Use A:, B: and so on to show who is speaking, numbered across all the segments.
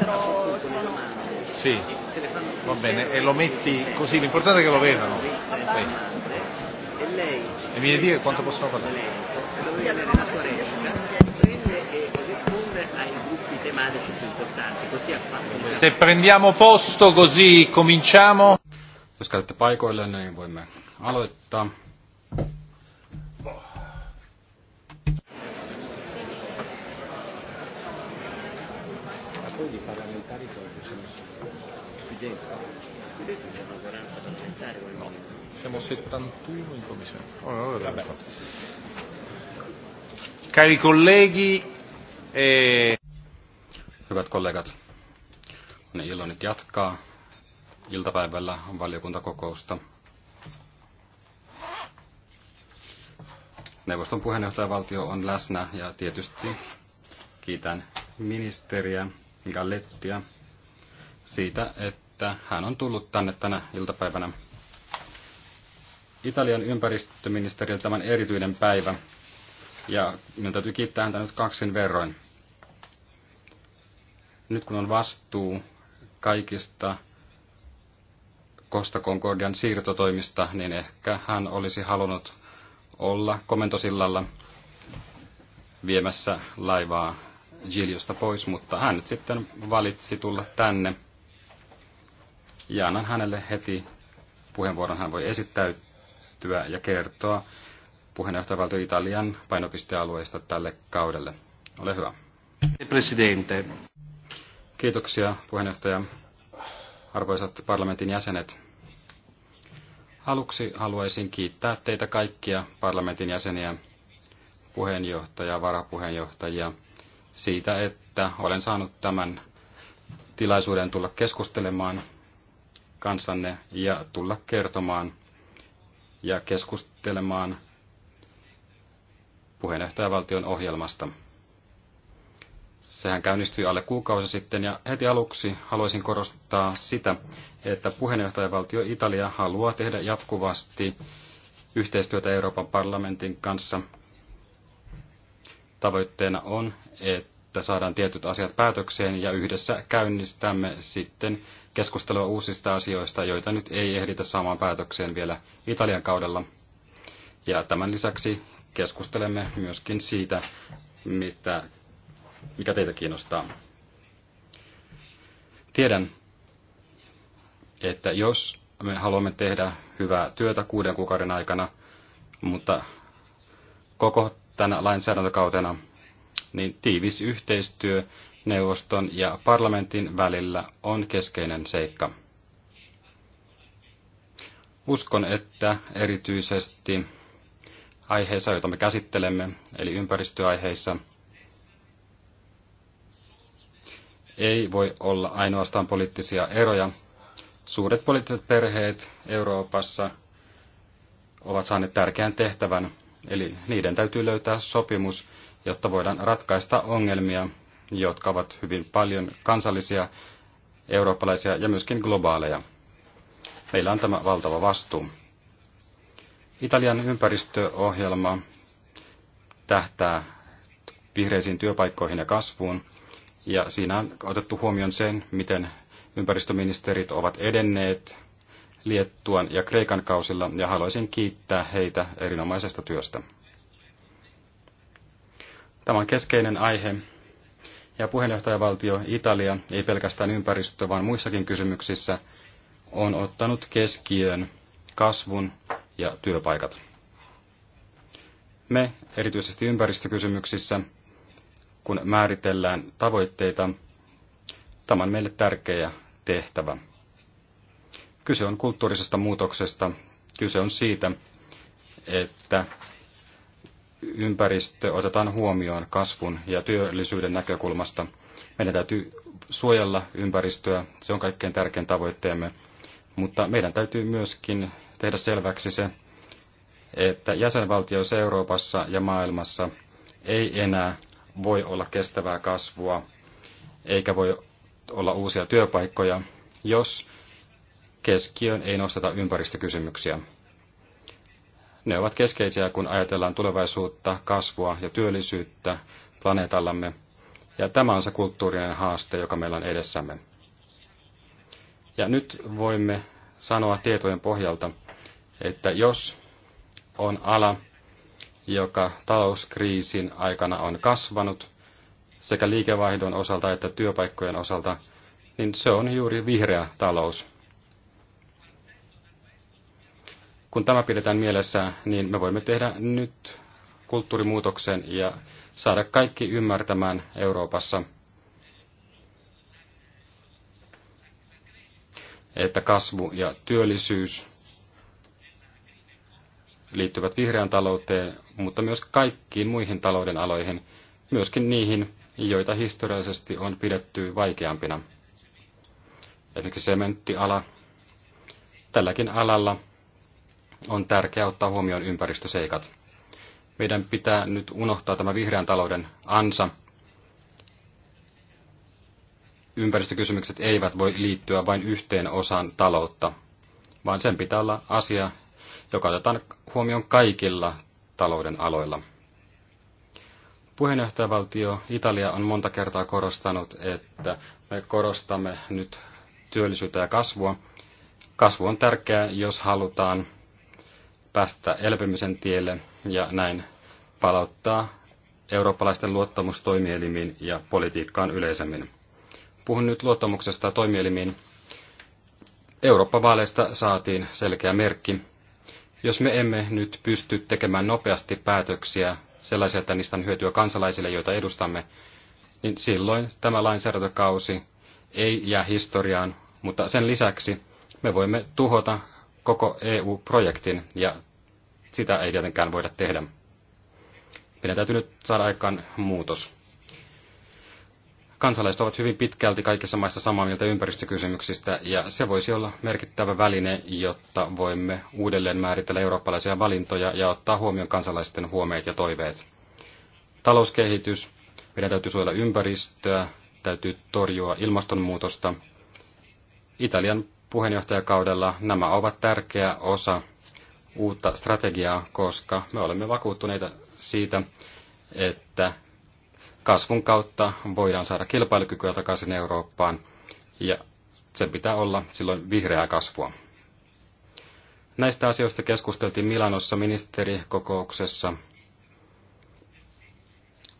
A: però sono ampie. Sì, va bene, e lo metti così, l'importante è che lo vedano. Sì. E lei? E mi dire quanto possono parlare? Lei, la prende e risponde ai gruppi tematici più importanti, così
B: ha fatto. Se prendiamo posto così cominciamo. Jos käytte paikoille, niin voimme aloittaa.
C: Presidente. siamo no? Siamo 71 in commissione. Oh, no, Vabbè.
B: Cari colleghi, eh... Hyvät kollegat, on ilo nyt jatkaa iltapäivällä valiokuntakokousta. Neuvoston puheenjohtajavaltio on läsnä ja tietysti kiitän ministeriä Gallettia siitä, että että hän on tullut tänne tänä iltapäivänä. Italian ympäristöministerillä tämän erityinen päivä, ja minun täytyy kiittää häntä nyt kaksin verroin. Nyt kun on vastuu kaikista Costa Concordian siirtotoimista, niin ehkä hän olisi halunnut olla komentosillalla viemässä laivaa Giliosta pois, mutta hän nyt sitten valitsi tulla tänne – ja annan hänelle heti puheenvuoron. Hän voi esittäytyä ja kertoa puheenjohtajavaltio Italian painopistealueista tälle kaudelle. Ole hyvä. Presidente. Kiitoksia puheenjohtaja. Arvoisat parlamentin jäsenet. Aluksi haluaisin kiittää teitä kaikkia parlamentin jäseniä, puheenjohtajaa, varapuheenjohtajia siitä, että olen saanut tämän tilaisuuden tulla keskustelemaan kansanne ja tulla kertomaan ja keskustelemaan puheenjohtajavaltion ohjelmasta. Sehän käynnistyi alle kuukausi sitten ja heti aluksi haluaisin korostaa sitä, että puheenjohtajavaltio Italia haluaa tehdä jatkuvasti yhteistyötä Euroopan parlamentin kanssa. Tavoitteena on, että että saadaan tietyt asiat päätökseen ja yhdessä käynnistämme sitten keskustelua uusista asioista, joita nyt ei ehditä saamaan päätökseen vielä Italian kaudella. Ja tämän lisäksi keskustelemme myöskin siitä, mitä, mikä teitä kiinnostaa. Tiedän, että jos me haluamme tehdä hyvää työtä kuuden kuukauden aikana, mutta koko tänä lainsäädäntökautena – niin tiivis yhteistyö neuvoston ja parlamentin välillä on keskeinen seikka. Uskon, että erityisesti aiheissa, joita me käsittelemme, eli ympäristöaiheissa, ei voi olla ainoastaan poliittisia eroja. Suuret poliittiset perheet Euroopassa ovat saaneet tärkeän tehtävän, eli niiden täytyy löytää sopimus jotta voidaan ratkaista ongelmia, jotka ovat hyvin paljon kansallisia, eurooppalaisia ja myöskin globaaleja. Meillä on tämä valtava vastuu. Italian ympäristöohjelma tähtää vihreisiin työpaikkoihin ja kasvuun, ja siinä on otettu huomioon sen, miten ympäristöministerit ovat edenneet Liettuan ja Kreikan kausilla, ja haluaisin kiittää heitä erinomaisesta työstä. Tämä on keskeinen aihe, ja puheenjohtajavaltio Italia, ei pelkästään ympäristö, vaan muissakin kysymyksissä, on ottanut keskiöön kasvun ja työpaikat. Me, erityisesti ympäristökysymyksissä, kun määritellään tavoitteita, tämä on meille tärkeä tehtävä. Kyse on kulttuurisesta muutoksesta. Kyse on siitä, että ympäristö otetaan huomioon kasvun ja työllisyyden näkökulmasta. Meidän täytyy suojella ympäristöä, se on kaikkein tärkein tavoitteemme, mutta meidän täytyy myöskin tehdä selväksi se, että jäsenvaltioissa Euroopassa ja maailmassa ei enää voi olla kestävää kasvua, eikä voi olla uusia työpaikkoja, jos keskiöön ei nosteta ympäristökysymyksiä. Ne ovat keskeisiä, kun ajatellaan tulevaisuutta, kasvua ja työllisyyttä planeetallamme, ja tämä on se kulttuurinen haaste, joka meillä on edessämme. Ja nyt voimme sanoa tietojen pohjalta, että jos on ala, joka talouskriisin aikana on kasvanut, sekä liikevaihdon osalta että työpaikkojen osalta, niin se on juuri vihreä talous. Kun tämä pidetään mielessä, niin me voimme tehdä nyt kulttuurimuutoksen ja saada kaikki ymmärtämään Euroopassa, että kasvu ja työllisyys liittyvät vihreään talouteen, mutta myös kaikkiin muihin talouden aloihin, myöskin niihin, joita historiallisesti on pidetty vaikeampina. Esimerkiksi sementtiala. Tälläkin alalla on tärkeää ottaa huomioon ympäristöseikat. Meidän pitää nyt unohtaa tämä vihreän talouden ansa. Ympäristökysymykset eivät voi liittyä vain yhteen osaan taloutta, vaan sen pitää olla asia, joka otetaan huomioon kaikilla talouden aloilla. Puheenjohtajavaltio Italia on monta kertaa korostanut, että me korostamme nyt työllisyyttä ja kasvua. Kasvu on tärkeää, jos halutaan päästä elpymisen tielle ja näin palauttaa eurooppalaisten luottamus toimielimiin ja politiikkaan yleisemmin. Puhun nyt luottamuksesta toimielimiin. Eurooppa-vaaleista saatiin selkeä merkki. Jos me emme nyt pysty tekemään nopeasti päätöksiä sellaisia, että niistä on hyötyä kansalaisille, joita edustamme, niin silloin tämä lainsäädäntökausi ei jää historiaan, mutta sen lisäksi me voimme tuhota koko EU-projektin, ja sitä ei tietenkään voida tehdä. Meidän täytyy nyt saada aikaan muutos. Kansalaiset ovat hyvin pitkälti kaikissa maissa samaa mieltä ympäristökysymyksistä, ja se voisi olla merkittävä väline, jotta voimme uudelleen määritellä eurooppalaisia valintoja ja ottaa huomioon kansalaisten huomeet ja toiveet. Talouskehitys, meidän täytyy suojella ympäristöä, täytyy torjua ilmastonmuutosta. Italian puheenjohtajakaudella nämä ovat tärkeä osa uutta strategiaa, koska me olemme vakuuttuneita siitä, että kasvun kautta voidaan saada kilpailukykyä takaisin Eurooppaan ja sen pitää olla silloin vihreää kasvua. Näistä asioista keskusteltiin Milanossa ministerikokouksessa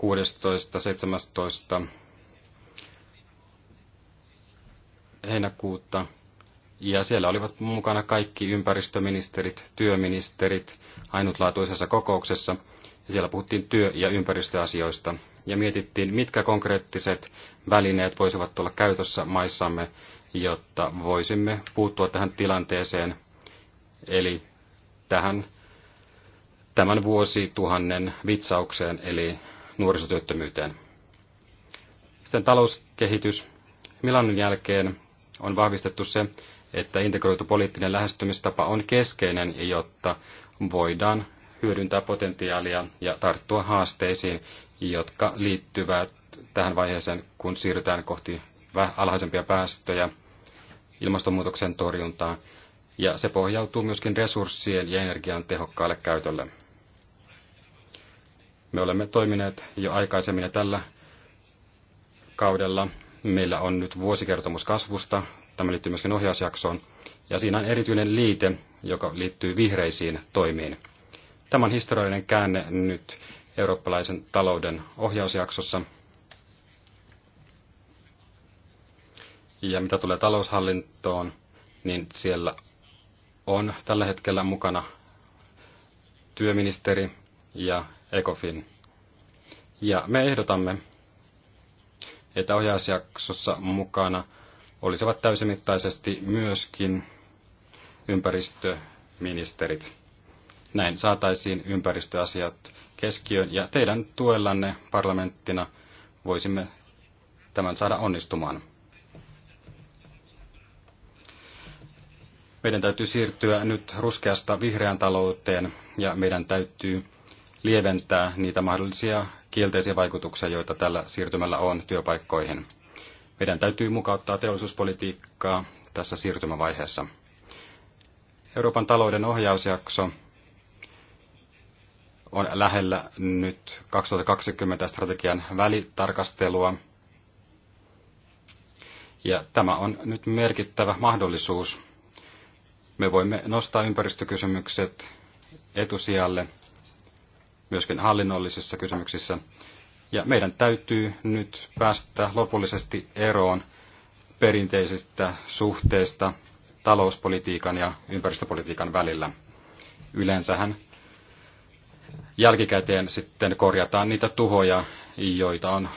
B: 16.17. heinäkuuta ja siellä olivat mukana kaikki ympäristöministerit, työministerit ainutlaatuisessa kokouksessa. Ja siellä puhuttiin työ- ja ympäristöasioista ja mietittiin, mitkä konkreettiset välineet voisivat olla käytössä maissamme, jotta voisimme puuttua tähän tilanteeseen, eli tähän tämän vuosituhannen vitsaukseen, eli nuorisotyöttömyyteen. Sitten talouskehitys. Milanon jälkeen on vahvistettu se, että integroitu poliittinen lähestymistapa on keskeinen, jotta voidaan hyödyntää potentiaalia ja tarttua haasteisiin, jotka liittyvät tähän vaiheeseen, kun siirrytään kohti alhaisempia päästöjä, ilmastonmuutoksen torjuntaa, ja se pohjautuu myöskin resurssien ja energian tehokkaalle käytölle. Me olemme toimineet jo aikaisemmin ja tällä kaudella meillä on nyt vuosikertomus kasvusta Tämä liittyy myöskin ohjausjaksoon. Ja siinä on erityinen liite, joka liittyy vihreisiin toimiin. Tämä on historiallinen käänne nyt eurooppalaisen talouden ohjausjaksossa. Ja mitä tulee taloushallintoon, niin siellä on tällä hetkellä mukana työministeri ja ECOFIN. Ja me ehdotamme, että ohjausjaksossa mukana – olisivat täysimittaisesti myöskin ympäristöministerit. Näin saataisiin ympäristöasiat keskiöön ja teidän tuellanne parlamenttina voisimme tämän saada onnistumaan. Meidän täytyy siirtyä nyt ruskeasta vihreän talouteen ja meidän täytyy lieventää niitä mahdollisia kielteisiä vaikutuksia, joita tällä siirtymällä on työpaikkoihin. Meidän täytyy mukauttaa teollisuuspolitiikkaa tässä siirtymävaiheessa. Euroopan talouden ohjausjakso on lähellä nyt 2020 strategian välitarkastelua. Ja tämä on nyt merkittävä mahdollisuus. Me voimme nostaa ympäristökysymykset etusijalle myöskin hallinnollisissa kysymyksissä ja meidän täytyy nyt päästä lopullisesti eroon perinteisistä suhteista talouspolitiikan ja ympäristöpolitiikan välillä. Yleensähän jälkikäteen sitten korjataan niitä tuhoja, joita on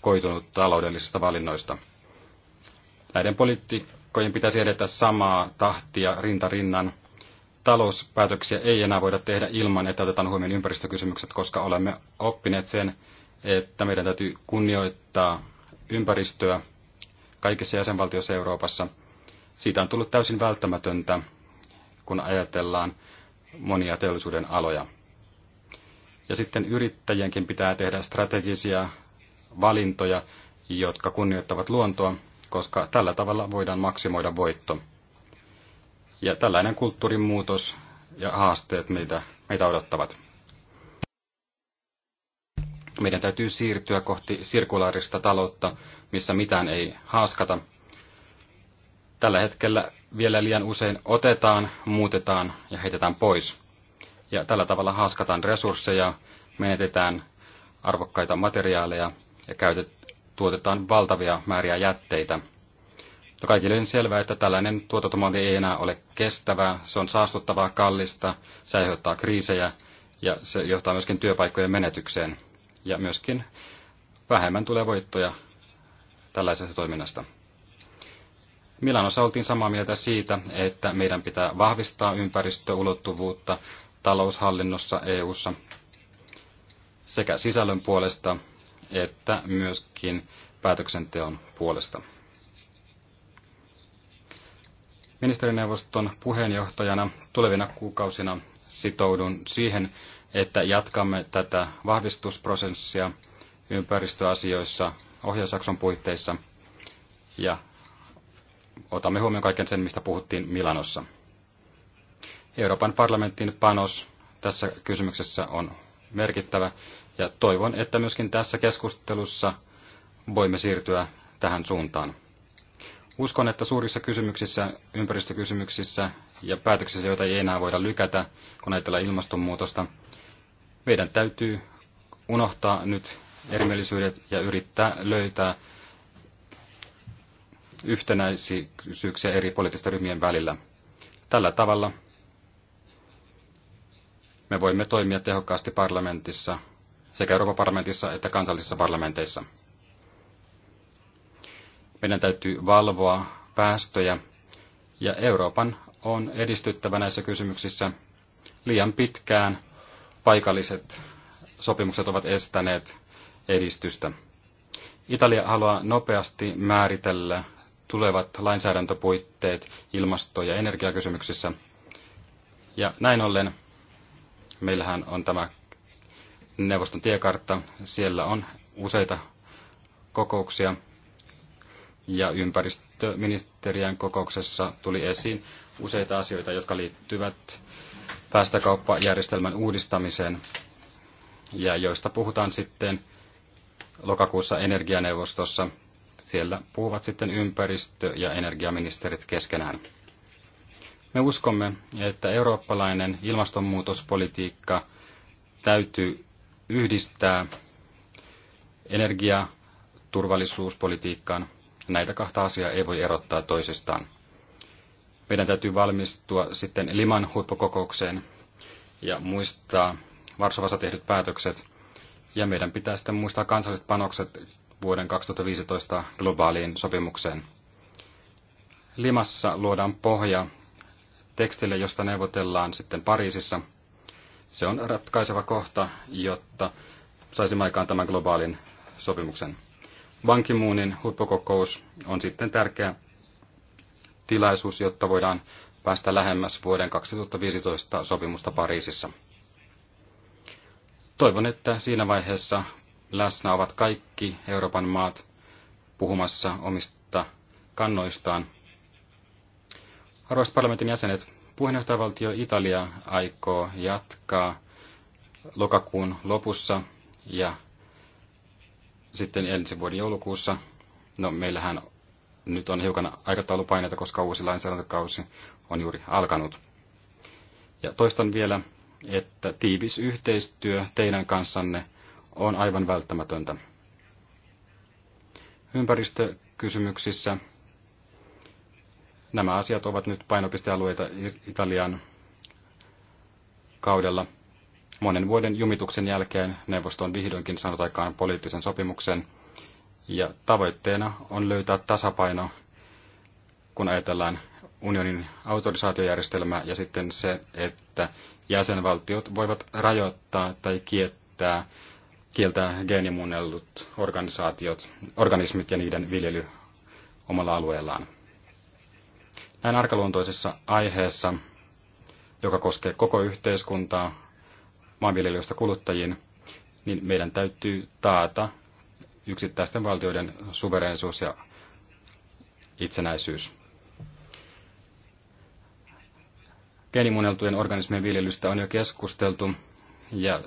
B: koitunut taloudellisista valinnoista. Näiden poliitikkojen pitäisi edetä samaa tahtia rinta rinnan. Talouspäätöksiä ei enää voida tehdä ilman, että otetaan huomioon ympäristökysymykset, koska olemme oppineet sen, että meidän täytyy kunnioittaa ympäristöä kaikissa jäsenvaltioissa Euroopassa. Siitä on tullut täysin välttämätöntä, kun ajatellaan monia teollisuuden aloja. Ja sitten yrittäjienkin pitää tehdä strategisia valintoja, jotka kunnioittavat luontoa, koska tällä tavalla voidaan maksimoida voitto. Ja tällainen kulttuurin muutos ja haasteet meitä, meitä odottavat. Meidän täytyy siirtyä kohti sirkulaarista taloutta, missä mitään ei haaskata. Tällä hetkellä vielä liian usein otetaan, muutetaan ja heitetään pois. Ja tällä tavalla haaskataan resursseja, menetetään arvokkaita materiaaleja ja käytet, tuotetaan valtavia määriä jätteitä. No kaikille on selvää, että tällainen tuotantomalli ei enää ole kestävää, se on saastuttavaa, kallista, se aiheuttaa kriisejä ja se johtaa myöskin työpaikkojen menetykseen ja myöskin vähemmän tulee voittoja tällaisesta toiminnasta. Milanossa oltiin samaa mieltä siitä, että meidän pitää vahvistaa ympäristöulottuvuutta taloushallinnossa EU:ssa sekä sisällön puolesta että myöskin päätöksenteon puolesta. Ministerineuvoston puheenjohtajana tulevina kuukausina sitoudun siihen, että jatkamme tätä vahvistusprosessia ympäristöasioissa ohjausakson puitteissa ja otamme huomioon kaiken sen, mistä puhuttiin Milanossa. Euroopan parlamentin panos tässä kysymyksessä on merkittävä ja toivon, että myöskin tässä keskustelussa voimme siirtyä tähän suuntaan. Uskon, että suurissa kysymyksissä, ympäristökysymyksissä ja päätöksissä, joita ei enää voida lykätä, kun ajatellaan ilmastonmuutosta, meidän täytyy unohtaa nyt erimielisyydet ja yrittää löytää yhtenäisyyksiä eri poliittisten ryhmien välillä. Tällä tavalla me voimme toimia tehokkaasti parlamentissa, sekä Euroopan parlamentissa että kansallisissa parlamenteissa. Meidän täytyy valvoa päästöjä, ja Euroopan on edistyttävä näissä kysymyksissä liian pitkään – paikalliset sopimukset ovat estäneet edistystä. Italia haluaa nopeasti määritellä tulevat lainsäädäntöpuitteet ilmasto- ja energiakysymyksissä. Ja näin ollen meillähän on tämä neuvoston tiekartta. Siellä on useita kokouksia ja ympäristöministeriön kokouksessa tuli esiin useita asioita, jotka liittyvät päästökauppajärjestelmän uudistamiseen, ja joista puhutaan sitten lokakuussa energianeuvostossa. Siellä puhuvat sitten ympäristö- ja energiaministerit keskenään. Me uskomme, että eurooppalainen ilmastonmuutospolitiikka täytyy yhdistää energiaturvallisuuspolitiikkaan. Näitä kahta asiaa ei voi erottaa toisistaan meidän täytyy valmistua sitten Liman huippukokoukseen ja muistaa Varsovassa tehdyt päätökset. Ja meidän pitää sitten muistaa kansalliset panokset vuoden 2015 globaaliin sopimukseen. Limassa luodaan pohja tekstille, josta neuvotellaan sitten Pariisissa. Se on ratkaiseva kohta, jotta saisimme aikaan tämän globaalin sopimuksen. Bankimuunin huippukokous on sitten tärkeä tilaisuus, jotta voidaan päästä lähemmäs vuoden 2015 sopimusta Pariisissa. Toivon, että siinä vaiheessa läsnä ovat kaikki Euroopan maat puhumassa omista kannoistaan. Arvoisat parlamentin jäsenet, puheenjohtajavaltio Italia aikoo jatkaa lokakuun lopussa ja sitten ensi vuoden joulukuussa. No, meillähän nyt on hiukan aikataulupaineita, koska uusi lainsäädäntökausi on juuri alkanut. Ja toistan vielä, että tiivis yhteistyö teidän kanssanne on aivan välttämätöntä. Ympäristökysymyksissä nämä asiat ovat nyt painopistealueita Italian kaudella. Monen vuoden jumituksen jälkeen neuvosto on vihdoinkin sanotaikaan poliittisen sopimuksen – ja tavoitteena on löytää tasapaino, kun ajatellaan unionin autorisaatiojärjestelmää ja sitten se, että jäsenvaltiot voivat rajoittaa tai kiettää, kieltää geenimuunnellut organisaatiot, organismit ja niiden viljely omalla alueellaan. Näin arkaluontoisessa aiheessa, joka koskee koko yhteiskuntaa, maanviljelijöistä kuluttajiin, niin meidän täytyy taata yksittäisten valtioiden suvereenisuus ja itsenäisyys. Geenimuunneltujen organismien viljelystä on jo keskusteltu ja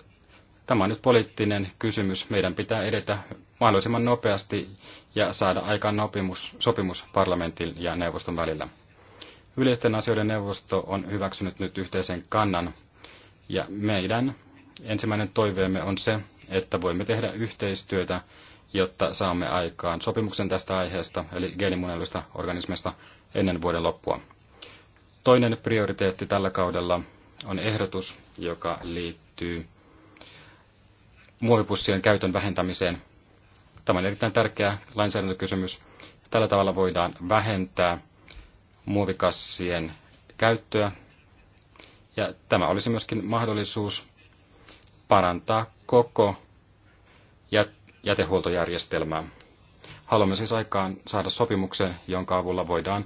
B: tämä on nyt poliittinen kysymys. Meidän pitää edetä mahdollisimman nopeasti ja saada aikaan sopimus, sopimus parlamentin ja neuvoston välillä. Yleisten asioiden neuvosto on hyväksynyt nyt yhteisen kannan ja meidän ensimmäinen toiveemme on se, että voimme tehdä yhteistyötä jotta saamme aikaan sopimuksen tästä aiheesta, eli geenimuunnelluista organismeista, ennen vuoden loppua. Toinen prioriteetti tällä kaudella on ehdotus, joka liittyy muovipussien käytön vähentämiseen. Tämä on erittäin tärkeä lainsäädäntökysymys. Tällä tavalla voidaan vähentää muovikassien käyttöä. Ja tämä olisi myöskin mahdollisuus parantaa koko jättä jätehuoltojärjestelmää. Haluamme siis aikaan saada sopimuksen, jonka avulla voidaan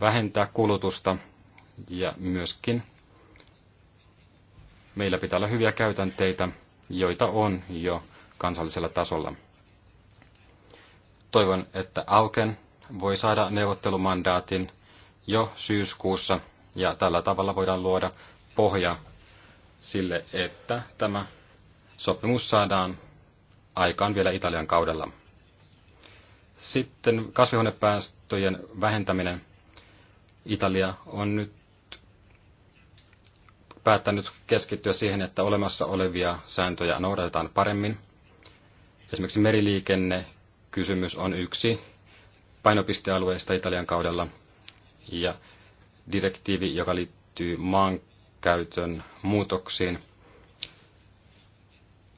B: vähentää kulutusta ja myöskin meillä pitää olla hyviä käytänteitä, joita on jo kansallisella tasolla. Toivon, että Auken voi saada neuvottelumandaatin jo syyskuussa ja tällä tavalla voidaan luoda pohja sille, että tämä sopimus saadaan aikaan vielä Italian kaudella. Sitten kasvihuonepäästöjen vähentäminen. Italia on nyt päättänyt keskittyä siihen, että olemassa olevia sääntöjä noudatetaan paremmin. Esimerkiksi meriliikenne kysymys on yksi painopistealueista Italian kaudella ja direktiivi, joka liittyy maankäytön muutoksiin –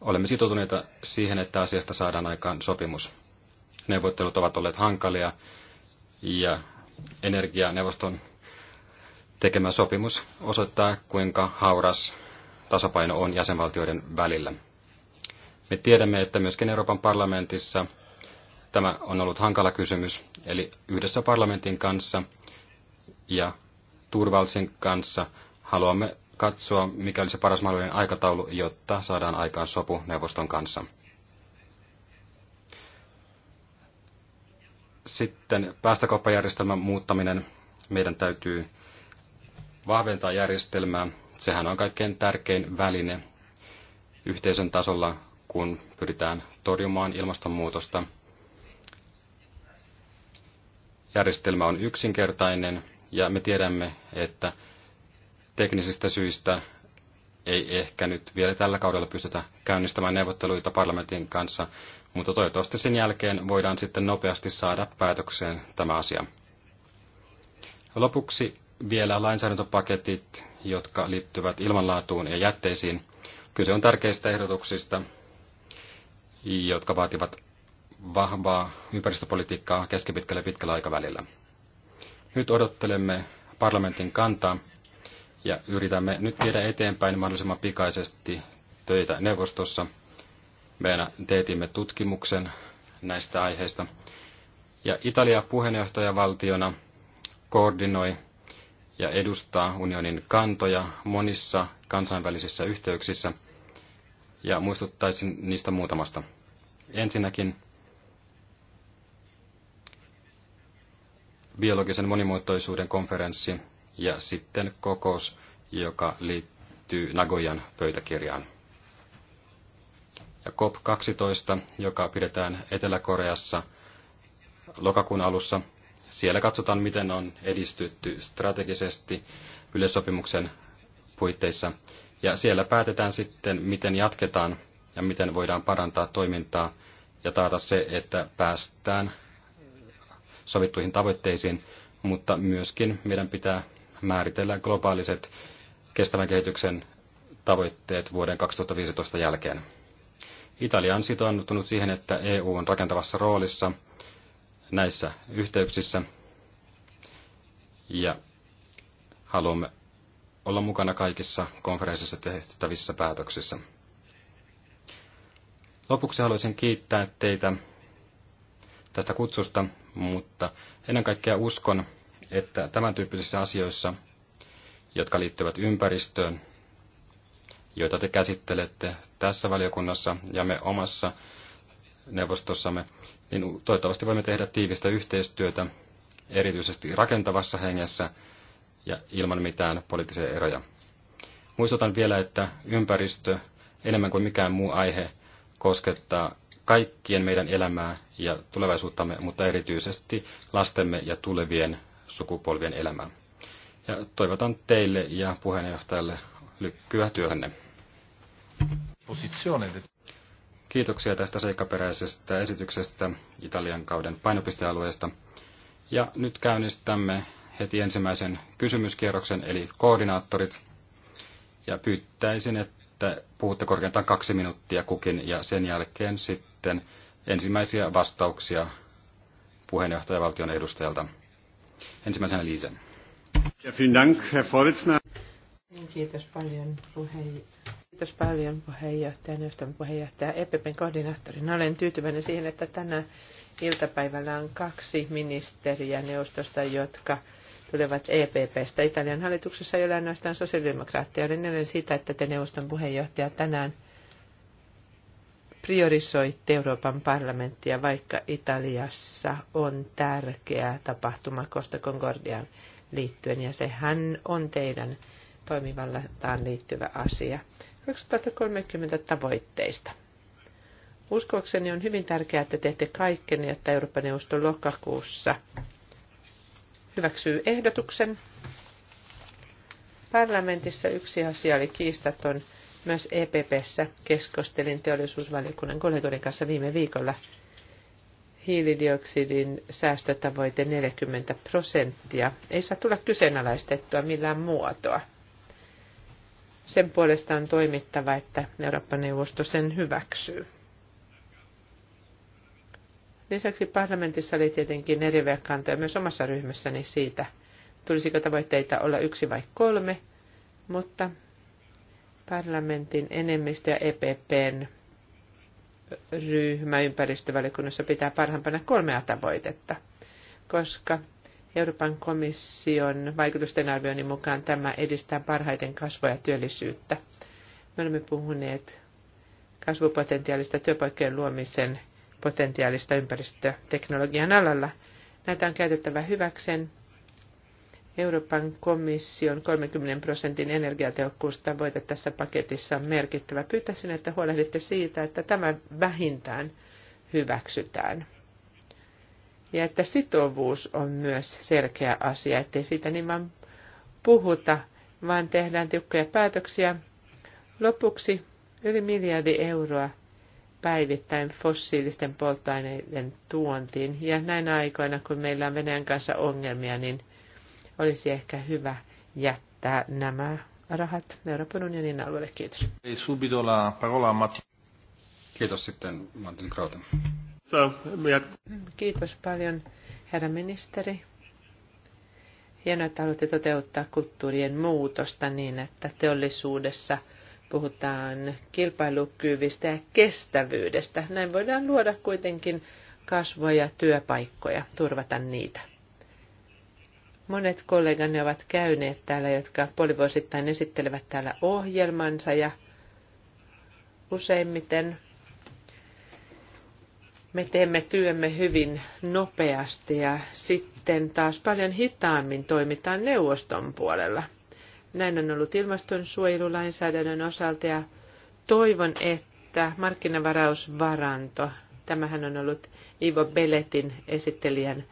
B: Olemme sitoutuneita siihen, että asiasta saadaan aikaan sopimus. Neuvottelut ovat olleet hankalia ja energianeuvoston tekemä sopimus osoittaa, kuinka hauras tasapaino on jäsenvaltioiden välillä. Me tiedämme, että myöskin Euroopan parlamentissa tämä on ollut hankala kysymys, eli yhdessä parlamentin kanssa ja Turvalsin kanssa haluamme katsoa, mikä olisi paras mahdollinen aikataulu, jotta saadaan aikaan sopu neuvoston kanssa. Sitten päästökauppajärjestelmän muuttaminen. Meidän täytyy vahventaa järjestelmää. Sehän on kaikkein tärkein väline yhteisön tasolla, kun pyritään torjumaan ilmastonmuutosta. Järjestelmä on yksinkertainen ja me tiedämme, että teknisistä syistä ei ehkä nyt vielä tällä kaudella pystytä käynnistämään neuvotteluita parlamentin kanssa, mutta toivottavasti sen jälkeen voidaan sitten nopeasti saada päätökseen tämä asia. Lopuksi vielä lainsäädäntöpaketit, jotka liittyvät ilmanlaatuun ja jätteisiin. Kyse on tärkeistä ehdotuksista, jotka vaativat vahvaa ympäristöpolitiikkaa keskipitkällä ja pitkällä aikavälillä. Nyt odottelemme parlamentin kantaa ja yritämme nyt viedä eteenpäin mahdollisimman pikaisesti töitä neuvostossa. Meidän teetimme tutkimuksen näistä aiheista. Ja Italia puheenjohtajavaltiona koordinoi ja edustaa unionin kantoja monissa kansainvälisissä yhteyksissä, ja muistuttaisin niistä muutamasta. Ensinnäkin biologisen monimuotoisuuden konferenssi ja sitten kokous, joka liittyy Nagojan pöytäkirjaan. Ja COP12, joka pidetään Etelä-Koreassa lokakuun alussa. Siellä katsotaan, miten on edistytty strategisesti yleissopimuksen puitteissa. Ja siellä päätetään sitten, miten jatketaan ja miten voidaan parantaa toimintaa ja taata se, että päästään sovittuihin tavoitteisiin, mutta myöskin meidän pitää määritellä globaaliset kestävän kehityksen tavoitteet vuoden 2015 jälkeen. Italia on sitoonnuttunut siihen, että EU on rakentavassa roolissa näissä yhteyksissä ja haluamme olla mukana kaikissa konferenssissa tehtävissä päätöksissä. Lopuksi haluaisin kiittää teitä tästä kutsusta, mutta ennen kaikkea uskon, että tämän tyyppisissä asioissa, jotka liittyvät ympäristöön, joita te käsittelette tässä valiokunnassa ja me omassa neuvostossamme, niin toivottavasti voimme tehdä tiivistä yhteistyötä, erityisesti rakentavassa hengessä ja ilman mitään poliittisia eroja. Muistutan vielä, että ympäristö enemmän kuin mikään muu aihe koskettaa kaikkien meidän elämää ja tulevaisuuttamme, mutta erityisesti lastemme ja tulevien sukupolvien elämään. Ja toivotan teille ja puheenjohtajalle lykkyä työhönne. Kiitoksia tästä seikkaperäisestä esityksestä Italian kauden painopistealueesta. Ja nyt käynnistämme heti ensimmäisen kysymyskierroksen, eli koordinaattorit. Ja pyyttäisin, että puhutte korkeintaan kaksi minuuttia kukin, ja sen jälkeen sitten ensimmäisiä vastauksia puheenjohtajavaltion edustajalta. Ensimmäisenä Liisen.
D: Niin, kiitos paljon, puheenjohtaja. Kiitos paljon puheenjohtaja, neuvoston puheenjohtaja EPPn koordinaattorina. Olen tyytyväinen siihen, että tänä iltapäivällä on kaksi ministeriä neuvostosta, jotka tulevat EPPstä. Italian hallituksessa ei ole ainoastaan sosiaalidemokraatteja. Olen sitä, siitä, että te neuvoston puheenjohtaja tänään priorisoitte Euroopan parlamenttia, vaikka Italiassa on tärkeä tapahtuma Costa Concordiaan liittyen, ja sehän on teidän toimivallataan liittyvä asia. 2030 tavoitteista. Uskoakseni on hyvin tärkeää, että teette kaikkeni, että Euroopan neuvosto lokakuussa hyväksyy ehdotuksen. Parlamentissa yksi asia oli kiistaton myös EPPssä keskustelin teollisuusvaliokunnan kollegoiden kanssa viime viikolla hiilidioksidin säästötavoite 40 prosenttia ei saa tulla kyseenalaistettua millään muotoa. Sen puolesta on toimittava, että eurooppa neuvosto sen hyväksyy. Lisäksi parlamentissa oli tietenkin eriviä kantoja myös omassa ryhmässäni siitä, tulisiko tavoitteita olla yksi vai kolme, mutta Parlamentin enemmistö ja EPPn ryhmä ympäristövaliokunnassa pitää parhaimpana kolmea tavoitetta, koska Euroopan komission vaikutusten arvioinnin mukaan tämä edistää parhaiten kasvua ja työllisyyttä. Me olemme puhuneet kasvupotentiaalista, työpaikkojen luomisen potentiaalista ympäristöteknologian alalla. Näitä on käytettävä hyväkseen Euroopan komission 30 prosentin energiatehokkuustavoite tässä paketissa on merkittävä. Pyytäisin, että huolehditte siitä, että tämä vähintään hyväksytään. Ja että sitovuus on myös selkeä asia, ettei siitä niin vaan puhuta, vaan tehdään tiukkoja päätöksiä. Lopuksi yli miljardi euroa päivittäin fossiilisten polttoaineiden tuontiin. Ja näin aikoina, kun meillä on Venäjän kanssa ongelmia, niin – olisi ehkä hyvä jättää nämä rahat Euroopan unionin alueelle. Kiitos.
B: Kiitos sitten Martin Krauten.
D: Kiitos paljon herra ministeri. Hienoa, että haluatte toteuttaa kulttuurien muutosta niin, että teollisuudessa puhutaan kilpailukyvystä ja kestävyydestä. Näin voidaan luoda kuitenkin kasvoja, ja työpaikkoja, turvata niitä. Monet kollegani ovat käyneet täällä, jotka puolivuosittain esittelevät täällä ohjelmansa ja useimmiten me teemme työmme hyvin nopeasti ja sitten taas paljon hitaammin toimitaan neuvoston puolella. Näin on ollut ilmastonsuojelulainsäädännön osalta ja toivon, että markkinavarausvaranto, tämähän on ollut Ivo Beletin esittelijän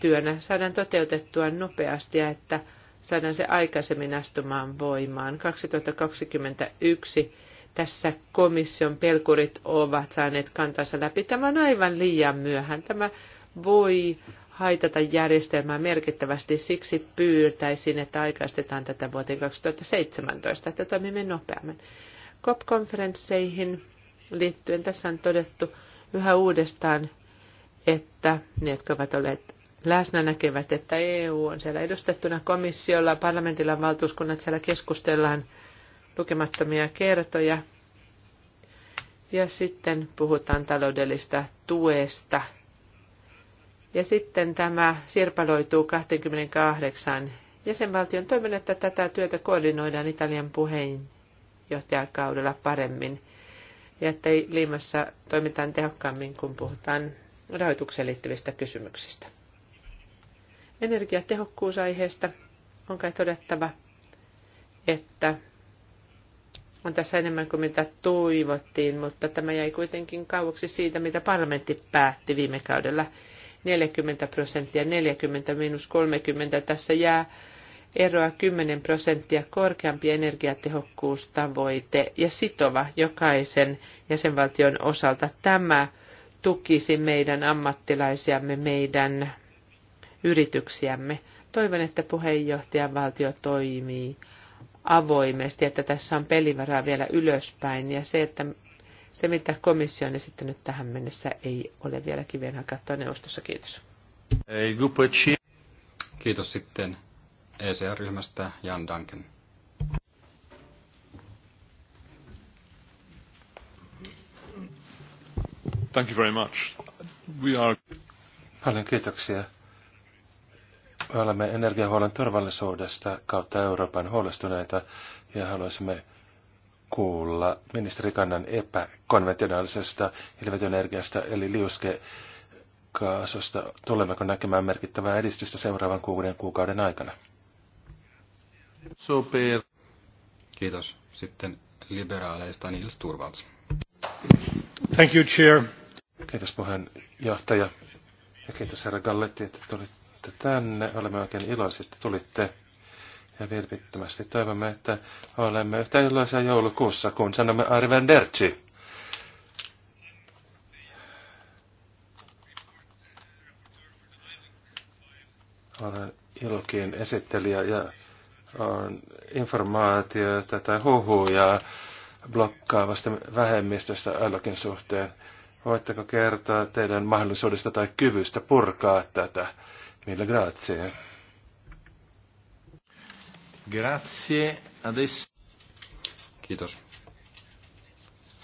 D: työnä saadaan toteutettua nopeasti ja että saadaan se aikaisemmin astumaan voimaan. 2021 tässä komission pelkurit ovat saaneet kantansa läpi. Tämä on aivan liian myöhään. Tämä voi haitata järjestelmää merkittävästi. Siksi pyytäisin, että aikaistetaan tätä vuoteen 2017, että toimimme nopeammin. COP-konferensseihin liittyen tässä on todettu yhä uudestaan, että ne, jotka ovat olleet läsnä näkevät, että EU on siellä edustettuna komissiolla, parlamentilla on valtuuskunnat, siellä keskustellaan lukemattomia kertoja. Ja sitten puhutaan taloudellista tuesta. Ja sitten tämä sirpaloituu 28 jäsenvaltion toiminnan, että tätä työtä koordinoidaan Italian puheenjohtajakaudella paremmin ja että Liimassa toimitaan tehokkaammin, kun puhutaan rahoitukseen liittyvistä kysymyksistä. Energiatehokkuusaiheesta on kai todettava, että on tässä enemmän kuin mitä toivottiin, mutta tämä jäi kuitenkin kauaksi siitä, mitä parlamentti päätti viime kaudella. 40 prosenttia, 40 miinus 30, tässä jää eroa 10 prosenttia korkeampi energiatehokkuustavoite ja sitova jokaisen jäsenvaltion osalta. Tämä tukisi meidän ammattilaisiamme, meidän yrityksiämme. Toivon, että puheenjohtajan valtio toimii avoimesti, että tässä on pelivaraa vielä ylöspäin ja se, että se, mitä komissio on esittänyt tähän mennessä, ei ole vielä kiveen hakattua neuvostossa. Kiitos.
B: Kiitos sitten ECR-ryhmästä Jan Duncan.
C: Thank you very much. We are... Paljon kiitoksia. Me olemme energiahuollon turvallisuudesta kautta Euroopan huolestuneita ja haluaisimme kuulla ministerikannan epäkonventionaalisesta ilmetyenergiasta eli liuskekaasusta. Tulemmeko näkemään merkittävää edistystä seuraavan kuuden kuukauden aikana?
B: Super. Kiitos. Sitten liberaaleista Nils Turvalds.
C: Thank you, Chair. Kiitos puheenjohtaja. Ja kiitos herra Galletti, että tulit tulitte tänne. Olemme oikein iloisia, että tulitte. Ja vilpittömästi toivomme, että olemme yhtä iloisia joulukuussa, kun sanomme Arrivederci. Olen ilokin esittelijä ja on informaatiota tai huhuja blokkaavasta vähemmistöstä Allokin suhteen. Voitteko kertoa teidän mahdollisuudesta tai kyvystä purkaa tätä? Mille grazie.
B: Grazie. Adesso... Kiitos.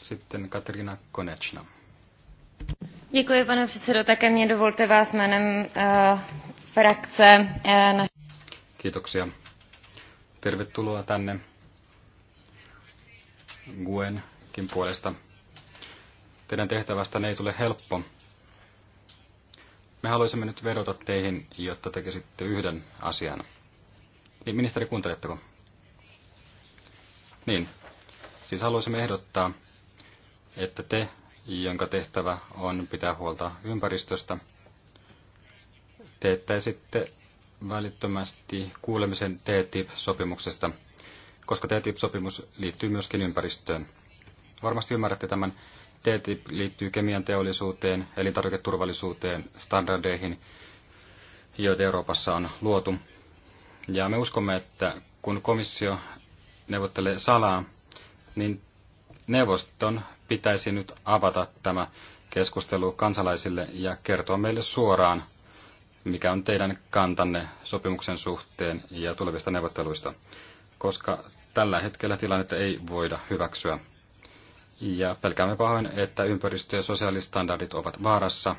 B: Sitten Katrina Konečna.
A: Děkuji, pane předsedo. Také mě dovolte vás jménem uh, frakce.
B: Uh, Kiitoksia. Tervetuloa tänne Guen puolesta. Teidän tehtävästänne ei tule helppo, me haluaisimme nyt vedota teihin, jotta tekisitte yhden asian. Niin, ministeri, kuunteletteko? Niin, siis haluaisimme ehdottaa, että te, jonka tehtävä on pitää huolta ympäristöstä, teettäisitte välittömästi kuulemisen TTIP-sopimuksesta, koska TTIP-sopimus liittyy myöskin ympäristöön. Varmasti ymmärrätte tämän, TTIP liittyy kemian teollisuuteen, elintarviketurvallisuuteen, standardeihin, joita Euroopassa on luotu. Ja me uskomme, että kun komissio neuvottelee salaa, niin neuvoston pitäisi nyt avata tämä keskustelu kansalaisille ja kertoa meille suoraan, mikä on teidän kantanne sopimuksen suhteen ja tulevista neuvotteluista, koska tällä hetkellä tilannetta ei voida hyväksyä ja pelkäämme pahoin, että ympäristö- ja sosiaalistandardit ovat vaarassa,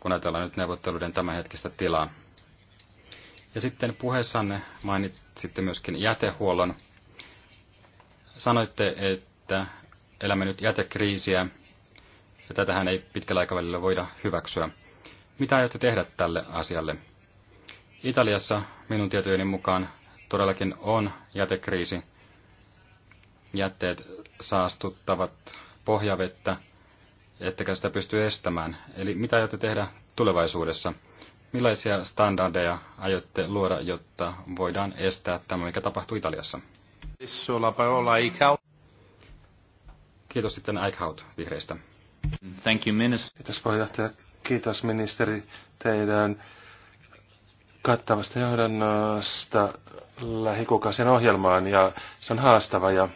B: kun ajatellaan nyt neuvotteluiden tämänhetkistä tilaa. Ja sitten puheessanne mainitsitte myöskin jätehuollon. Sanoitte, että elämme nyt jätekriisiä, ja tätähän ei pitkällä aikavälillä voida hyväksyä. Mitä aiotte tehdä tälle asialle? Italiassa minun tietojeni mukaan todellakin on jätekriisi, jätteet saastuttavat pohjavettä, ettekä sitä pysty estämään. Eli mitä aiotte tehdä tulevaisuudessa? Millaisia standardeja aiotte luoda, jotta voidaan estää tämä, mikä tapahtui Italiassa? Kiitos sitten Eichhout vihreistä.
C: Thank you, minister. Kiitos puheenjohtaja. Kiitos ministeri teidän kattavasta johdannosta lähikuukausien ohjelmaan ja se on haastava ja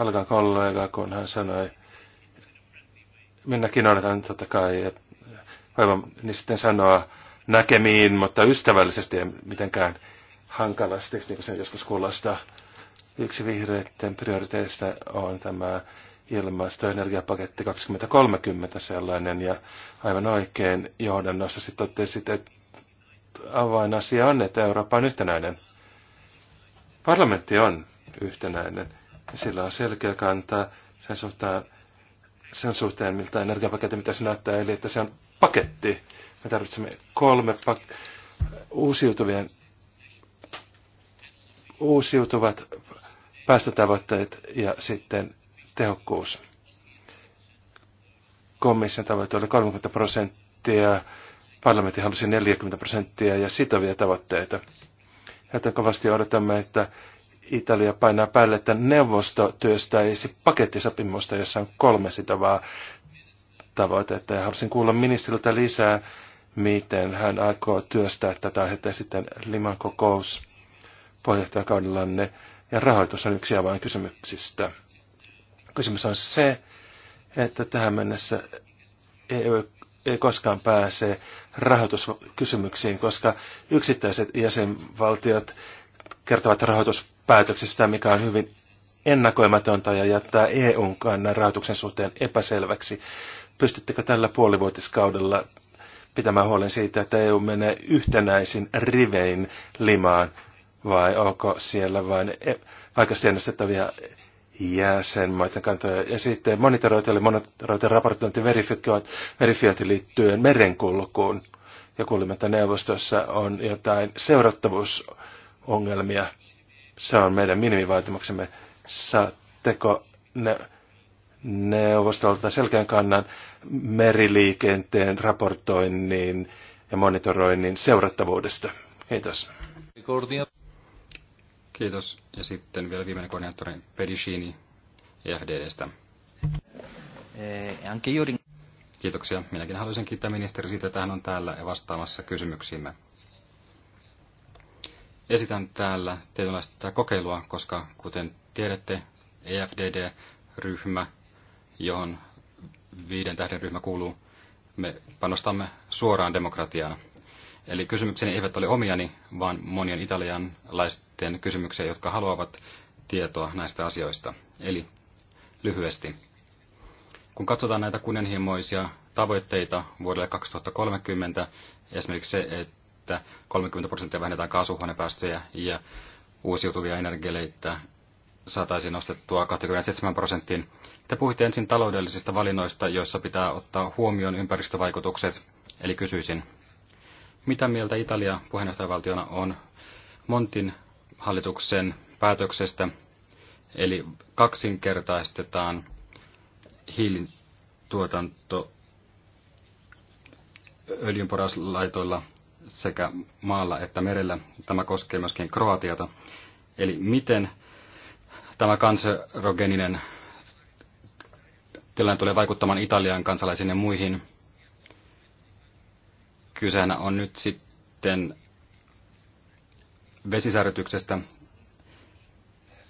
C: Alkan kollega, kun hän sanoi, minäkin odotan totta kai, aivan niin sitten sanoa näkemiin, mutta ystävällisesti ja mitenkään hankalasti, niin kuin sen joskus kuulostaa. Yksi vihreiden prioriteista on tämä ilmastoenergiapaketti 2030 sellainen, ja aivan oikein johdannossa sitten totesit, että avainasia on, että Eurooppa on yhtenäinen. Parlamentti on yhtenäinen. Sillä on selkeä kanta sen suhteen, sen suhteen miltä energiapaketti se näyttää, eli että se on paketti. Me tarvitsemme kolme pak- uusiutuvien uusiutuvat päästötavoitteet ja sitten tehokkuus. Komission tavoite oli 30 prosenttia, parlamentti halusi 40 prosenttia ja sitovia tavoitteita. Joten kovasti odotamme, että Italia painaa päälle, että neuvosto työstäisi pakettisopimusta, jossa on kolme sitovaa tavoitetta. Ja haluaisin kuulla ministeriltä lisää, miten hän aikoo työstää tätä aihetta sitten Liman kokous puheenjohtajakaudellanne. Ja rahoitus on yksi kysymyksistä. Kysymys on se, että tähän mennessä EU ei koskaan pääse rahoituskysymyksiin, koska yksittäiset jäsenvaltiot kertovat rahoitus päätöksestä, mikä on hyvin ennakoimatonta ja jättää EUn kannan rahoituksen suhteen epäselväksi. Pystyttekö tällä puolivuotiskaudella pitämään huolen siitä, että EU menee yhtenäisin rivein limaan, vai onko siellä vain vaikka e-, ennustettavia jäsenmaiden kantoja. Ja sitten monitorointi eli monitoroiden raportointi verifiointi liittyen merenkulkuun. Ja kuulimme, että neuvostossa on jotain seurattavuusongelmia se on meidän minimivaatimuksemme. Saatteko ne, neuvostolta selkeän kannan meriliikenteen raportoinnin ja monitoroinnin seurattavuudesta?
B: Kiitos. Kiitos. Ja sitten vielä viimeinen koordinaattori Pedicini EFDDstä. Eh, Kiitoksia. Minäkin haluaisin kiittää ministeri siitä, että hän on täällä ja vastaamassa kysymyksiimme esitän täällä tietynlaista kokeilua, koska kuten tiedätte, EFDD-ryhmä, johon viiden tähden ryhmä kuuluu, me panostamme suoraan demokratiaan. Eli kysymykseni eivät ole omiani, vaan monien italianlaisten kysymyksiä, jotka haluavat tietoa näistä asioista. Eli lyhyesti. Kun katsotaan näitä kunnianhimoisia tavoitteita vuodelle 2030, esimerkiksi se, että että 30 prosenttia vähennetään kaasuhuonepäästöjä ja uusiutuvia energialeitä saataisiin nostettua 27 prosenttiin. Te puhuitte ensin taloudellisista valinnoista, joissa pitää ottaa huomioon ympäristövaikutukset, eli kysyisin, mitä mieltä Italia puheenjohtajavaltiona on Montin hallituksen päätöksestä, eli kaksinkertaistetaan hiilituotanto öljynporaslaitoilla sekä maalla että merellä. Tämä koskee myöskin Kroatiata. Eli miten tämä kanserogeninen tilanne tulee vaikuttamaan Italian kansalaisiin ja muihin. Kysehän on nyt sitten vesisärytyksestä.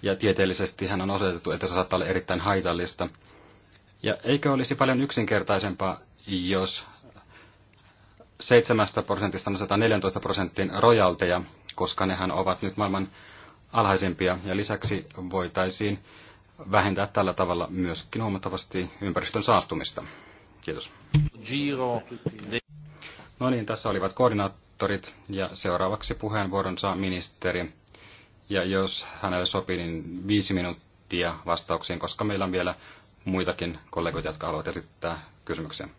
B: ja tieteellisesti hän on osoitettu, että se saattaa olla erittäin haitallista. Ja eikö olisi paljon yksinkertaisempaa, jos 7 prosentista noin 114 prosentin rojalteja, koska nehän ovat nyt maailman alhaisimpia. Ja lisäksi voitaisiin vähentää tällä tavalla myöskin huomattavasti ympäristön saastumista. Kiitos. No niin, tässä olivat koordinaattorit ja seuraavaksi puheenvuoron saa ministeri. Ja jos hänelle sopii, niin viisi minuuttia vastauksiin, koska meillä on vielä muitakin kollegoita, jotka haluavat esittää kysymyksiä.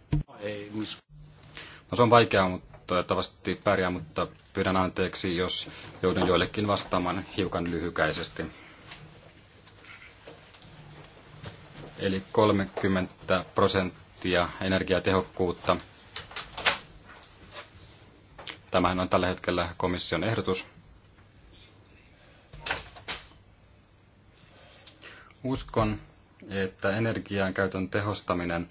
B: No se on vaikeaa, mutta toivottavasti pärjää, mutta pyydän anteeksi, jos joudun joillekin vastaamaan hiukan lyhykäisesti. Eli 30 prosenttia energiatehokkuutta. Tämähän on tällä hetkellä komission ehdotus. Uskon, että energian käytön tehostaminen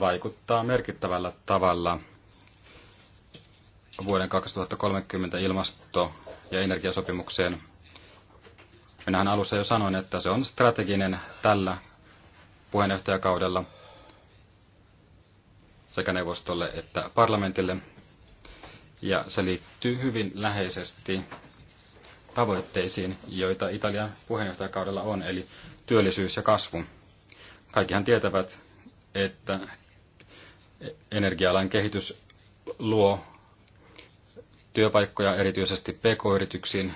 B: vaikuttaa merkittävällä tavalla – vuoden 2030 ilmasto- ja energiasopimukseen. Minähän alussa jo sanoin, että se on strateginen tällä puheenjohtajakaudella sekä neuvostolle että parlamentille. Ja se liittyy hyvin läheisesti tavoitteisiin, joita Italian puheenjohtajakaudella on, eli työllisyys ja kasvu. Kaikkihan tietävät, että energialan kehitys luo työpaikkoja erityisesti pk-yrityksiin,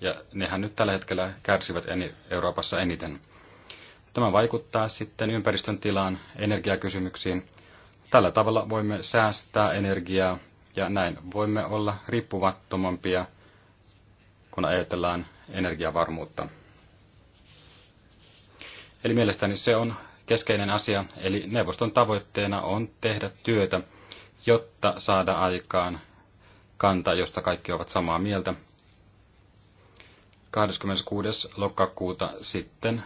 B: ja nehän nyt tällä hetkellä kärsivät Euroopassa eniten. Tämä vaikuttaa sitten ympäristön tilaan, energiakysymyksiin. Tällä tavalla voimme säästää energiaa ja näin voimme olla riippumattomampia, kun ajatellaan energiavarmuutta. Eli mielestäni se on keskeinen asia, eli neuvoston tavoitteena on tehdä työtä, jotta saada aikaan kanta, josta kaikki ovat samaa mieltä. 26. lokakuuta sitten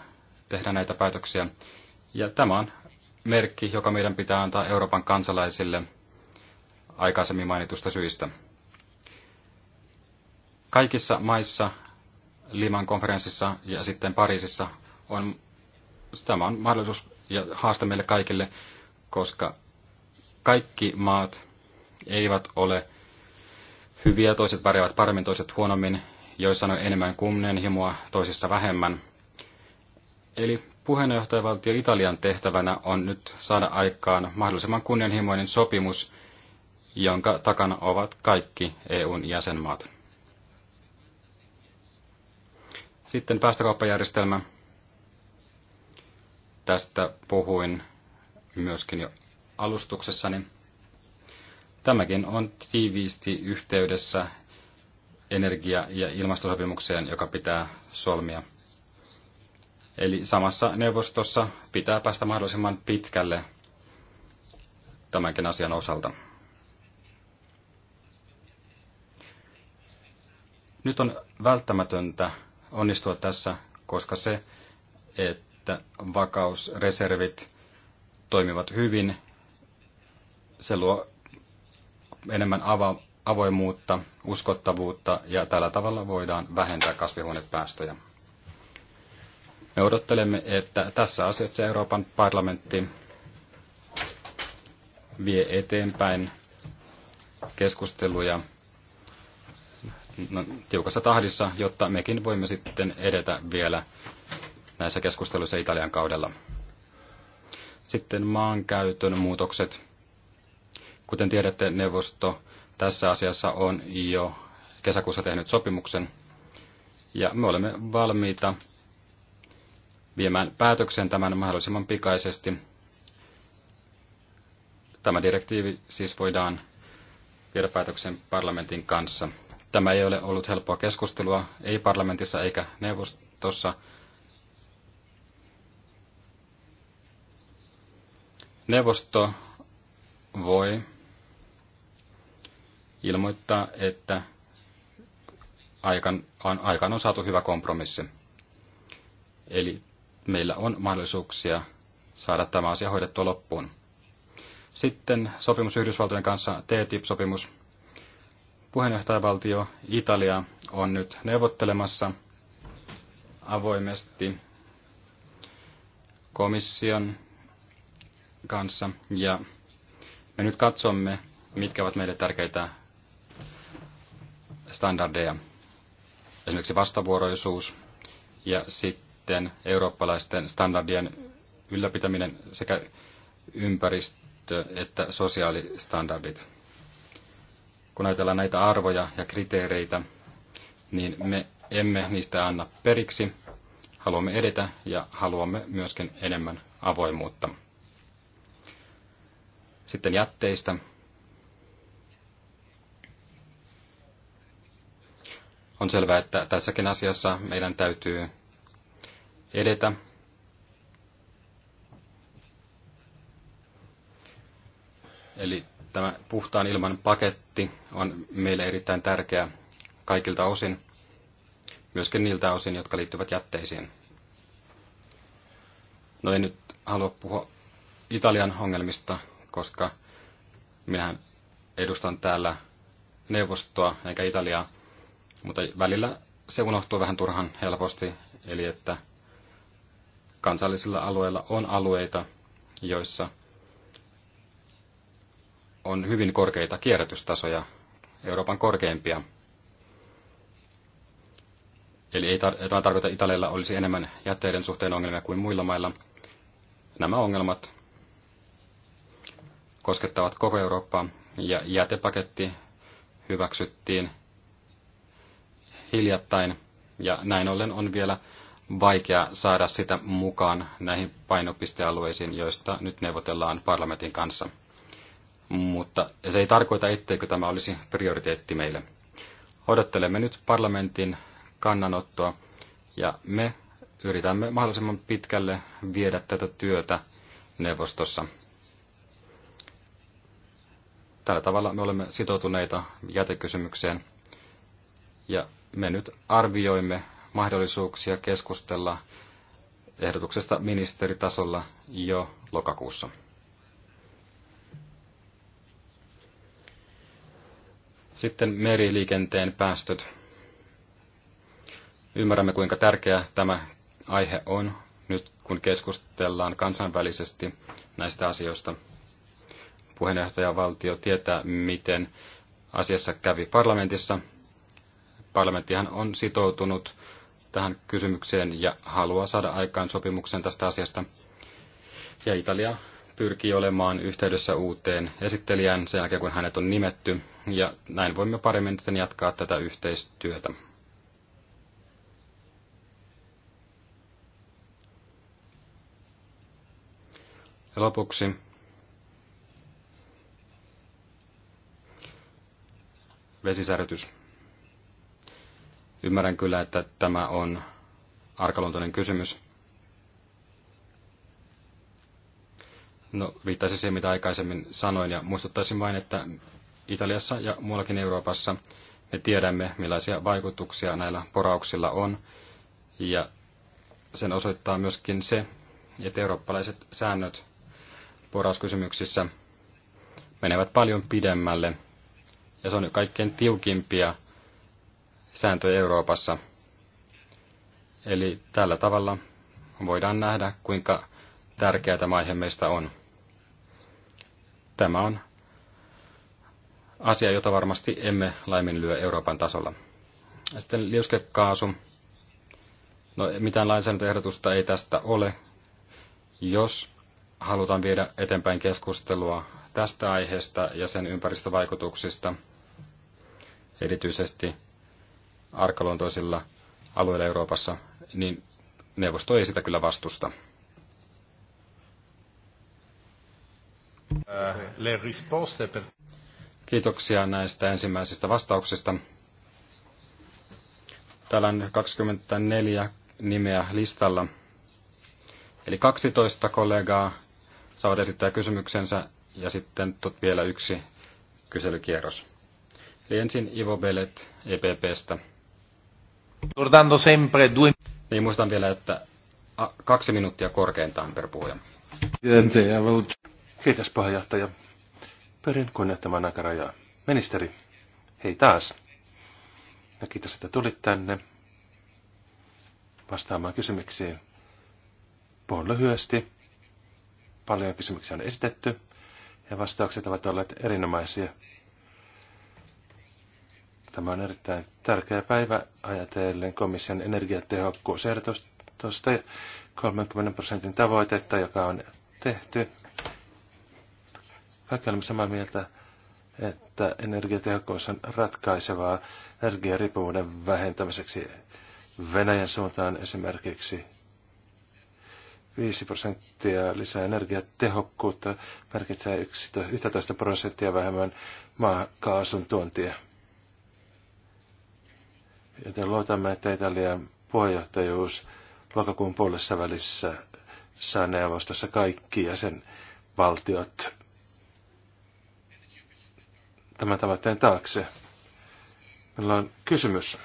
B: tehdään näitä päätöksiä. Ja tämä on merkki, joka meidän pitää antaa Euroopan kansalaisille aikaisemmin mainitusta syistä. Kaikissa maissa Liman konferenssissa ja sitten Pariisissa on, tämä on mahdollisuus ja haaste meille kaikille, koska kaikki maat eivät ole hyviä, toiset pärjäävät paremmin, toiset huonommin, joissa on enemmän kunnianhimoa, toisissa vähemmän. Eli puheenjohtajavaltio Italian tehtävänä on nyt saada aikaan mahdollisimman kunnianhimoinen sopimus, jonka takana ovat kaikki EUn jäsenmaat. Sitten päästökauppajärjestelmä. Tästä puhuin myöskin jo alustuksessani. Tämäkin on tiiviisti yhteydessä energia- ja ilmastosopimukseen, joka pitää solmia. Eli samassa neuvostossa pitää päästä mahdollisimman pitkälle tämänkin asian osalta. Nyt on välttämätöntä onnistua tässä, koska se, että vakausreservit toimivat hyvin, se luo enemmän ava- avoimuutta, uskottavuutta ja tällä tavalla voidaan vähentää kasvihuonepäästöjä. Me odottelemme, että tässä asiassa Euroopan parlamentti vie eteenpäin keskusteluja no, tiukassa tahdissa, jotta mekin voimme sitten edetä vielä näissä keskusteluissa Italian kaudella. Sitten maankäytön muutokset. Kuten tiedätte, neuvosto tässä asiassa on jo kesäkuussa tehnyt sopimuksen, ja me olemme valmiita viemään päätöksen tämän mahdollisimman pikaisesti. Tämä direktiivi siis voidaan viedä päätöksen parlamentin kanssa. Tämä ei ole ollut helppoa keskustelua, ei parlamentissa eikä neuvostossa. Neuvosto voi ilmoittaa, että aikaan on, aikaan on saatu hyvä kompromissi. Eli meillä on mahdollisuuksia saada tämä asia hoidettua loppuun. Sitten sopimus Yhdysvaltojen kanssa, TTIP-sopimus. Puheenjohtajavaltio Italia on nyt neuvottelemassa avoimesti komission kanssa ja me nyt katsomme, mitkä ovat meille tärkeitä standardeja, esimerkiksi vastavuoroisuus ja sitten eurooppalaisten standardien ylläpitäminen sekä ympäristö- että sosiaalistandardit. Kun ajatellaan näitä arvoja ja kriteereitä, niin me emme niistä anna periksi, haluamme edetä ja haluamme myöskin enemmän avoimuutta. Sitten jätteistä. On selvää, että tässäkin asiassa meidän täytyy edetä. Eli tämä puhtaan ilman paketti on meille erittäin tärkeä kaikilta osin, myöskin niiltä osin, jotka liittyvät jätteisiin. No en nyt halua puhua Italian ongelmista, koska minähän edustan täällä neuvostoa eikä Italiaa, mutta välillä se unohtuu vähän turhan helposti, eli että kansallisilla alueilla on alueita, joissa on hyvin korkeita kierrätystasoja, Euroopan korkeimpia. Eli ei tar- tämä tarkoita, että Italialla olisi enemmän jätteiden suhteen ongelmia kuin muilla mailla. Nämä ongelmat koskettavat koko Eurooppaa ja jätepaketti hyväksyttiin hiljattain, ja näin ollen on vielä vaikea saada sitä mukaan näihin painopistealueisiin, joista nyt neuvotellaan parlamentin kanssa. Mutta se ei tarkoita, etteikö tämä olisi prioriteetti meille. Odottelemme nyt parlamentin kannanottoa ja me yritämme mahdollisimman pitkälle viedä tätä työtä neuvostossa. Tällä tavalla me olemme sitoutuneita jätekysymykseen ja me nyt arvioimme mahdollisuuksia keskustella ehdotuksesta ministeritasolla jo lokakuussa. Sitten meriliikenteen päästöt. Ymmärrämme, kuinka tärkeä tämä aihe on nyt, kun keskustellaan kansainvälisesti näistä asioista. Puheenjohtajavaltio tietää, miten asiassa kävi parlamentissa, Parlamenttihan on sitoutunut tähän kysymykseen ja haluaa saada aikaan sopimuksen tästä asiasta. Ja Italia pyrkii olemaan yhteydessä uuteen esittelijään sen jälkeen, kun hänet on nimetty, ja näin voimme paremmin sitten jatkaa tätä yhteistyötä. Ja lopuksi vesisärjytys. Ymmärrän kyllä, että tämä on arkaluontoinen kysymys. No, viittaisin siihen, mitä aikaisemmin sanoin, ja muistuttaisin vain, että Italiassa ja muuallakin Euroopassa me tiedämme, millaisia vaikutuksia näillä porauksilla on, ja sen osoittaa myöskin se, että eurooppalaiset säännöt porauskysymyksissä menevät paljon pidemmälle, ja se on kaikkein tiukimpia sääntöjä Euroopassa. Eli tällä tavalla voidaan nähdä, kuinka tärkeä tämä aihe meistä on. Tämä on asia, jota varmasti emme laiminlyö Euroopan tasolla. Sitten liuskekaasu. No, mitään lainsäädäntöehdotusta ei tästä ole. Jos halutaan viedä eteenpäin keskustelua tästä aiheesta ja sen ympäristövaikutuksista, erityisesti arkaluontoisilla alueilla Euroopassa, niin neuvosto ei sitä kyllä vastusta.
A: Eh,
B: Kiitoksia näistä ensimmäisistä vastauksista. Täällä on 24 nimeä listalla. Eli 12 kollegaa saavat esittää kysymyksensä ja sitten vielä yksi kyselykierros. Eli ensin Ivo Belet EPPstä. Ricordando sempre due... Niin muistan vielä, että kaksi minuuttia korkeintaan per puhuja. Kiitos puheenjohtaja.
C: Perin kunnioittamaan aikarajaa. Ministeri, hei taas. Ja kiitos, että tulit tänne vastaamaan kysymyksiin. Puhun lyhyesti. Paljon kysymyksiä on esitetty ja vastaukset ovat olleet erinomaisia. Tämä on erittäin tärkeä päivä ajatellen komission energiatehokkuusehdotusta 30 prosentin tavoitetta, joka on tehty. Kaikki olemme samaa mieltä, että energiatehokkuus on ratkaisevaa energiaripuuden vähentämiseksi Venäjän suuntaan esimerkiksi. 5 prosenttia lisää energiatehokkuutta merkitsee 11 prosenttia vähemmän maakaasun tuontia. Joten luotamme, että Italian puheenjohtajuus lokakuun puolessa välissä saa neuvostossa kaikki jäsenvaltiot tämän tavoitteen taakse. Meillä on kysymys,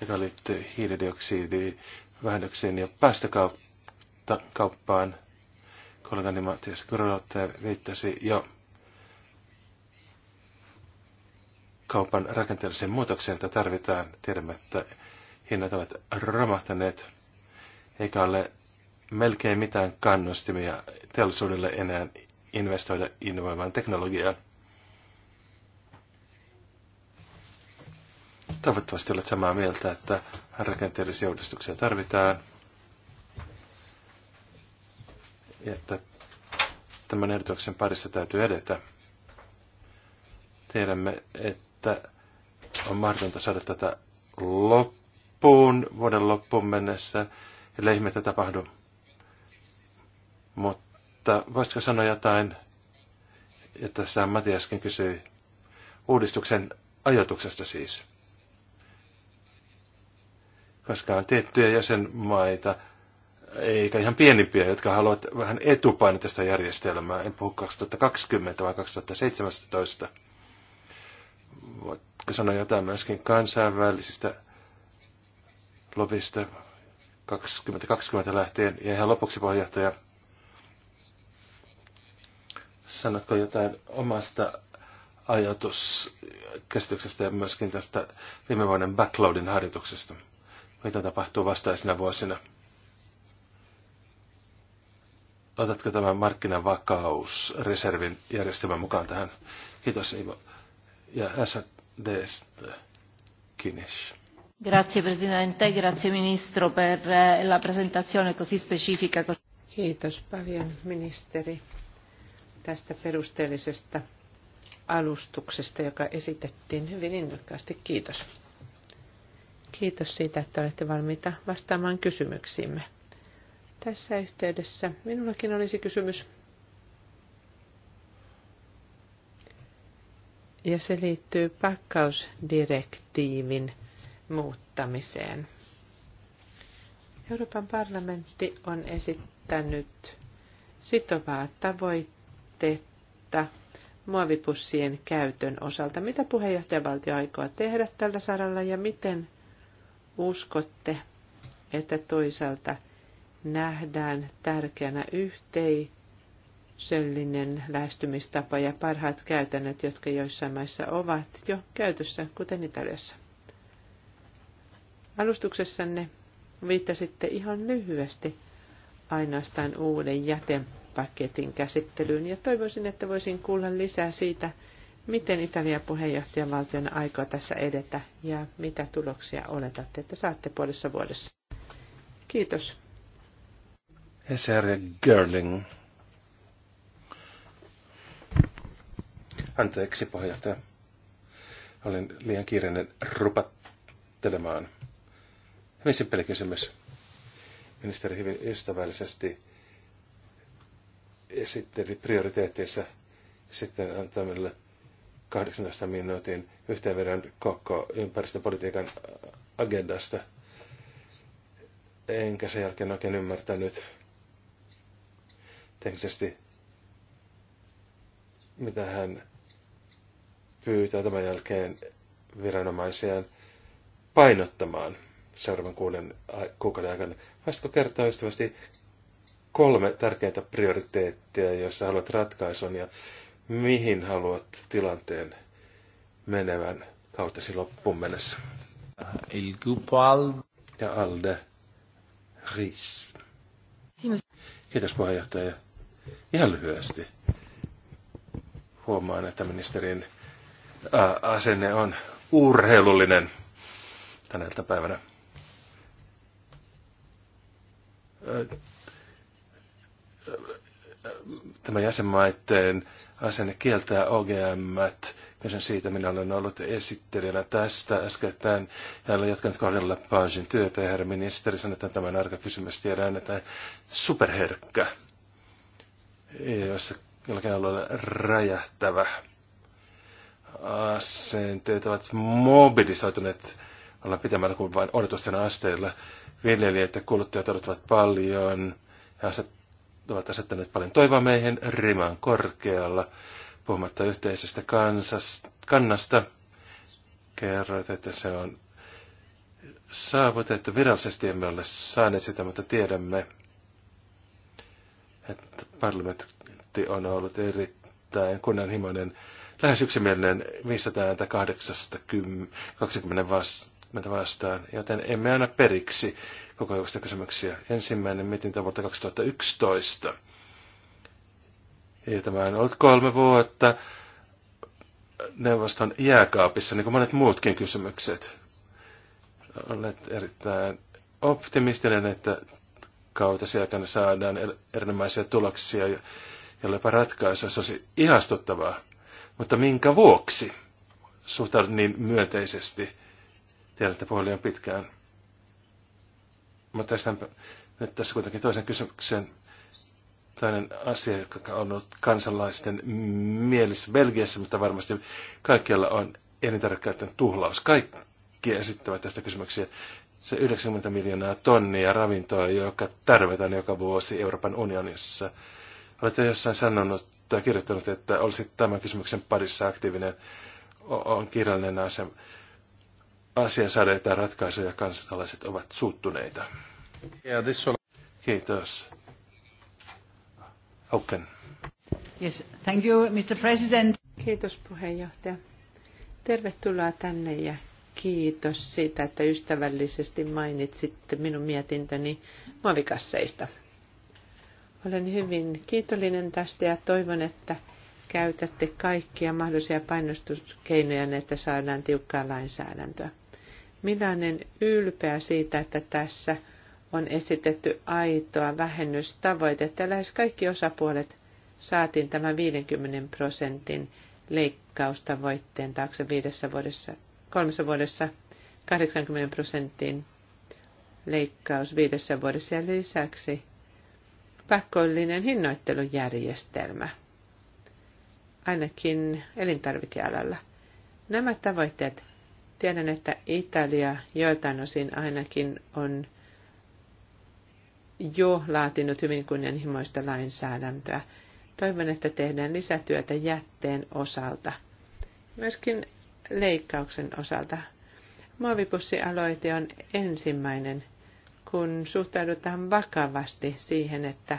C: joka liittyy hiilidioksidiin, vähennyksiin ja päästökauppaan. Kollegani Matias Kyrölotteen viittasi jo kaupan rakenteellisen muutoksen, jota tarvitaan. Tiedämme, että hinnat ovat romahtaneet, eikä ole melkein mitään kannustimia teollisuudelle enää investoida innovoivaan teknologiaan. Toivottavasti olet samaa mieltä, että rakenteellisia uudistuksia tarvitaan. Ja että tämän ehdotuksen parissa täytyy edetä. Tiedämme, että että on mahdotonta saada tätä loppuun, vuoden loppuun mennessä, ellei ihmettä tapahdu. Mutta voisitko sanoa jotain, ja tässä Mati äsken kysyi uudistuksen ajatuksesta siis. Koska on tiettyjä jäsenmaita, eikä ihan pienimpiä, jotka haluavat vähän etupainotesta järjestelmää. En puhu 2020, vaan 2017. Voitko sanoa jotain myöskin kansainvälisistä lobista 2020 lähtien? Ja ihan lopuksi puheenjohtaja, sanotko jotain omasta ajatuskäsityksestä ja myöskin tästä viime vuoden backloadin harjoituksesta? Mitä tapahtuu vastaisina vuosina? Otatko tämän markkinavakausreservin järjestelmän mukaan tähän? Kiitos Ivo ja
D: Presidente, grazie Ministro per eh, la presentazione così specifica. Kiitos paljon ministeri tästä perusteellisesta alustuksesta, joka esitettiin hyvin innokkaasti. Kiitos. Kiitos siitä, että olette valmiita vastaamaan kysymyksiimme. Tässä yhteydessä minullakin olisi kysymys ja se liittyy pakkausdirektiivin muuttamiseen. Euroopan parlamentti on esittänyt sitovaa tavoitetta muovipussien käytön osalta. Mitä puheenjohtajavaltio aikoo tehdä tällä saralla ja miten uskotte, että toisaalta nähdään tärkeänä yhteistyötä? söllinen lähestymistapa ja parhaat käytännöt, jotka joissain maissa ovat jo käytössä, kuten Italiassa. Alustuksessanne viittasitte ihan lyhyesti ainoastaan uuden jätepaketin käsittelyyn ja toivoisin, että voisin kuulla lisää siitä, miten Italia puheenjohtajavaltiona aikoo tässä edetä ja mitä tuloksia oletatte, että saatte puolessa vuodessa. Kiitos.
C: Esere Görling. Anteeksi, puheenjohtaja. Olen liian kiireinen rupattelemaan. Hyvin simppeli kysymys. Ministeri hyvin ystävällisesti esitteli prioriteetteissa sitten antamille 18 minuutin yhteenvedon koko ympäristöpolitiikan agendasta. Enkä sen jälkeen oikein ymmärtänyt teknisesti, mitä hän pyytää tämän jälkeen viranomaisiaan painottamaan seuraavan kuuden kuukauden aikana. Voisitko kertoa ystävästi kolme tärkeintä prioriteettia, joissa haluat ratkaisun ja mihin haluat tilanteen menevän kautesi loppuun mennessä? Il ja Alde Ries. Kiitos puheenjohtaja. Ihan lyhyesti. Huomaan, että ministerin asenne on urheilullinen tänä päivänä. Tämä jäsenmaiden asenne kieltää OGM. -t. Kysyn siitä, minä olen ollut esittelijänä tästä äskettäin ja olen jatkanut kohdalla Pausin työtä ja herra ministeri sanoi, että tämän arka kysymys tiedän, että superherkkä, jossa jollakin alueella räjähtävä asenteet ovat mobilisoituneet olla pitämällä kuin vain odotusten asteilla. Viljelijät ja kuluttajat odottavat paljon ja aset ovat asettaneet paljon toivoa meihin riman korkealla, puhumatta yhteisestä kansasta, kannasta. Kerroit, että se on saavutettu. Virallisesti emme ole saaneet sitä, mutta tiedämme, että parlamentti on ollut erittäin kunnianhimoinen lähes yksimielinen 580 vastaan, joten emme aina periksi koko ajan kysymyksiä. Ensimmäinen mietintö vuotta 2011. Ja tämä on ollut kolme vuotta neuvoston jääkaapissa, niin kuin monet muutkin kysymykset. Olet erittäin optimistinen, että kautesi aikana saadaan er- erinomaisia tuloksia, jolla jopa se olisi ihastuttavaa. Mutta minkä vuoksi suhtaudun niin myönteisesti? Tiedän, että puhelin on pitkään. Mutta nyt tässä kuitenkin toisen kysymyksen toinen asia, joka on ollut kansalaisten mielessä Belgiassa, mutta varmasti kaikkialla on elintarvikkeiden tuhlaus. Kaikki esittävät tästä kysymyksiä. Se 90 miljoonaa tonnia ravintoa, joka tarvitaan joka vuosi Euroopan unionissa. Olette jossain sanonut, tai kirjoittanut, että olisi tämän kysymyksen parissa aktiivinen, on kirjallinen asia, asia saada jotain ratkaisuja, kansalaiset ovat suuttuneita. Kiitos. Hauken.
D: Yes, thank you, Mr. President. Kiitos puheenjohtaja. Tervetuloa tänne ja kiitos siitä, että ystävällisesti mainitsitte minun mietintöni muovikasseista. Olen hyvin kiitollinen tästä ja toivon, että käytätte kaikkia mahdollisia painostuskeinoja, niin että saadaan tiukkaa lainsäädäntöä. Minä olen ylpeä siitä, että tässä on esitetty aitoa vähennystavoitetta. Lähes kaikki osapuolet saatiin tämän 50 prosentin leikkaustavoitteen taakse viidessä vuodessa, kolmessa vuodessa 80 prosentin leikkaus viidessä vuodessa ja lisäksi pakollinen hinnoittelujärjestelmä, ainakin elintarvikealalla. Nämä tavoitteet, tiedän, että Italia joiltain osin ainakin on jo laatinut hyvin kunnianhimoista lainsäädäntöä. Toivon, että tehdään lisätyötä jätteen osalta, myöskin leikkauksen osalta. Muovipussialoite on ensimmäinen kun suhtaudutaan vakavasti siihen, että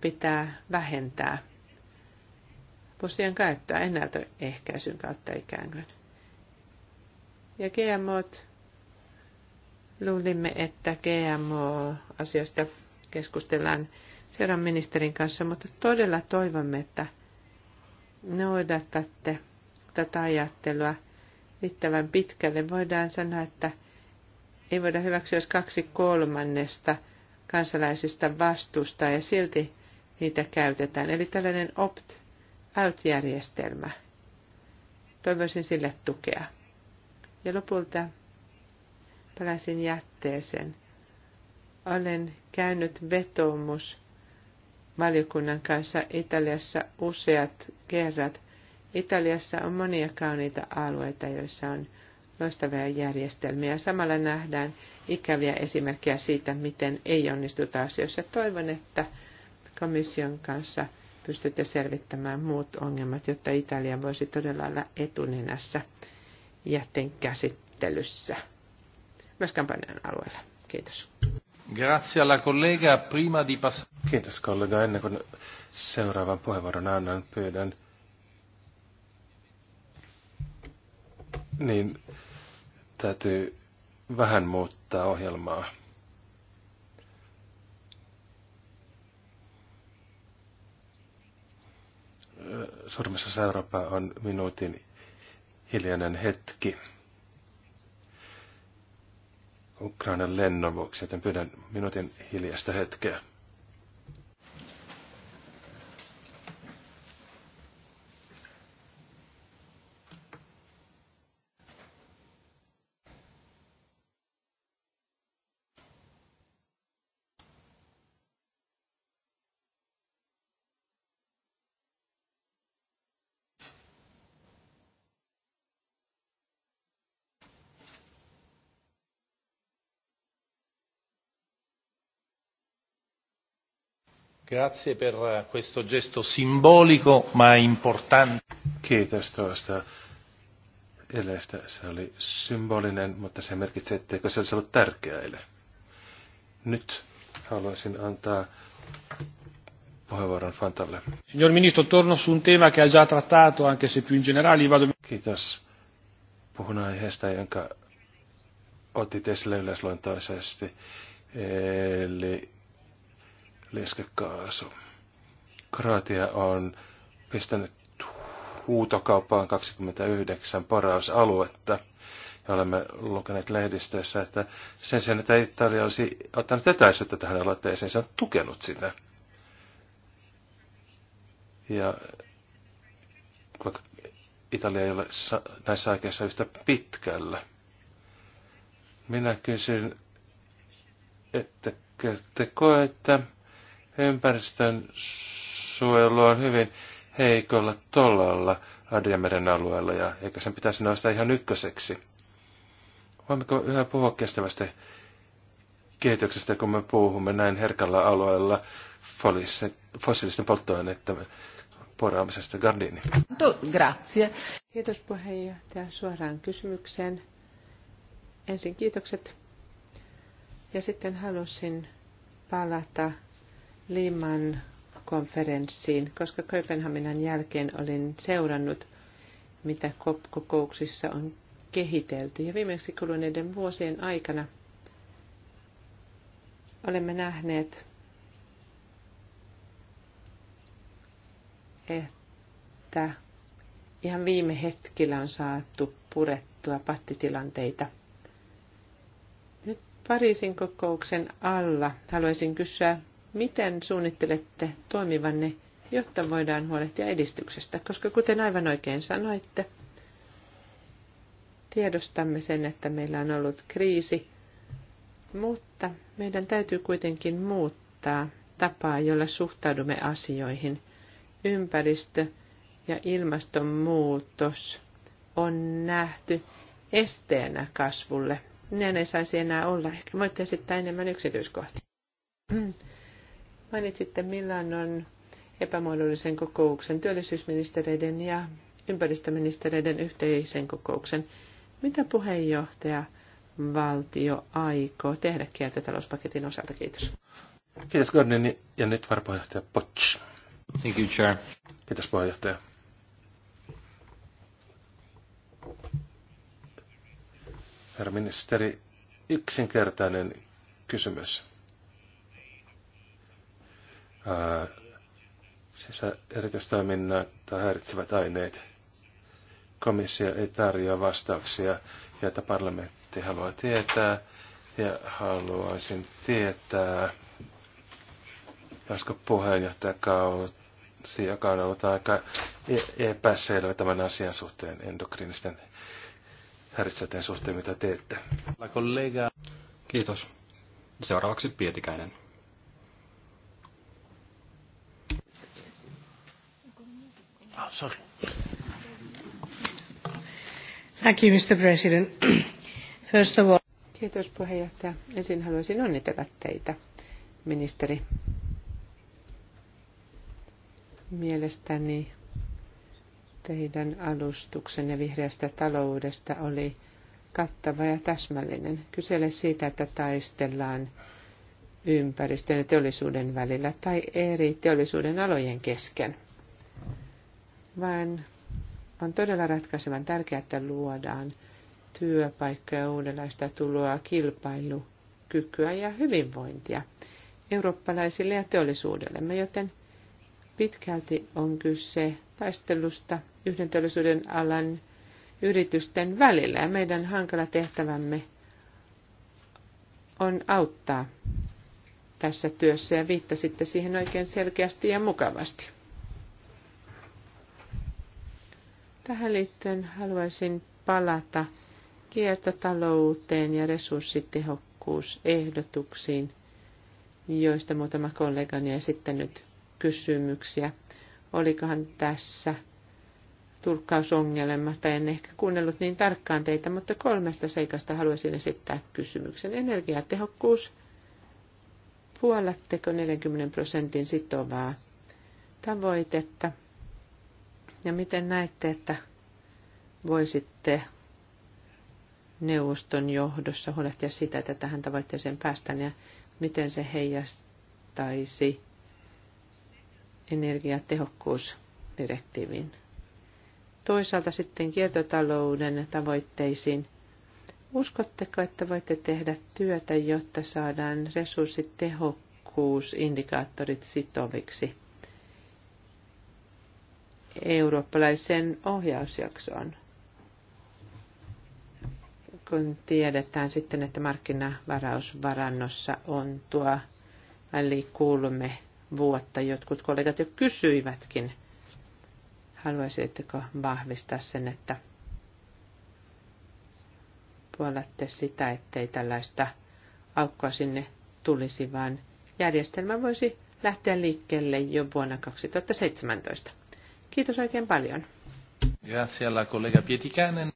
D: pitää vähentää pussien käyttöä ennaltaehkäisyn kautta ikään kuin. Ja GMO, luulimme, että GMO-asioista keskustellaan seuraavan ministerin kanssa, mutta todella toivomme, että noudatatte tätä ajattelua riittävän pitkälle. Voidaan sanoa, että ei voida hyväksyä, jos kaksi kolmannesta kansalaisista vastustaa ja silti niitä käytetään. Eli tällainen opt-out-järjestelmä. Toivoisin sille tukea. Ja lopulta palasin jätteeseen. Olen käynyt vetoomus valiokunnan kanssa Italiassa useat kerrat. Italiassa on monia kauniita alueita, joissa on loistavia järjestelmiä. Samalla nähdään ikäviä esimerkkejä siitä, miten ei onnistuta asioissa. Toivon, että komission kanssa pystytte selvittämään muut ongelmat, jotta Italia voisi todella olla etunenässä jätteen käsittelyssä, myös kampanjan alueella. Kiitos.
C: Grazie alla collega. Prima di pass- Kiitos kollega. Ennen kuin seuraavan puheenvuoron annan, pyydän niin täytyy vähän muuttaa ohjelmaa. Sormessa seuraava on minuutin hiljainen hetki Ukrainan lennon vuoksi, joten pyydän minuutin hiljaista hetkeä.
A: Grazie per eh, questo gesto simbolico,
C: ma importante. Kiitos eleestä. Se oli symbolinen, mutta se merkitsee, etteikö se olisi ollut tärkeä ele. Nyt haluaisin antaa puheenvuoron Fantalle. Signor Ministro, torno su un tema che ha già trattato, anche se più in generale. Vado... Kiitos. Puhun aiheesta, jonka otit esille yleisluontoisesti. Eli leskekaasu. Kroatia on pistänyt huutokauppaan 29 parausaluetta. Ja olemme lukeneet lehdistössä, että sen sijaan, että Italia olisi ottanut etäisyyttä tähän aloitteeseen, se on tukenut sitä. Ja vaikka Italia ei ole näissä aikeissa yhtä pitkällä. Minä kysyn, että te koette, Ympäristön suojelu on hyvin heikolla tolalla Adriameren alueella, ja eikä sen pitäisi nousta ihan ykköseksi. Voimmeko yhä puhua kestävästä kehityksestä, kun me puhumme näin herkällä alueella fossiilisten polttoaineiden poraamisesta Gardini. To,
D: grazie. Kiitos puheenjohtaja suoraan kysymykseen. Ensin kiitokset. Ja sitten halusin palata Liman konferenssiin, koska Kööpenhaminan jälkeen olin seurannut, mitä kokouksissa on kehitelty. Ja viimeksi kuluneiden vuosien aikana olemme nähneet, että ihan viime hetkellä on saatu purettua pattitilanteita. Nyt Pariisin kokouksen alla haluaisin kysyä Miten suunnittelette toimivanne, jotta voidaan huolehtia edistyksestä? Koska kuten aivan oikein sanoitte, tiedostamme sen, että meillä on ollut kriisi, mutta meidän täytyy kuitenkin muuttaa tapaa, jolla suhtaudumme asioihin. Ympäristö ja ilmastonmuutos on nähty esteenä kasvulle. Ne ei saisi enää olla. Ehkä voitte esittää enemmän yksityiskohtia. Mainitsitte Milanon epämuodollisen kokouksen, työllisyysministereiden ja ympäristöministereiden yhteisen kokouksen. Mitä puheenjohtaja valtio aikoo tehdä kiertotalouspaketin osalta?
C: Kiitos. Kiitos Gordon ja nyt varapuheenjohtaja Potsch. Thank you, Chair. Kiitos puheenjohtaja. Herra ministeri, yksinkertainen kysymys sisä- erityistoiminnan tai häiritsevät aineet. Komissio ei tarjoa vastauksia, joita parlamentti haluaa tietää, ja haluaisin tietää, olisiko puheenjohtajakausi, joka on ollut aika e- epäselvä tämän asian suhteen, endokriinisten häiritsäteen suhteen, mitä teette. Kiitos. Seuraavaksi Pietikäinen.
D: Kiitos puheenjohtaja. Ensin haluaisin onnitella teitä, ministeri. Mielestäni teidän alustuksenne vihreästä taloudesta oli kattava ja täsmällinen. Kysele siitä, että taistellaan ympäristön ja teollisuuden välillä tai eri teollisuuden alojen kesken vaan on todella ratkaisevan tärkeää, että luodaan työpaikkoja, uudenlaista tuloa, kilpailukykyä ja hyvinvointia eurooppalaisille ja teollisuudellemme, joten pitkälti on kyse taistelusta yhden teollisuuden alan yritysten välillä ja meidän hankala tehtävämme on auttaa tässä työssä ja viittasitte siihen oikein selkeästi ja mukavasti. Tähän liittyen haluaisin palata kiertotalouteen ja resurssitehokkuusehdotuksiin, joista muutama kollegani on esittänyt kysymyksiä. Olikohan tässä tulkkausongelma, tai en ehkä kuunnellut niin tarkkaan teitä, mutta kolmesta seikasta haluaisin esittää kysymyksen. Energiatehokkuus, puolatteko 40 prosentin sitovaa tavoitetta ja miten näette, että voisitte neuvoston johdossa huolehtia sitä, että tähän tavoitteeseen päästään ja miten se heijastaisi energiatehokkuusdirektiiviin. Toisaalta sitten kiertotalouden tavoitteisiin. Uskotteko, että voitte tehdä työtä, jotta saadaan resurssitehokkuusindikaattorit sitoviksi? eurooppalaiseen ohjausjaksoon, kun tiedetään sitten, että markkinavarausvarannossa on tuo eli kolme vuotta. Jotkut kollegat jo kysyivätkin, haluaisitteko vahvistaa sen, että puolette sitä, ettei tällaista aukkoa sinne tulisi, vaan järjestelmä voisi lähteä liikkeelle jo vuonna 2017. Kiitos oikein paljon.
B: Grazie alla collega Pietikäinen.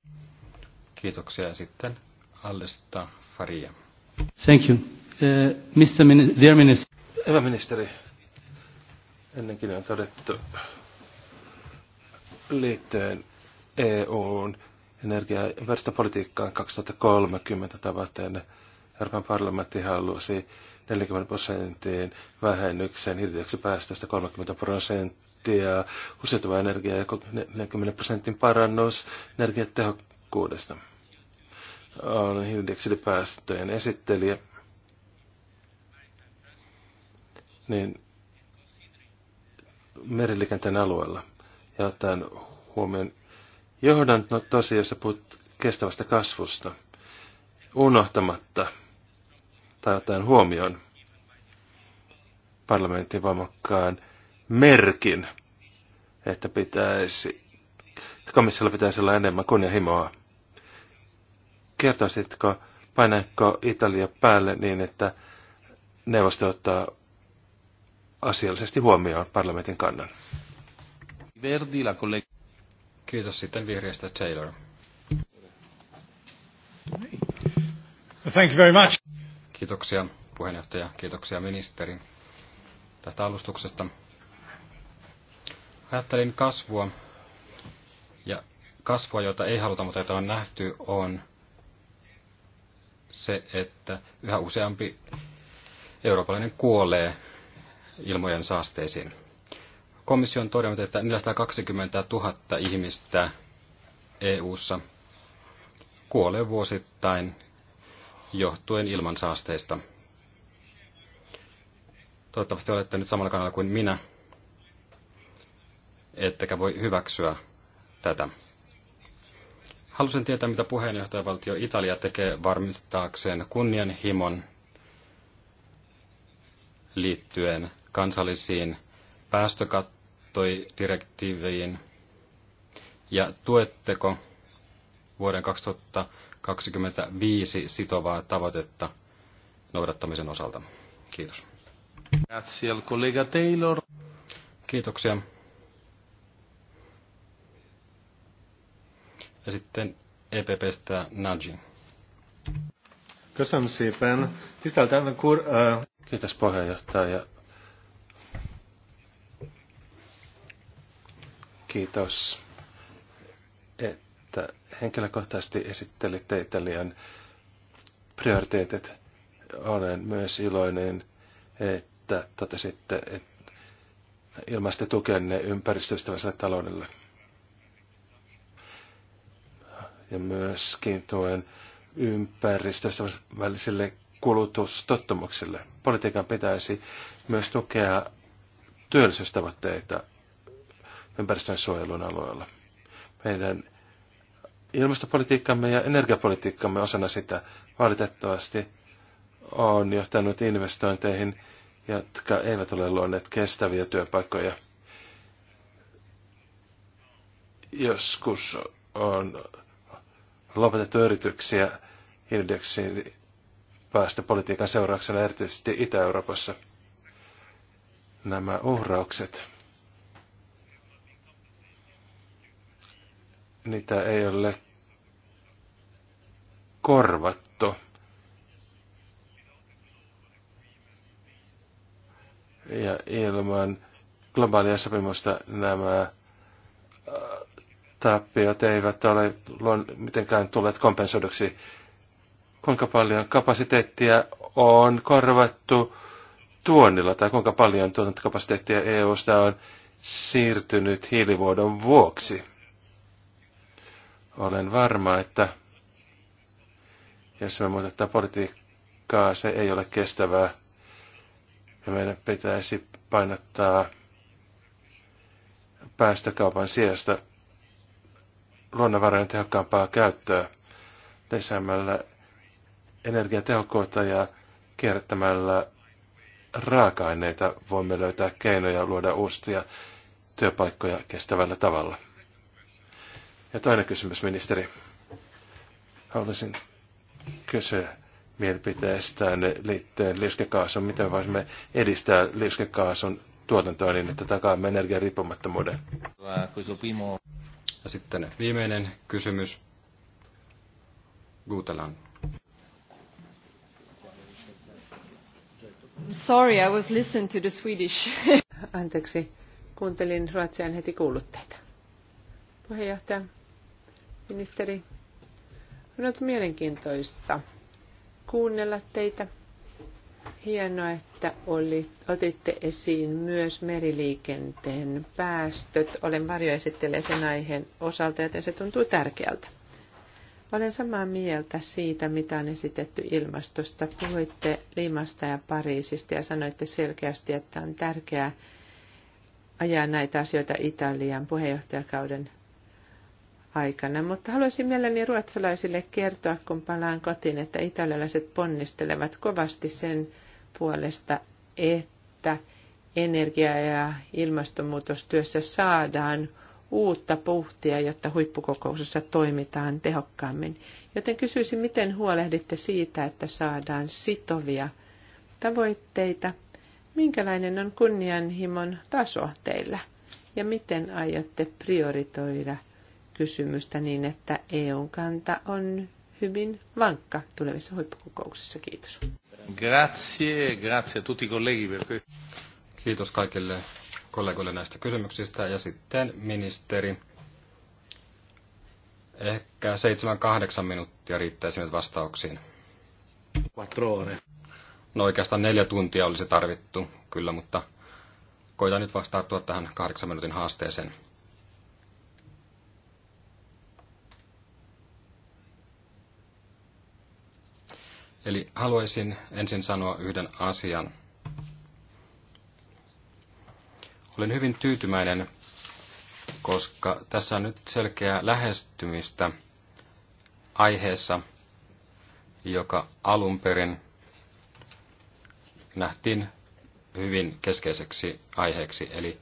B: Kiitoksia sitten Allesta Faria.
A: Thank you. Uh, Mr. Min- dear Minister.
C: Hyvä ministeri, ennenkin on todettu liittyen EUn energia- ja ympäristöpolitiikkaan 2030 tavoitteena. Euroopan parlamentti halusi 40 prosentin vähennyksen hiilidioksidipäästöistä 30 prosenttia prosenttia uusiutuva energiaa ja 40 prosentin parannus energiatehokkuudesta. On hiilidioksidipäästöjen esittelijä. Niin meriliikenteen alueella ja ottaen huomioon johdanto tosiasiassa puhut kestävästä kasvusta unohtamatta tai ottaen huomioon parlamentin voimakkaan merkin, että pitäisi, komissiolla pitäisi olla enemmän kunnianhimoa. Kertoisitko, painaako Italia päälle niin, että neuvosto ottaa asiallisesti huomioon parlamentin kannan?
B: Verdi, Kiitos sitten vihreästä Taylor.
A: Thank you very much.
B: Kiitoksia puheenjohtaja, kiitoksia ministeri tästä alustuksesta. Ajattelin kasvua, ja kasvua, jota ei haluta, mutta jota on nähty, on se, että yhä useampi eurooppalainen kuolee ilmojen saasteisiin. Komissio on todennut, että 420 000 ihmistä EU:ssa kuolee vuosittain johtuen ilmansaasteista. Toivottavasti olette nyt samalla kannalla kuin minä ettekä voi hyväksyä tätä. Halusin tietää, mitä puheenjohtajavaltio Italia tekee varmistaakseen kunnianhimon liittyen kansallisiin päästökattoidirektiiviin ja tuetteko vuoden 2025 sitovaa tavoitetta noudattamisen osalta. Kiitos. Grazie al collega Taylor. Kiitoksia. Ja sitten EPPstä Najin. Köszönöm szépen. Tisztelt elnök úr! Kiitos
C: puheenjohtaja. Kiitos, että henkilökohtaisesti esittelitte Italian prioriteetit. Olen myös iloinen, että totesitte, että ilmaista tukenne ympäristöystävälliselle taloudelle ja myöskin tuen ympäristöstä välisille kulutustottumuksille. Politiikan pitäisi myös tukea työllisyystavoitteita ympäristön suojelun alueella. Meidän ilmastopolitiikkamme ja energiapolitiikkamme osana sitä valitettavasti on johtanut investointeihin, jotka eivät ole luoneet kestäviä työpaikkoja. Joskus on lopetettu yrityksiä hiilidioksidin päästöpolitiikan seurauksena erityisesti Itä-Euroopassa. Nämä uhraukset, niitä ei ole korvattu. Ja ilman globaalia sopimusta nämä äh, tappiot eivät ole mitenkään tulleet kompensoiduksi. Kuinka paljon kapasiteettia on korvattu tuonnilla tai kuinka paljon tuotantokapasiteettia EUsta on siirtynyt hiilivuodon vuoksi? Olen varma, että jos me muutetaan politiikkaa, se ei ole kestävää. Ja meidän pitäisi painottaa päästökaupan sijasta luonnonvarojen tehokkaampaa käyttöä lisäämällä energiatehokkuutta ja kierrättämällä raaka-aineita voimme löytää keinoja luoda uusia työpaikkoja kestävällä tavalla. Ja toinen kysymys, ministeri. Haluaisin kysyä mielipiteestään liittyen liuskekaasun. Miten voisimme edistää liuskekaasun tuotantoa niin, että takaamme energiariippumattomuuden?
B: Ja sitten viimeinen kysymys. Guutelan.
D: Sorry, I was listening to the Swedish. Anteeksi, kuuntelin ruotsian heti kuulutteita. Puheenjohtaja, ministeri, on ollut mielenkiintoista kuunnella teitä Hienoa, että oli, otitte esiin myös meriliikenteen päästöt. Olen esittelee sen aiheen osalta, joten se tuntuu tärkeältä. Olen samaa mieltä siitä, mitä on esitetty ilmastosta. Puhuitte Limasta ja Pariisista ja sanoitte selkeästi, että on tärkeää ajaa näitä asioita Italian puheenjohtajakauden aikana, mutta haluaisin mielelläni ruotsalaisille kertoa, kun palaan kotiin, että italialaiset ponnistelevat kovasti sen puolesta, että energia- ja ilmastonmuutostyössä saadaan uutta puhtia, jotta huippukokouksessa toimitaan tehokkaammin. Joten kysyisin, miten huolehditte siitä, että saadaan sitovia tavoitteita? Minkälainen on kunnianhimon taso teillä? Ja miten aiotte prioritoida kysymystä niin, että EUn kanta on hyvin vankka tulevissa huippukokouksissa? Kiitos.
B: Grazie, grazie a tutti colleghi per questo. Kiitos kaikille kollegoille näistä kysymyksistä. Ja sitten ministeri. Ehkä 7-8 minuuttia riittäisi nyt vastauksiin. Quattrone. No oikeastaan neljä tuntia olisi tarvittu, kyllä, mutta koitan nyt vastautua tähän kahdeksan minuutin haasteeseen. Eli haluaisin ensin sanoa yhden asian. Olen hyvin tyytyväinen, koska tässä on nyt selkeää lähestymistä aiheessa, joka alun perin nähtiin hyvin keskeiseksi aiheeksi, eli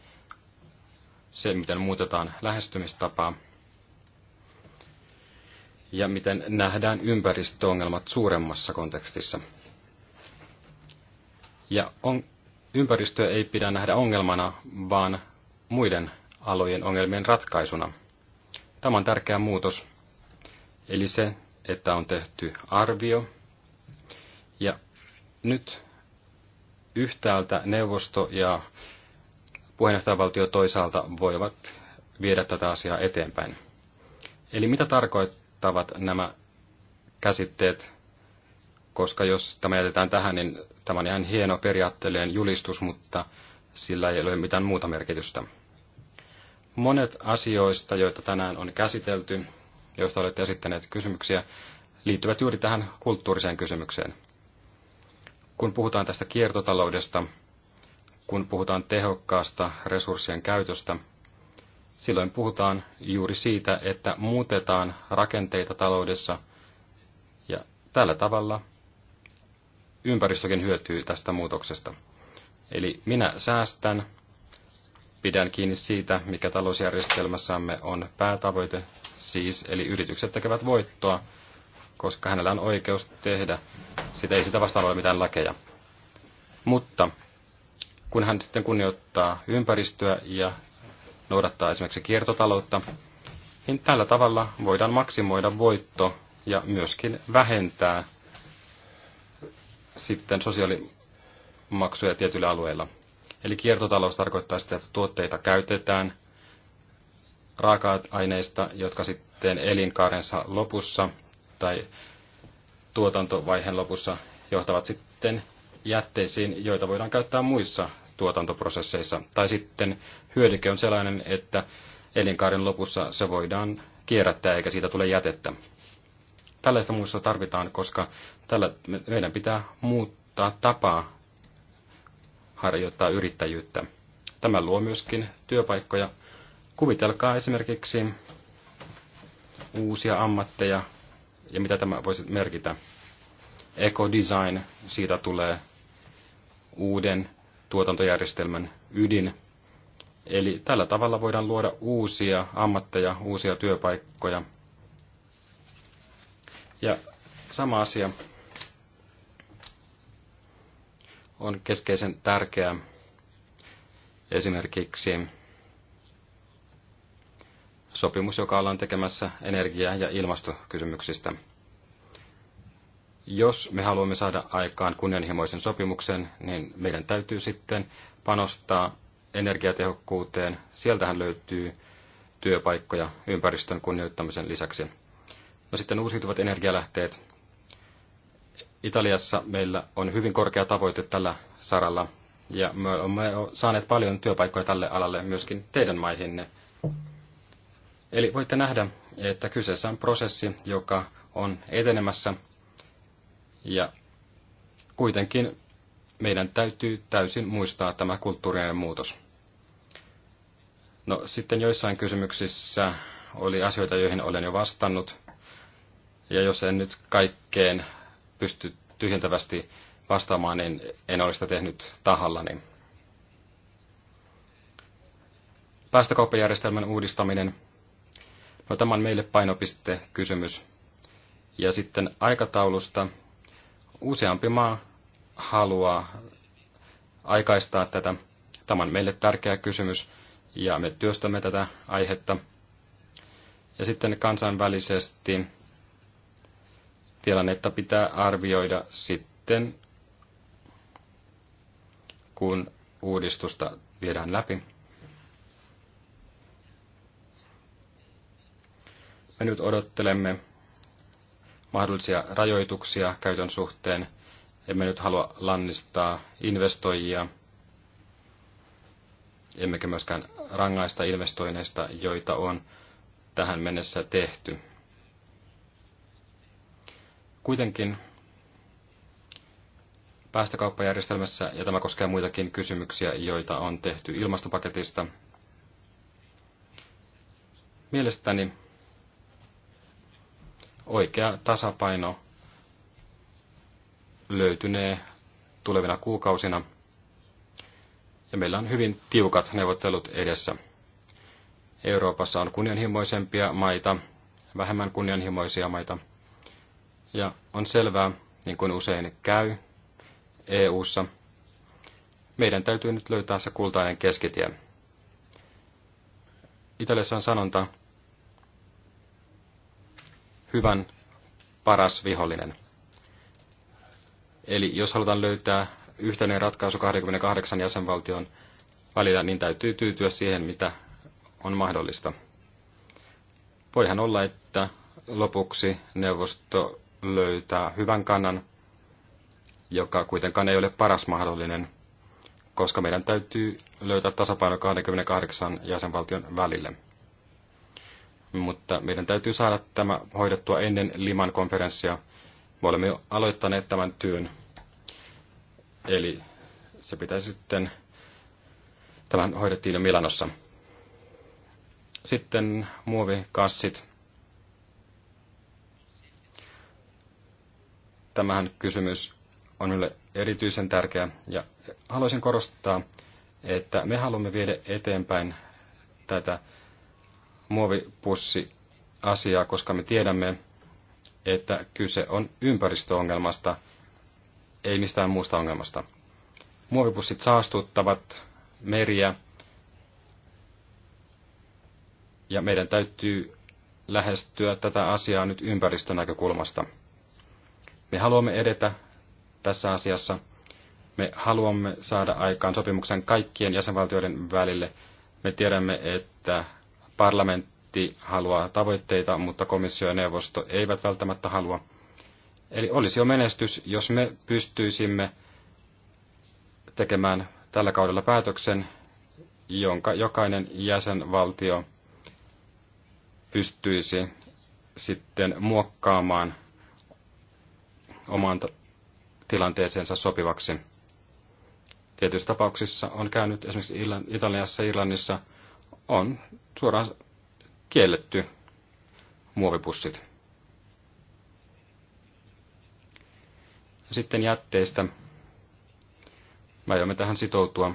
B: se, miten muutetaan lähestymistapaa ja miten nähdään ympäristöongelmat suuremmassa kontekstissa. Ja on, ympäristöä ei pidä nähdä ongelmana, vaan muiden alojen ongelmien ratkaisuna. Tämä on tärkeä muutos, eli se, että on tehty arvio. Ja nyt yhtäältä neuvosto ja puheenjohtajavaltio toisaalta voivat viedä tätä asiaa eteenpäin. Eli mitä tarkoittaa? Tavat nämä käsitteet, koska jos tämä jätetään tähän, niin tämä on ihan hieno periaatteellinen julistus, mutta sillä ei ole mitään muuta merkitystä. Monet asioista, joita tänään on käsitelty, joista olette esittäneet kysymyksiä, liittyvät juuri tähän kulttuuriseen kysymykseen. Kun puhutaan tästä kiertotaloudesta, kun puhutaan tehokkaasta resurssien käytöstä, Silloin puhutaan juuri siitä, että muutetaan rakenteita taloudessa ja tällä tavalla ympäristökin hyötyy tästä muutoksesta. Eli minä säästän, pidän kiinni siitä, mikä talousjärjestelmässämme on päätavoite, siis eli yritykset tekevät voittoa, koska hänellä on oikeus tehdä. Sitä ei sitä vastaan ole mitään lakeja. Mutta kun hän sitten kunnioittaa ympäristöä ja noudattaa esimerkiksi kiertotaloutta, niin tällä tavalla voidaan maksimoida voitto ja myöskin vähentää sitten sosiaalimaksuja tietyillä alueilla. Eli kiertotalous tarkoittaa sitä, että tuotteita käytetään raaka-aineista, jotka sitten elinkaarensa lopussa tai tuotantovaiheen lopussa johtavat sitten jätteisiin, joita voidaan käyttää muissa tuotantoprosesseissa. Tai sitten hyödyke on sellainen, että elinkaaren lopussa se voidaan kierrättää eikä siitä tule jätettä. Tällaista muussa tarvitaan, koska tällä meidän pitää muuttaa tapaa harjoittaa yrittäjyyttä. Tämä luo myöskin työpaikkoja. Kuvitelkaa esimerkiksi uusia ammatteja ja mitä tämä voisi merkitä. Ecodesign siitä tulee uuden tuotantojärjestelmän ydin. Eli tällä tavalla voidaan luoda uusia ammatteja, uusia työpaikkoja. Ja sama asia on keskeisen tärkeää esimerkiksi sopimus, joka ollaan tekemässä energia- ja ilmastokysymyksistä. Jos me haluamme saada aikaan kunnianhimoisen sopimuksen, niin meidän täytyy sitten panostaa energiatehokkuuteen. Sieltähän löytyy työpaikkoja ympäristön kunnioittamisen lisäksi. No sitten uusiutuvat energialähteet. Italiassa meillä on hyvin korkea tavoite tällä saralla, ja me olemme saaneet paljon työpaikkoja tälle alalle myöskin teidän maihinne. Eli voitte nähdä, että kyseessä on prosessi, joka on etenemässä ja kuitenkin meidän täytyy täysin muistaa tämä kulttuurinen muutos. No sitten joissain kysymyksissä oli asioita, joihin olen jo vastannut. Ja jos en nyt kaikkeen pysty tyhjentävästi vastaamaan, niin en ole sitä tehnyt tahallani. Päästökauppajärjestelmän uudistaminen. No tämä on meille painopiste kysymys. Ja sitten aikataulusta useampi maa haluaa aikaistaa tätä. Tämä on meille tärkeä kysymys ja me työstämme tätä aihetta. Ja sitten kansainvälisesti tilannetta pitää arvioida sitten, kun uudistusta viedään läpi. Me nyt odottelemme mahdollisia rajoituksia käytön suhteen. Emme nyt halua lannistaa investoijia, emmekä myöskään rangaista investoinneista, joita on tähän mennessä tehty. Kuitenkin päästökauppajärjestelmässä, ja tämä koskee muitakin kysymyksiä, joita on tehty ilmastopaketista, mielestäni oikea tasapaino löytynee tulevina kuukausina. Ja meillä on hyvin tiukat neuvottelut edessä. Euroopassa on kunnianhimoisempia maita, vähemmän kunnianhimoisia maita. Ja on selvää, niin kuin usein käy EU:ssa, meidän täytyy nyt löytää se kultainen keskitie. Italiassa on sanonta, hyvän paras vihollinen. Eli jos halutaan löytää yhteinen ratkaisu 28 jäsenvaltion välillä, niin täytyy tyytyä siihen, mitä on mahdollista. Voihan olla, että lopuksi neuvosto löytää hyvän kannan, joka kuitenkaan ei ole paras mahdollinen, koska meidän täytyy löytää tasapaino 28 jäsenvaltion välille mutta meidän täytyy saada tämä hoidettua ennen Liman konferenssia. Me olemme jo aloittaneet tämän työn, eli se pitäisi sitten, tämän hoidettiin jo Milanossa. Sitten muovikassit. Tämähän kysymys on minulle erityisen tärkeä ja haluaisin korostaa, että me haluamme viedä eteenpäin tätä muovipussiasiaa, asiaa, koska me tiedämme, että kyse on ympäristöongelmasta, ei mistään muusta ongelmasta. Muovipussit saastuttavat meriä ja meidän täytyy lähestyä tätä asiaa nyt ympäristönäkökulmasta. Me haluamme edetä tässä asiassa. Me haluamme saada aikaan sopimuksen kaikkien jäsenvaltioiden välille. Me tiedämme, että Parlamentti haluaa tavoitteita, mutta komissio ja neuvosto eivät välttämättä halua. Eli olisi jo menestys, jos me pystyisimme tekemään tällä kaudella päätöksen, jonka jokainen jäsenvaltio pystyisi sitten muokkaamaan omaan tilanteeseensa sopivaksi. Tietyissä tapauksissa on käynyt esimerkiksi Italiassa ja Irlannissa on suoraan kielletty muovipussit. Sitten jätteistä. Mä aiomme tähän sitoutua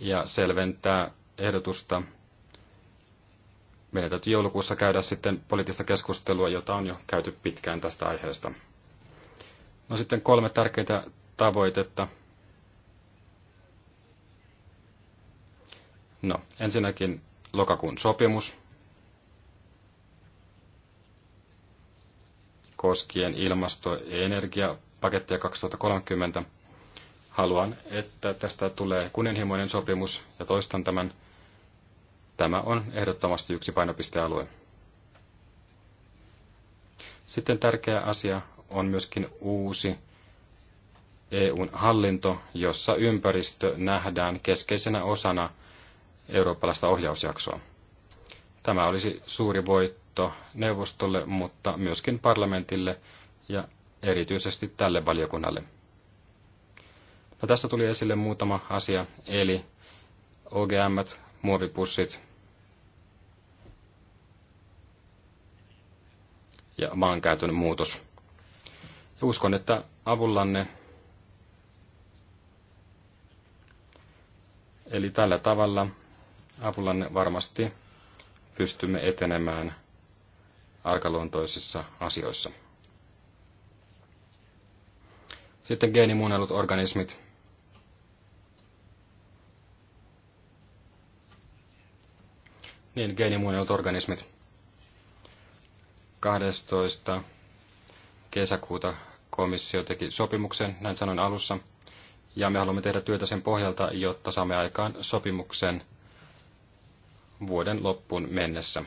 B: ja selventää ehdotusta. Meidän täytyy joulukuussa käydä sitten poliittista keskustelua, jota on jo käyty pitkään tästä aiheesta. No sitten kolme tärkeintä tavoitetta No, ensinnäkin lokakuun sopimus koskien ilmasto- ja energiapakettia 2030. Haluan, että tästä tulee kunnianhimoinen sopimus ja toistan tämän. Tämä on ehdottomasti yksi painopistealue. Sitten tärkeä asia on myöskin uusi EUn hallinto, jossa ympäristö nähdään keskeisenä osana – eurooppalaista ohjausjaksoa. Tämä olisi suuri voitto neuvostolle, mutta myöskin parlamentille ja erityisesti tälle valiokunnalle. No, tässä tuli esille muutama asia, eli OGM, muovipussit ja maankäytön muutos. Ja uskon, että avullanne, eli tällä tavalla Apullanne varmasti pystymme etenemään arkaluontoisissa asioissa. Sitten geenimuunnellut organismit. Niin, geenimuunnellut organismit. 12. kesäkuuta komissio teki sopimuksen, näin sanoin alussa, ja me haluamme tehdä työtä sen pohjalta, jotta saamme aikaan sopimuksen vuoden loppuun mennessä.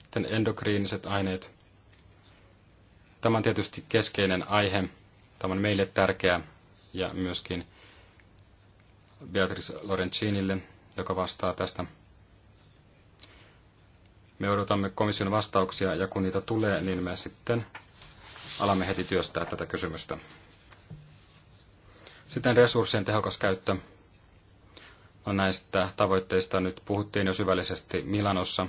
B: Sitten endokriiniset aineet. Tämä on tietysti keskeinen aihe. Tämä on meille tärkeä ja myöskin Beatrice Lorenzinille, joka vastaa tästä. Me odotamme komission vastauksia ja kun niitä tulee, niin me sitten alamme heti työstää tätä kysymystä. Sitten resurssien tehokas käyttö. No näistä tavoitteista nyt puhuttiin jo syvällisesti Milanossa.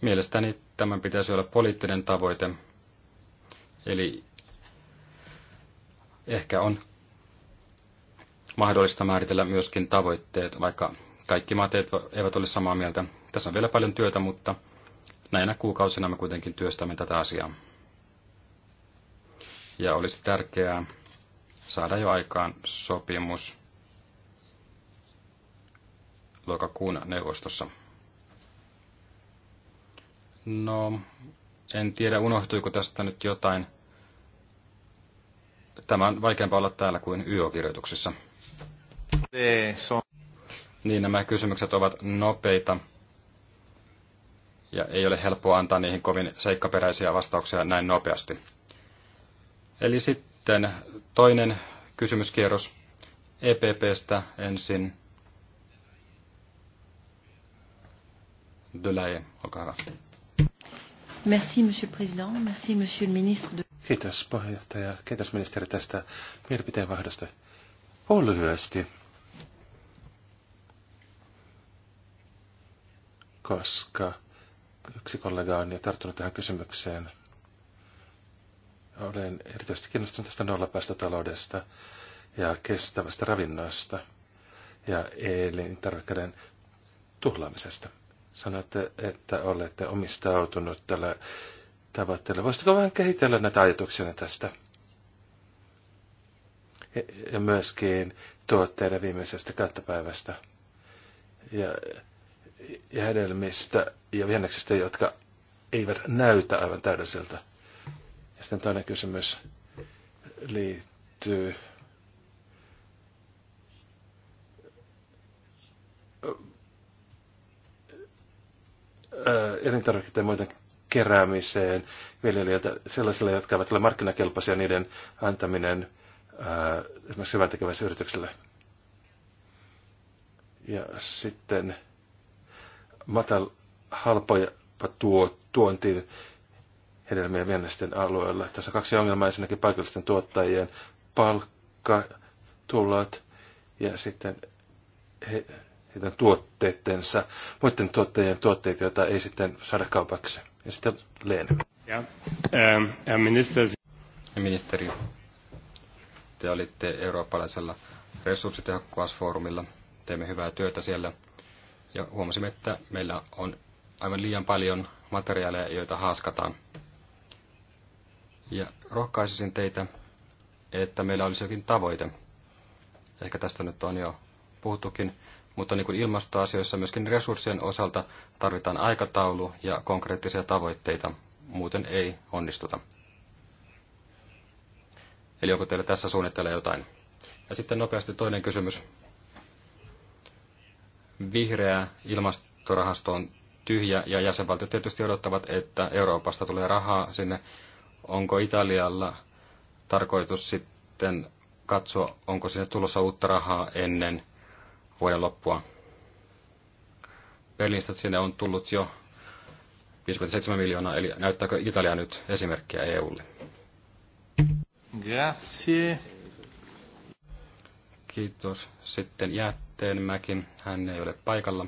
B: Mielestäni tämän pitäisi olla poliittinen tavoite. Eli ehkä on mahdollista määritellä myöskin tavoitteet, vaikka kaikki maat eivät ole samaa mieltä. Tässä on vielä paljon työtä, mutta näinä kuukausina me kuitenkin työstämme tätä asiaa. Ja olisi tärkeää saada jo aikaan sopimus lokakuun neuvostossa. No, en tiedä unohtuiko tästä nyt jotain. Tämä on vaikeampaa olla täällä kuin YO-kirjoituksissa. Niin, nämä kysymykset ovat nopeita. Ja ei ole helppoa antaa niihin kovin seikkaperäisiä vastauksia näin nopeasti. Eli sitten toinen kysymyskierros EPPstä ensin. Delaye, olkaa hyvä.
A: Merci, monsieur le président. Merci, monsieur le ministre. De...
C: Kiitos puheenjohtaja. Kiitos ministeri tästä mielipiteen vaihdosta. Puhun lyhyesti. Koska yksi kollega on jo tarttunut tähän kysymykseen – olen erityisesti kiinnostunut tästä nollapäästötaloudesta ja kestävästä ravinnosta ja elintarvikkeiden tuhlaamisesta. Sanoitte, että olette omistautunut tällä tavoitteella. Voisitko vähän kehitellä näitä ajatuksia tästä? Ja myöskin tuotteiden viimeisestä käyttöpäivästä ja, ja hedelmistä ja vienneksistä, jotka eivät näytä aivan täydelliseltä sitten toinen kysymys liittyy elintarvikkeiden ja muiden keräämiseen viljelijöiltä sellaisille, jotka eivät ole markkinakelpoisia, niiden antaminen ää, esimerkiksi hyvän yritykselle. Ja sitten matal, halpoja tuo, tuontiin hedelmien viennisten alueella. Tässä on kaksi ongelmaa, ensinnäkin paikallisten tuottajien palkkatulot ja sitten he, heidän tuotteidensa, muiden tuottajien tuotteita joita ei sitten saada kaupaksi. Ja sitten Leena. Ja, ja
B: ähm, ministeri. ministeri, te olitte eurooppalaisella resurssitehokkuusfoorumilla. Teemme hyvää työtä siellä ja huomasimme, että meillä on aivan liian paljon materiaaleja, joita haaskataan. Ja rohkaisisin teitä, että meillä olisi jokin tavoite. Ehkä tästä nyt on jo puhuttukin, mutta niin kuin ilmastoasioissa myöskin resurssien osalta tarvitaan aikataulu ja konkreettisia tavoitteita, muuten ei onnistuta. Eli onko teillä tässä suunnitteilla jotain? Ja sitten nopeasti toinen kysymys. Vihreä ilmastorahasto on tyhjä ja jäsenvaltiot tietysti odottavat, että Euroopasta tulee rahaa sinne Onko Italialla tarkoitus sitten katsoa, onko sinne tulossa uutta rahaa ennen vuoden loppua? Berliinistä sinne on tullut jo 57 miljoonaa, eli näyttääkö Italia nyt esimerkkiä EUlle? Grazie. Kiitos. Sitten mäkin hän ei ole paikalla.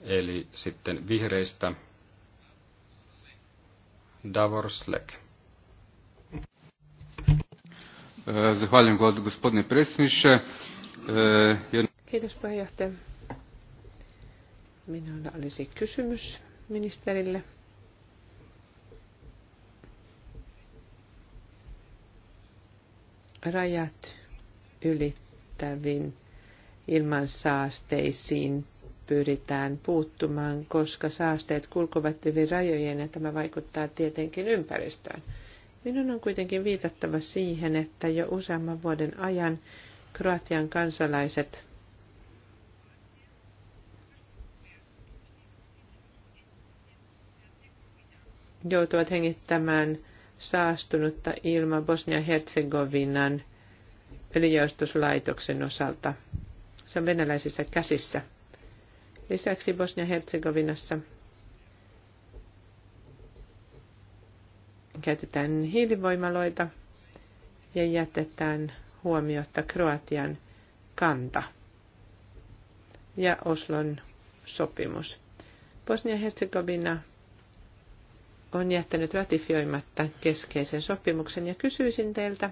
B: Eli sitten vihreistä Davor Slek. Zahvaljujem gospodine predsjedniče. E,
D: Kiitos puheenjohtaja. Minulla olisi kysymys ministerille. Rajat ylittävin ilmansaasteisiin pyritään puuttumaan, koska saasteet kulkuvat yli rajojen ja tämä vaikuttaa tietenkin ympäristöön. Minun on kuitenkin viitattava siihen, että jo useamman vuoden ajan Kroatian kansalaiset joutuvat hengittämään saastunutta ilmaa Bosnia-Herzegovinan öljyjaustuslaitoksen osalta. Se on venäläisissä käsissä. Lisäksi Bosnia-Herzegovinassa käytetään hiilivoimaloita ja jätetään huomiota Kroatian kanta ja Oslon sopimus. Bosnia-Herzegovina on jättänyt ratifioimatta keskeisen sopimuksen ja kysyisin teiltä,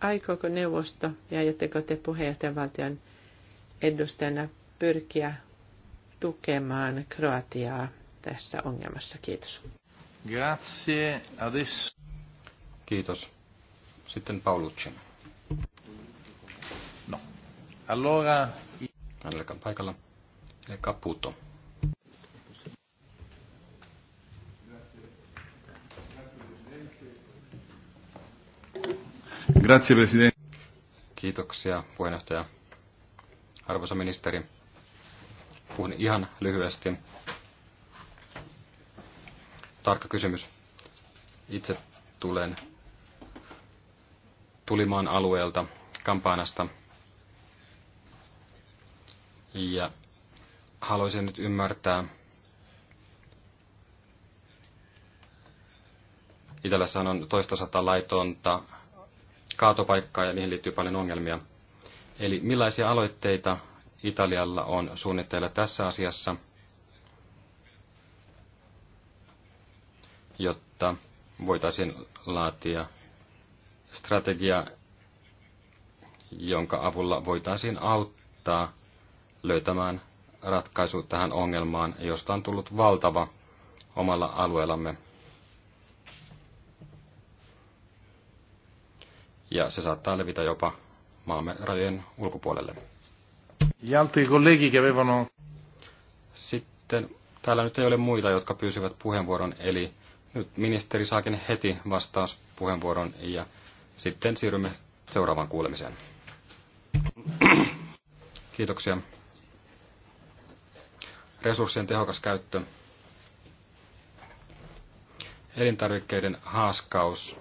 D: aikooko neuvosto ja ajatteko te puheenjohtajavaltion edustajana pyrkiä tukemaan Kroatiaa tässä
C: ongelmassa. Kiitos. Grazie. Adis. Kiitos.
B: Sitten Paulucci. No. Allora... Allekan paikalla. Ja Caputo. Grazie, Presidente. Kiitoksia, puheenjohtaja arvoisa ministeri. Puhun ihan lyhyesti. Tarkka kysymys. Itse tulen Tulimaan alueelta, Kampanasta. Ja haluaisin nyt ymmärtää, Itälässä on toista sata laitonta kaatopaikkaa ja niihin liittyy paljon ongelmia – Eli millaisia aloitteita Italialla on suunnitteilla tässä asiassa, jotta voitaisiin laatia strategia, jonka avulla voitaisiin auttaa löytämään ratkaisu tähän ongelmaan, josta on tullut valtava omalla alueellamme. Ja se saattaa levitä jopa maamme rajojen ulkopuolelle. Sitten täällä nyt ei ole muita, jotka pyysivät puheenvuoron, eli nyt ministeri saakin heti puheenvuoron ja sitten siirrymme seuraavaan kuulemiseen. Kiitoksia. Resurssien tehokas käyttö. Elintarvikkeiden haaskaus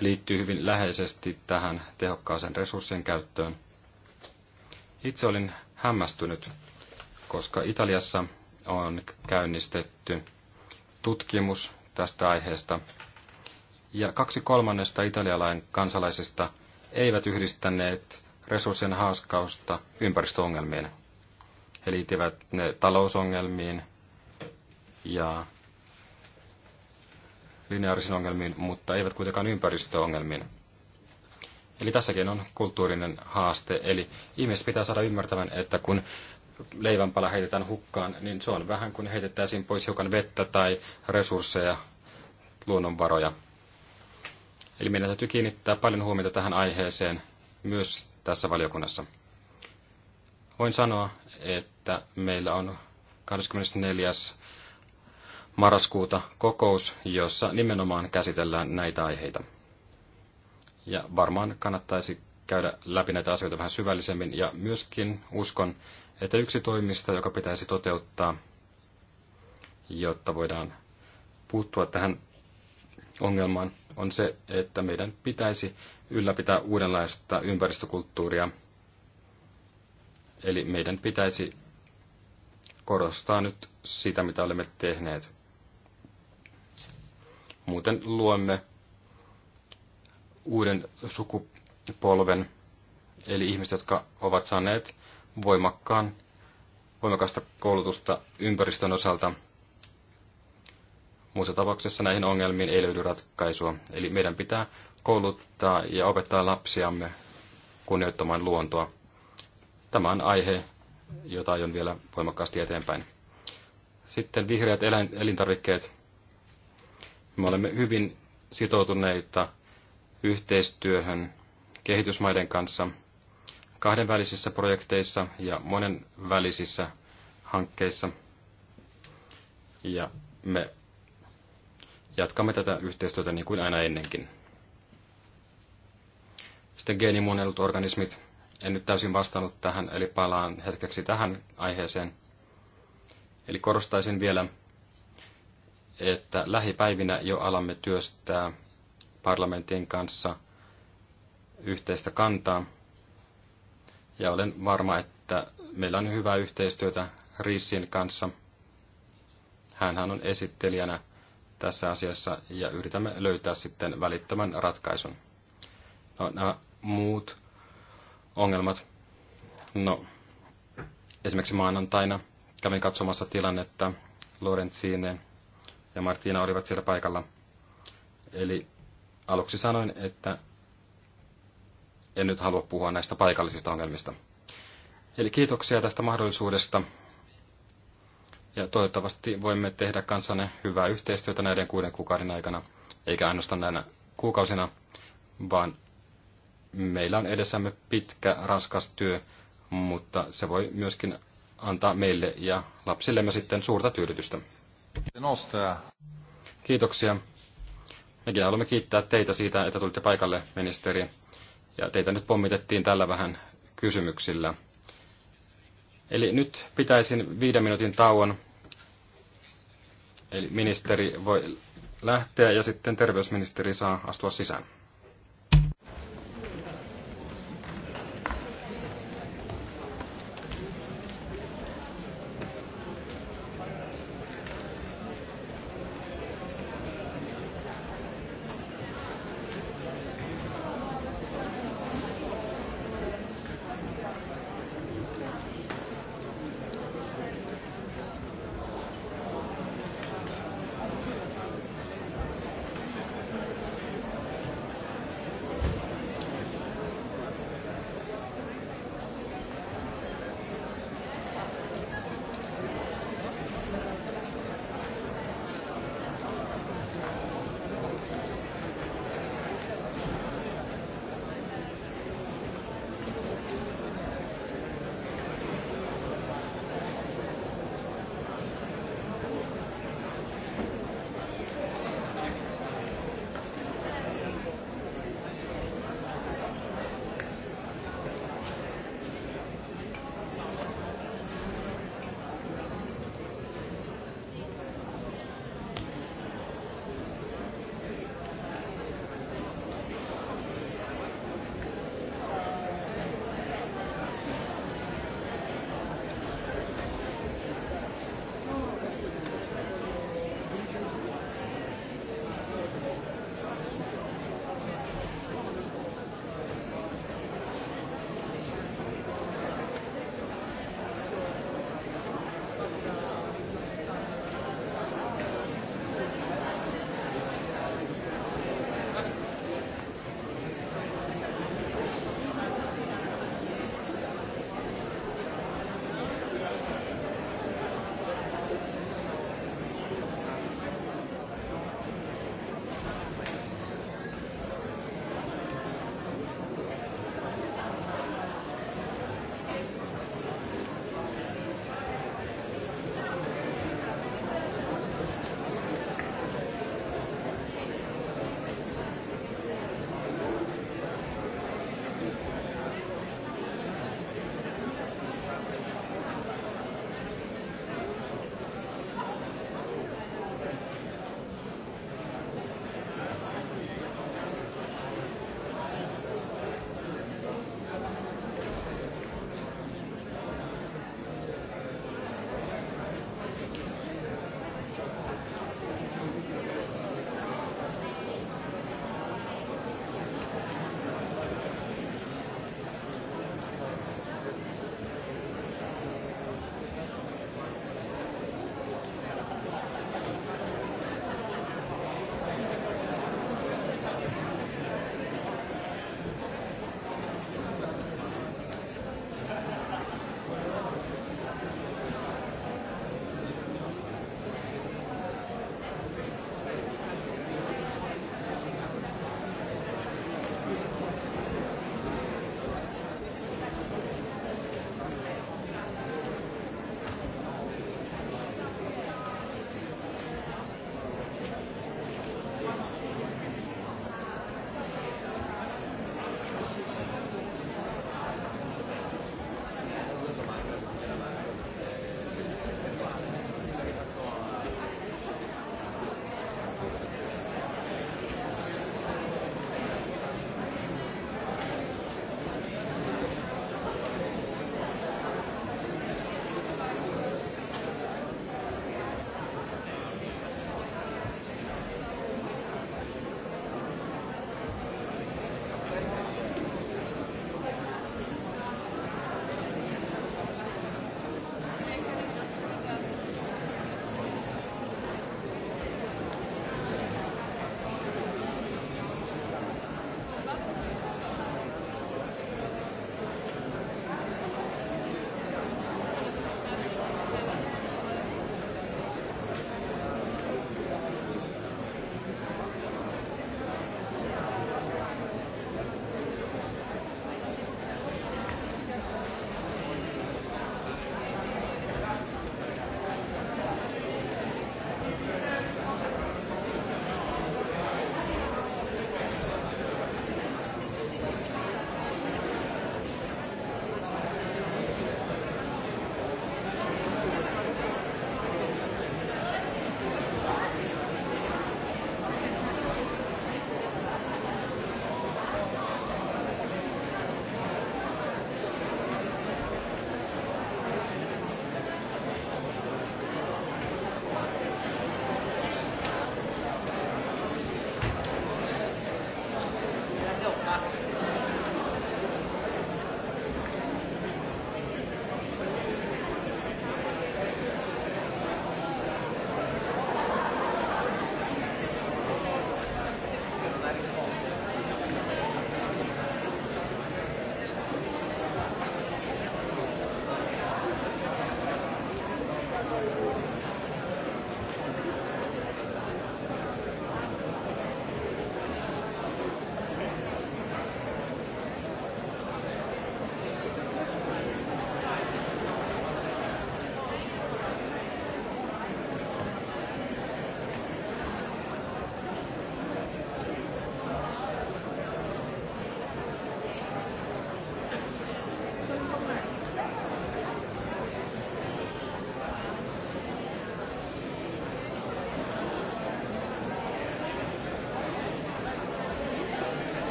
B: liittyy hyvin läheisesti tähän tehokkaaseen resurssien käyttöön. Itse olin hämmästynyt, koska Italiassa on käynnistetty tutkimus tästä aiheesta, ja kaksi kolmannesta italialain kansalaisista eivät yhdistäneet resurssien haaskausta ympäristöongelmiin. He liittivät ne talousongelmiin ja lineaarisiin ongelmiin, mutta eivät kuitenkaan ympäristöongelmiin. Eli tässäkin on kulttuurinen haaste, eli ihmiset pitää saada ymmärtämään, että kun leivänpala heitetään hukkaan, niin se on vähän kuin heitettäisiin pois hiukan vettä tai resursseja, luonnonvaroja. Eli meidän täytyy kiinnittää paljon huomiota tähän aiheeseen myös tässä valiokunnassa. Voin sanoa, että meillä on 24 marraskuuta kokous, jossa nimenomaan käsitellään näitä aiheita. Ja varmaan kannattaisi käydä läpi näitä asioita vähän syvällisemmin ja myöskin uskon, että yksi toimista, joka pitäisi toteuttaa, jotta voidaan puuttua tähän ongelmaan, on se, että meidän pitäisi ylläpitää uudenlaista ympäristökulttuuria. Eli meidän pitäisi korostaa nyt sitä, mitä olemme tehneet. Muuten luomme uuden sukupolven, eli ihmiset, jotka ovat saaneet voimakkaan, voimakasta koulutusta ympäristön osalta. Muussa tapauksessa näihin ongelmiin ei löydy ratkaisua, eli meidän pitää kouluttaa ja opettaa lapsiamme kunnioittamaan luontoa. Tämä on aihe, jota aion vielä voimakkaasti eteenpäin. Sitten vihreät elintarvikkeet. Me olemme hyvin sitoutuneita yhteistyöhön kehitysmaiden kanssa kahdenvälisissä projekteissa ja monenvälisissä hankkeissa. Ja me jatkamme tätä yhteistyötä niin kuin aina ennenkin. Sitten geenimuunnellut organismit. En nyt täysin vastannut tähän, eli palaan hetkeksi tähän aiheeseen. Eli korostaisin vielä, että lähipäivinä jo alamme työstää parlamentin kanssa yhteistä kantaa. Ja olen varma, että meillä on hyvää yhteistyötä Rissin kanssa. Hänhän on esittelijänä tässä asiassa ja yritämme löytää sitten välittömän ratkaisun. No, nämä muut ongelmat. No, esimerkiksi maanantaina kävin katsomassa tilannetta Lorenzinen ja Martina olivat siellä paikalla. Eli aluksi sanoin, että en nyt halua puhua näistä paikallisista ongelmista. Eli kiitoksia tästä mahdollisuudesta. Ja toivottavasti voimme tehdä kanssanne hyvää yhteistyötä näiden kuuden kuukauden aikana, eikä ainoastaan näinä kuukausina, vaan meillä on edessämme pitkä, raskas työ, mutta se voi myöskin antaa meille ja lapsillemme sitten suurta tyydytystä. Kiitoksia. Mekin haluamme kiittää teitä siitä, että tulitte paikalle, ministeri. Ja teitä nyt pommitettiin tällä vähän kysymyksillä. Eli nyt pitäisin viiden minuutin tauon. Eli ministeri voi lähteä ja sitten terveysministeri saa astua sisään.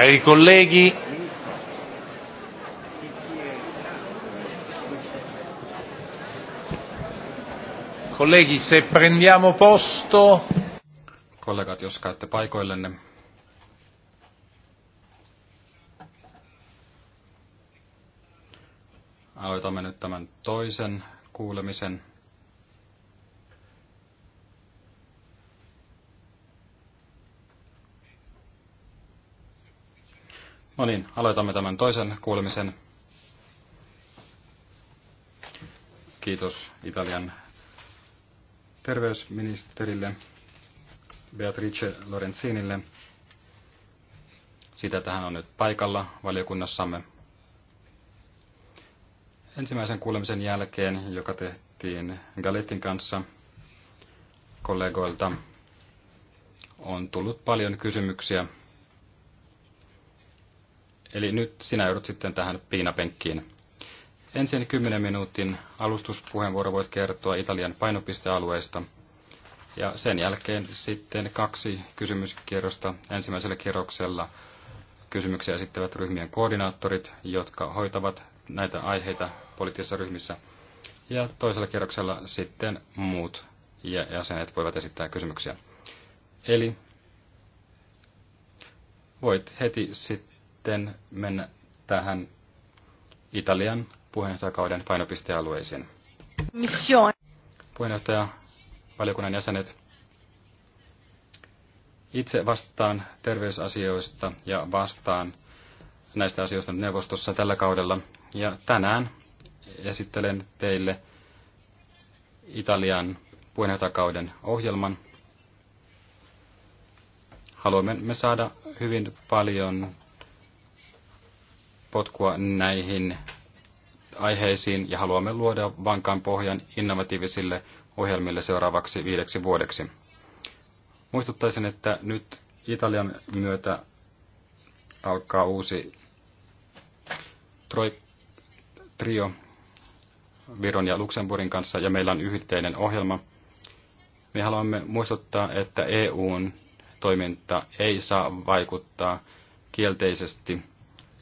A: Cari colleghi,
B: colleghi se prendiamo posto. Kollegat, jos käytte paikoillenne. Aloitamme nyt tämän toisen kuulemisen. No niin, aloitamme tämän toisen kuulemisen. Kiitos Italian terveysministerille Beatrice Lorenzinille sitä, että hän on nyt paikalla valiokunnassamme. Ensimmäisen kuulemisen jälkeen, joka tehtiin Galettin kanssa kollegoilta, on tullut paljon kysymyksiä Eli nyt sinä joudut sitten tähän piinapenkkiin. Ensin 10 minuutin alustuspuheenvuoro voit kertoa Italian painopistealueista. Ja sen jälkeen sitten kaksi kysymyskierrosta. Ensimmäisellä kierroksella kysymyksiä esittävät ryhmien koordinaattorit, jotka hoitavat näitä aiheita poliittisissa ryhmissä. Ja toisella kierroksella sitten muut jäsenet voivat esittää kysymyksiä. Eli voit heti sitten sitten mennä tähän Italian puheenjohtajakauden painopistealueisiin. Mission. Puheenjohtaja, valiokunnan jäsenet, itse vastaan terveysasioista ja vastaan näistä asioista neuvostossa tällä kaudella. Ja tänään esittelen teille Italian puheenjohtajakauden ohjelman. Haluamme me saada hyvin paljon potkua näihin aiheisiin ja haluamme luoda vankan pohjan innovatiivisille ohjelmille seuraavaksi viideksi vuodeksi. Muistuttaisin, että nyt Italian myötä alkaa uusi troi, trio Viron ja Luxemburgin kanssa ja meillä on yhteinen ohjelma. Me haluamme muistuttaa, että EUn toiminta ei saa vaikuttaa kielteisesti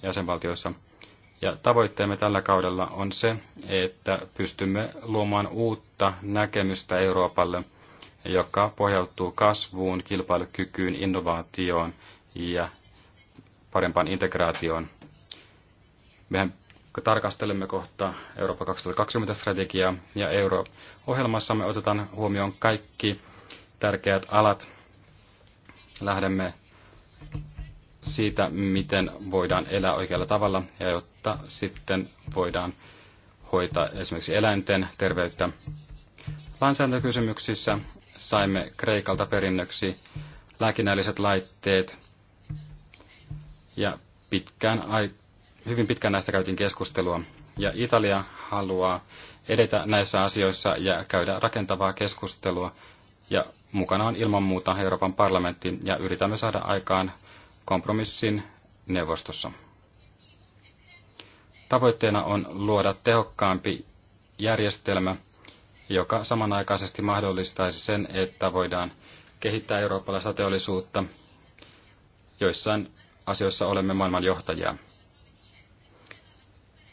B: jäsenvaltioissa. Ja tavoitteemme tällä kaudella on se, että pystymme luomaan uutta näkemystä Euroopalle, joka pohjautuu kasvuun, kilpailukykyyn, innovaatioon ja parempaan integraatioon. Mehän tarkastelemme kohta Eurooppa 2020-strategiaa ja euro-ohjelmassamme otetaan huomioon kaikki tärkeät alat. Lähdemme siitä, miten voidaan elää oikealla tavalla ja jotta sitten voidaan hoitaa esimerkiksi eläinten terveyttä. Lainsäädäntökysymyksissä saimme Kreikalta perinnöksi lääkinnälliset laitteet ja pitkään, hyvin pitkään näistä käytiin keskustelua. Ja Italia haluaa edetä näissä asioissa ja käydä rakentavaa keskustelua ja mukana on ilman muuta Euroopan parlamentti ja yritämme saada aikaan kompromissin neuvostossa. Tavoitteena on luoda tehokkaampi järjestelmä, joka samanaikaisesti mahdollistaisi sen, että voidaan kehittää eurooppalaista teollisuutta. Joissain asioissa olemme maailman johtajia.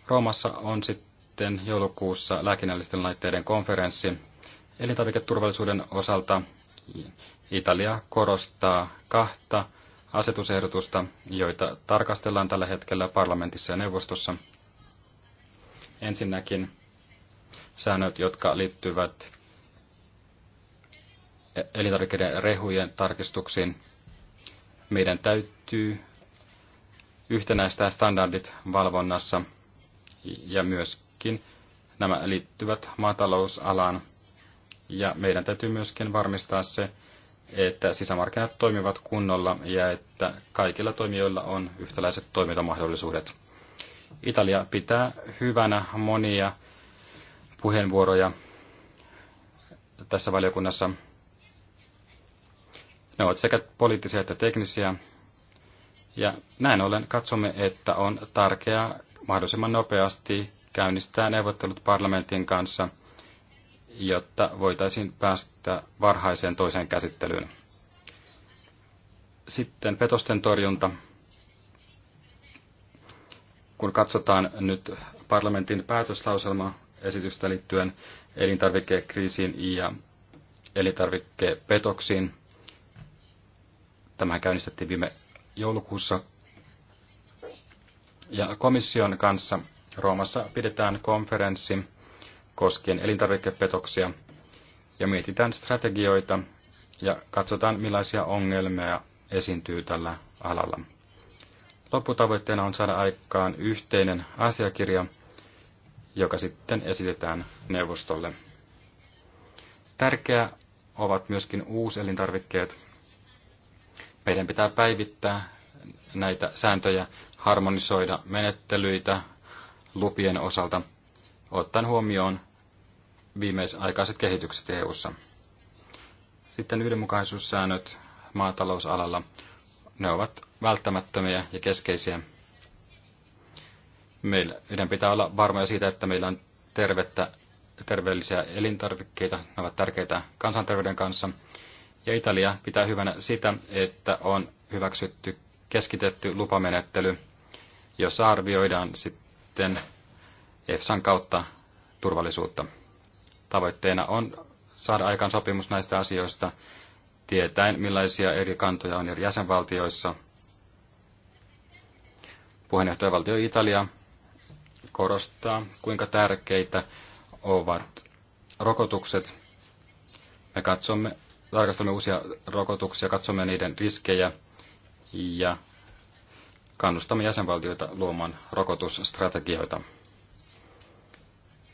B: Roomassa on sitten joulukuussa lääkinnällisten laitteiden konferenssi elintarviketurvallisuuden osalta. Italia korostaa kahta asetusehdotusta, joita tarkastellaan tällä hetkellä parlamentissa ja neuvostossa. Ensinnäkin säännöt, jotka liittyvät elintarvikkeiden rehujen tarkistuksiin. Meidän täytyy yhtenäistää standardit valvonnassa ja myöskin nämä liittyvät maatalousalaan. Ja meidän täytyy myöskin varmistaa se, että sisämarkkinat toimivat kunnolla ja että kaikilla toimijoilla on yhtäläiset toimintamahdollisuudet. Italia pitää hyvänä monia puheenvuoroja tässä valiokunnassa. Ne ovat sekä poliittisia että teknisiä. Ja näin ollen katsomme, että on tärkeää mahdollisimman nopeasti käynnistää neuvottelut parlamentin kanssa – jotta voitaisiin päästä varhaiseen toiseen käsittelyyn. Sitten petosten torjunta. Kun katsotaan nyt parlamentin päätöslauselmaa esitystä liittyen elintarvikekriisiin ja elintarvikepetoksiin. Tämä käynnistettiin viime joulukuussa. Ja komission kanssa Roomassa pidetään konferenssi koskien elintarvikepetoksia ja mietitään strategioita ja katsotaan millaisia ongelmia esiintyy tällä alalla. Lopputavoitteena on saada aikaan yhteinen asiakirja, joka sitten esitetään neuvostolle. Tärkeää ovat myöskin uuselintarvikkeet. Meidän pitää päivittää näitä sääntöjä, harmonisoida menettelyitä lupien osalta – ottaen huomioon viimeisaikaiset kehitykset EU-ssa. Sitten yhdenmukaisuussäännöt maatalousalalla, ne ovat välttämättömiä ja keskeisiä. Meillä, meidän pitää olla varmoja siitä, että meillä on tervettä, terveellisiä elintarvikkeita, ne ovat tärkeitä kansanterveyden kanssa. Ja Italia pitää hyvänä sitä, että on hyväksytty keskitetty lupamenettely, jossa arvioidaan sitten EFSAn kautta turvallisuutta. Tavoitteena on saada aikaan sopimus näistä asioista, tietäen millaisia eri kantoja on eri jäsenvaltioissa. Puheenjohtajavaltio Italia korostaa, kuinka tärkeitä ovat rokotukset. Me katsomme, tarkastamme uusia rokotuksia, katsomme niiden riskejä ja kannustamme jäsenvaltioita luomaan rokotusstrategioita.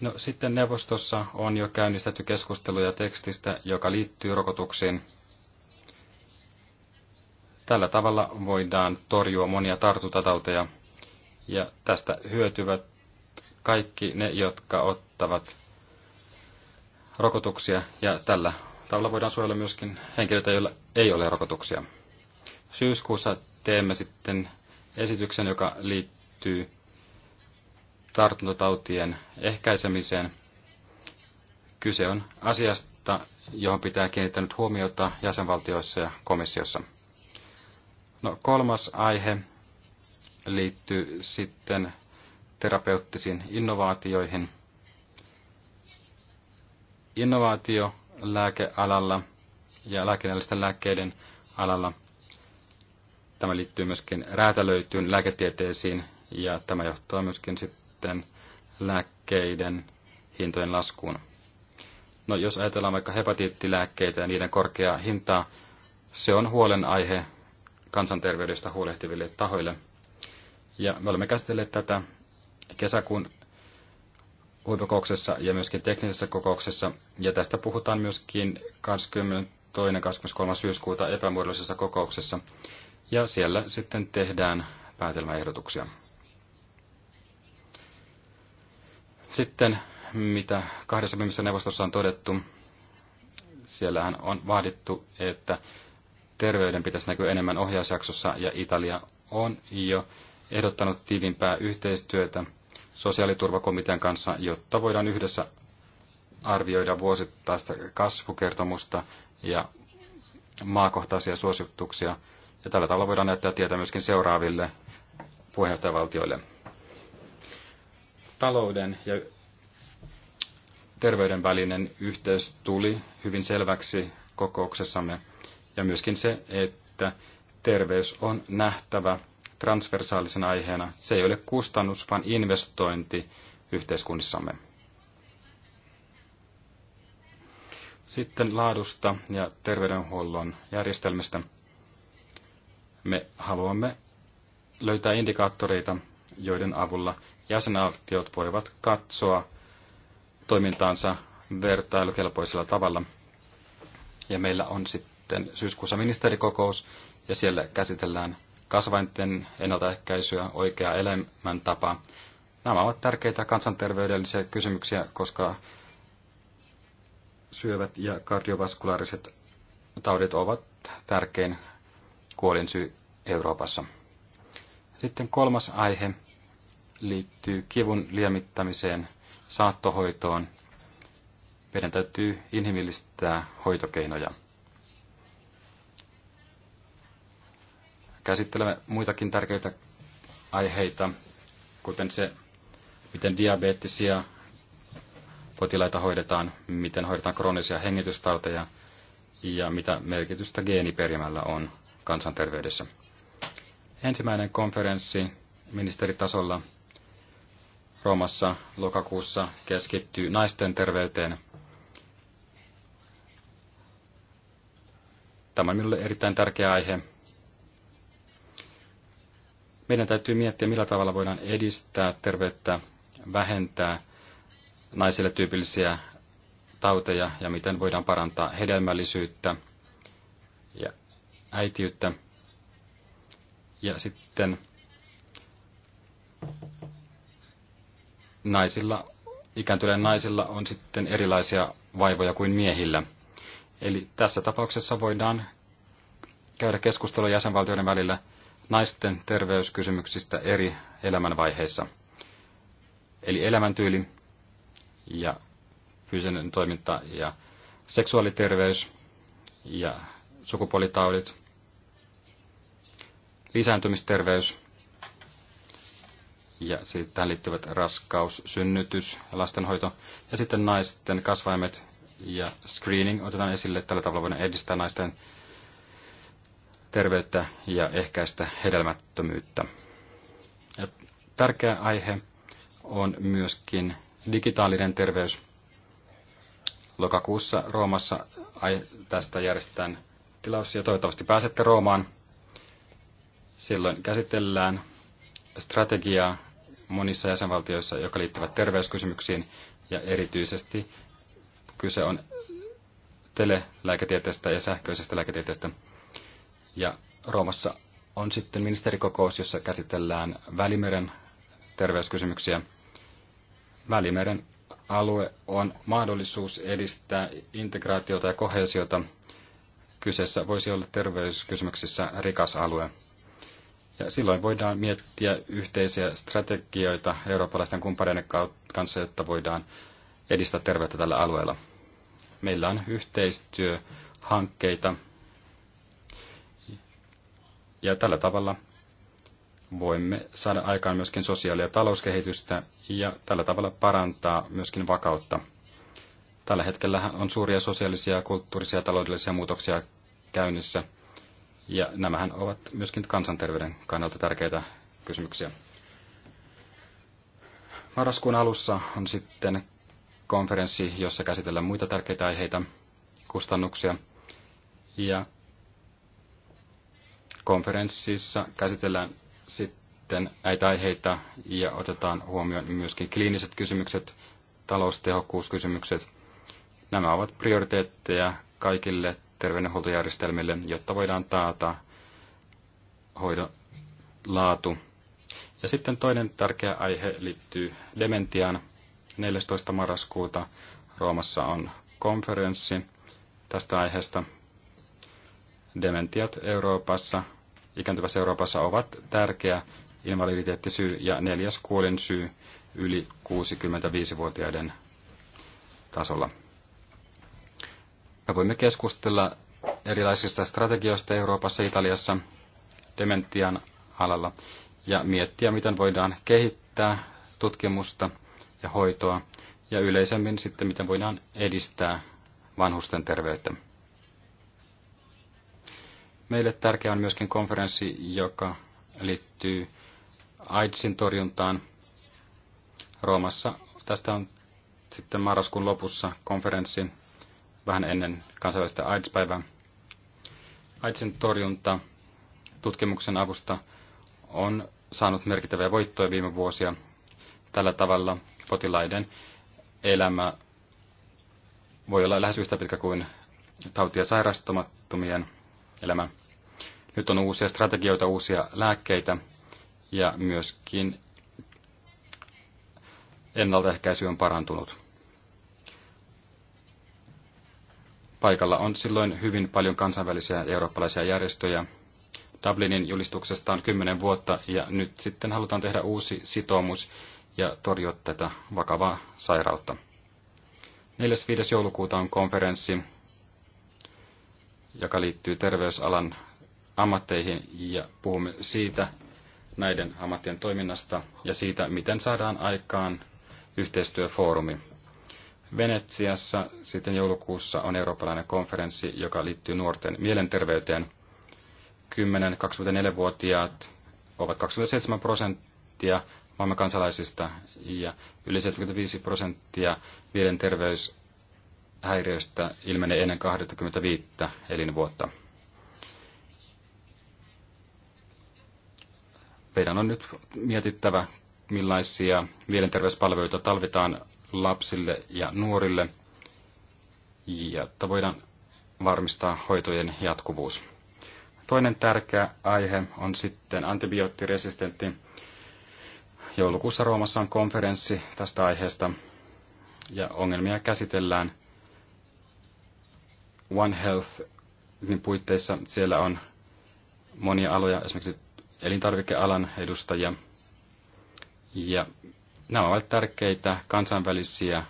B: No sitten neuvostossa on jo käynnistetty keskusteluja tekstistä, joka liittyy rokotuksiin. Tällä tavalla voidaan torjua monia tartuntatauteja, ja tästä hyötyvät kaikki ne, jotka ottavat rokotuksia, ja tällä tavalla voidaan suojella myöskin henkilöitä, joilla ei ole rokotuksia. Syyskuussa teemme sitten esityksen, joka liittyy tartuntatautien ehkäisemiseen. Kyse on asiasta, johon pitää kiinnittää nyt huomiota jäsenvaltioissa ja komissiossa. No, kolmas aihe liittyy sitten terapeuttisiin innovaatioihin. Innovaatio lääkealalla ja lääkinnällisten lääkkeiden alalla. Tämä liittyy myöskin räätälöityyn lääketieteisiin ja tämä johtaa myöskin sit sitten lääkkeiden hintojen laskuun. No jos ajatellaan vaikka hepatiittilääkkeitä ja niiden korkeaa hintaa, se on huolenaihe kansanterveydestä huolehtiville tahoille. Ja me olemme käsitelleet tätä kesäkuun huippukokouksessa ja myöskin teknisessä kokouksessa. Ja tästä puhutaan myöskin 22. 23. syyskuuta epämuodollisessa kokouksessa. Ja siellä sitten tehdään päätelmäehdotuksia. Sitten mitä kahdessa viimeisessä neuvostossa on todettu, siellähän on vaadittu, että terveyden pitäisi näkyä enemmän ohjausjaksossa ja Italia on jo ehdottanut tiivimpää yhteistyötä sosiaaliturvakomitean kanssa, jotta voidaan yhdessä arvioida vuosittaista kasvukertomusta ja maakohtaisia suosituksia. Ja tällä tavalla voidaan näyttää tietä myöskin seuraaville puheenjohtajavaltioille talouden ja terveyden välinen yhteys tuli hyvin selväksi kokouksessamme ja myöskin se, että terveys on nähtävä transversaalisena aiheena. Se ei ole kustannus, vaan investointi yhteiskunnissamme. Sitten laadusta ja terveydenhuollon järjestelmistä. Me haluamme löytää indikaattoreita, joiden avulla jäsenaltiot voivat katsoa toimintaansa vertailukelpoisella tavalla. Ja meillä on sitten syyskuussa ministerikokous, ja siellä käsitellään kasvainten ennaltaehkäisyä, oikea elämäntapa. Nämä ovat tärkeitä kansanterveydellisiä kysymyksiä, koska syövät ja kardiovaskulaariset taudit ovat tärkein kuolinsyy Euroopassa. Sitten kolmas aihe, liittyy kivun liemittämiseen, saattohoitoon. Meidän täytyy inhimillistää hoitokeinoja. Käsittelemme muitakin tärkeitä aiheita, kuten se, miten diabeettisia potilaita hoidetaan, miten hoidetaan kroonisia hengitystauteja ja mitä merkitystä geeniperimällä on kansanterveydessä. Ensimmäinen konferenssi ministeritasolla Roomassa lokakuussa keskittyy naisten terveyteen. Tämä on minulle erittäin tärkeä aihe. Meidän täytyy miettiä, millä tavalla voidaan edistää terveyttä, vähentää naisille tyypillisiä tauteja ja miten voidaan parantaa hedelmällisyyttä ja äitiyttä. Ja sitten naisilla, ikääntyneillä naisilla on sitten erilaisia vaivoja kuin miehillä. Eli tässä tapauksessa voidaan käydä keskustelua jäsenvaltioiden välillä naisten terveyskysymyksistä eri elämänvaiheissa. Eli elämäntyyli ja fyysinen toiminta ja seksuaaliterveys ja sukupuolitaudit, lisääntymisterveys ja sitten siis liittyvät raskaus, synnytys, lastenhoito ja sitten naisten kasvaimet ja screening otetaan esille. Tällä tavalla voidaan edistää naisten terveyttä ja ehkäistä hedelmättömyyttä. Ja tärkeä aihe on myöskin digitaalinen terveys. Lokakuussa Roomassa tästä järjestetään tilaus ja toivottavasti pääsette Roomaan. Silloin käsitellään strategiaa monissa jäsenvaltioissa, jotka liittyvät terveyskysymyksiin, ja erityisesti kyse on telelääketieteestä ja sähköisestä lääketieteestä. Ja Roomassa on sitten ministerikokous, jossa käsitellään Välimeren terveyskysymyksiä. Välimeren alue on mahdollisuus edistää integraatiota ja kohesiota. Kyseessä voisi olla terveyskysymyksissä rikas alue. Ja silloin voidaan miettiä yhteisiä strategioita eurooppalaisten kumppaneiden kanssa, jotta voidaan edistää terveyttä tällä alueella. Meillä on yhteistyöhankkeita ja tällä tavalla voimme saada aikaan myöskin sosiaali- ja talouskehitystä ja tällä tavalla parantaa myöskin vakautta. Tällä hetkellä on suuria sosiaalisia, kulttuurisia ja taloudellisia muutoksia käynnissä – ja nämähän ovat myöskin kansanterveyden kannalta tärkeitä kysymyksiä. Marraskuun alussa on sitten konferenssi, jossa käsitellään muita tärkeitä aiheita, kustannuksia. Ja konferenssissa käsitellään sitten näitä aiheita ja otetaan huomioon myöskin kliiniset kysymykset, taloustehokkuuskysymykset. Nämä ovat prioriteetteja kaikille terveydenhuoltojärjestelmille, jotta voidaan taata hoidon laatu. Ja sitten toinen tärkeä aihe liittyy dementiaan. 14. marraskuuta Roomassa on konferenssi tästä aiheesta. Dementiat Euroopassa, ikääntyvässä Euroopassa ovat tärkeä invaliditeettisyy ja neljäs kuolin syy yli 65-vuotiaiden tasolla. Me voimme keskustella erilaisista strategioista Euroopassa, Italiassa, dementian alalla ja miettiä, miten voidaan kehittää tutkimusta ja hoitoa ja yleisemmin sitten, miten voidaan edistää vanhusten terveyttä. Meille tärkeä on myöskin konferenssi, joka liittyy AIDSin torjuntaan Roomassa. Tästä on sitten marraskuun lopussa konferenssin vähän ennen kansainvälistä AIDS-päivää. AIDSin torjunta tutkimuksen avusta on saanut merkittäviä voittoja viime vuosia. Tällä tavalla potilaiden elämä voi olla lähes yhtä pitkä kuin tautia sairastumattomien elämä. Nyt on uusia strategioita, uusia lääkkeitä ja myöskin ennaltaehkäisy on parantunut. Paikalla on silloin hyvin paljon kansainvälisiä ja eurooppalaisia järjestöjä. Dublinin julistuksesta on kymmenen vuotta ja nyt sitten halutaan tehdä uusi sitoumus ja torjua tätä vakavaa sairautta. 4.5. joulukuuta on konferenssi, joka liittyy terveysalan ammatteihin ja puhumme siitä näiden ammattien toiminnasta ja siitä, miten saadaan aikaan yhteistyöfoorumi. Venetsiassa sitten joulukuussa on eurooppalainen konferenssi, joka liittyy nuorten mielenterveyteen. 10-24-vuotiaat ovat 27 prosenttia maailman kansalaisista ja yli 75 prosenttia mielenterveyshäiriöistä ilmenee ennen 25 elinvuotta. Meidän on nyt mietittävä, millaisia mielenterveyspalveluita talvitaan lapsille ja nuorille, jotta voidaan varmistaa hoitojen jatkuvuus. Toinen tärkeä aihe on sitten antibioottiresistentti. Joulukuussa Roomassa on konferenssi tästä aiheesta ja ongelmia käsitellään One Health niin puitteissa. Siellä on monia aloja, esimerkiksi elintarvikealan edustajia. Ja Nämä ovat tärkeitä kansainvälisiä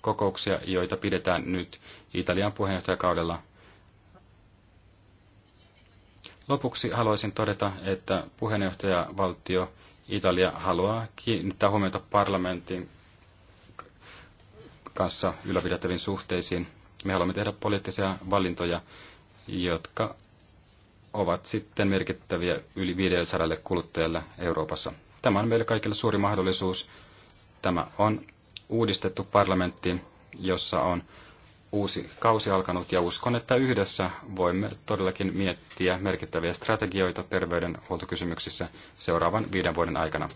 B: kokouksia, joita pidetään nyt Italian puheenjohtajakaudella. Lopuksi haluaisin todeta, että puheenjohtajavaltio Italia haluaa kiinnittää huomiota parlamentin kanssa ylläpidettäviin suhteisiin. Me haluamme tehdä poliittisia valintoja, jotka ovat sitten merkittäviä yli 500 kuluttajalle Euroopassa. Tämä on meille kaikille suuri mahdollisuus Tämä on uudistettu parlamentti, jossa on uusi kausi alkanut ja uskon, että yhdessä voimme todellakin miettiä merkittäviä strategioita terveydenhuoltokysymyksissä seuraavan viiden vuoden aikana.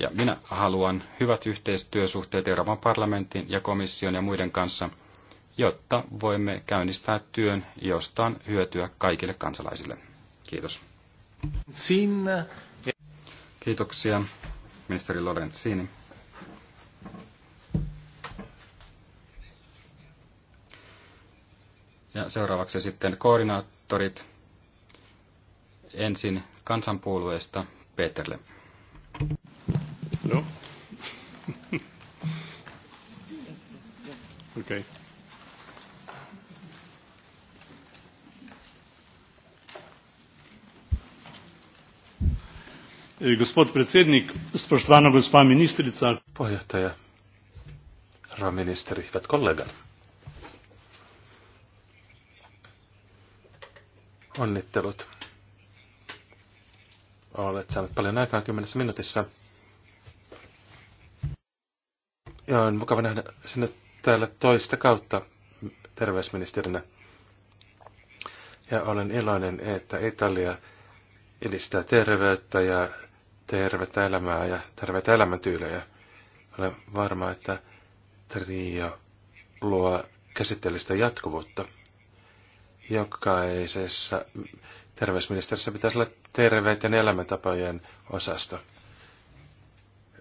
B: Ja minä haluan hyvät yhteistyösuhteet Euroopan parlamentin ja komission ja muiden kanssa, jotta voimme käynnistää työn, josta on hyötyä kaikille kansalaisille. Kiitos. Sinne. Kiitoksia ministeri Lorenzini. Ja seuraavaksi sitten koordinaattorit. Ensin kansanpuolueesta Peterle. No. Okei. Okay.
C: Eh, gospod predsednik, spoštovana gospa ministrica. Puheenjohtaja, herra ministeri, hyvät kollegat. Onnittelut. Olet saanut paljon aikaa kymmenessä minuutissa. Ja on mukava nähdä sinut täällä toista kautta terveysministerinä. Ja olen iloinen, että Italia edistää terveyttä ja tervettä elämää ja terveitä elämäntyylejä. Olen varma, että trio luo käsitteellistä jatkuvuutta. Jokaisessa terveysministerissä pitäisi olla terveiden elämäntapojen osasta.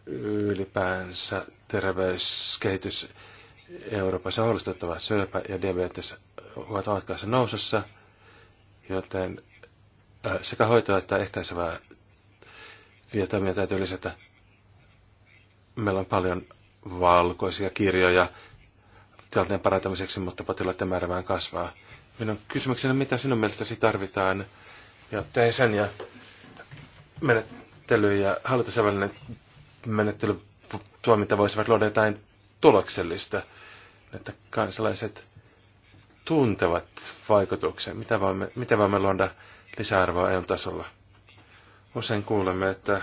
C: Ylipäänsä terveyskehitys Euroopassa on huolestuttava. Syöpä ja diabetes ovat alkaessa nousussa, joten sekä hoitoa että ehkäisevää Vietämiä täytyy lisätä. Meillä on paljon valkoisia kirjoja tilanteen parantamiseksi, mutta potilaiden määrä vähän kasvaa. Minun kysymykseni, on, mitä sinun mielestäsi tarvitaan, ja sen ja menettely ja hallitusvälinen menettely tuomita voisivat luoda jotain tuloksellista, että kansalaiset tuntevat vaikutuksen. Mitä voimme, mitä voimme luoda lisäarvoa EU-tasolla? Usein kuulemme, että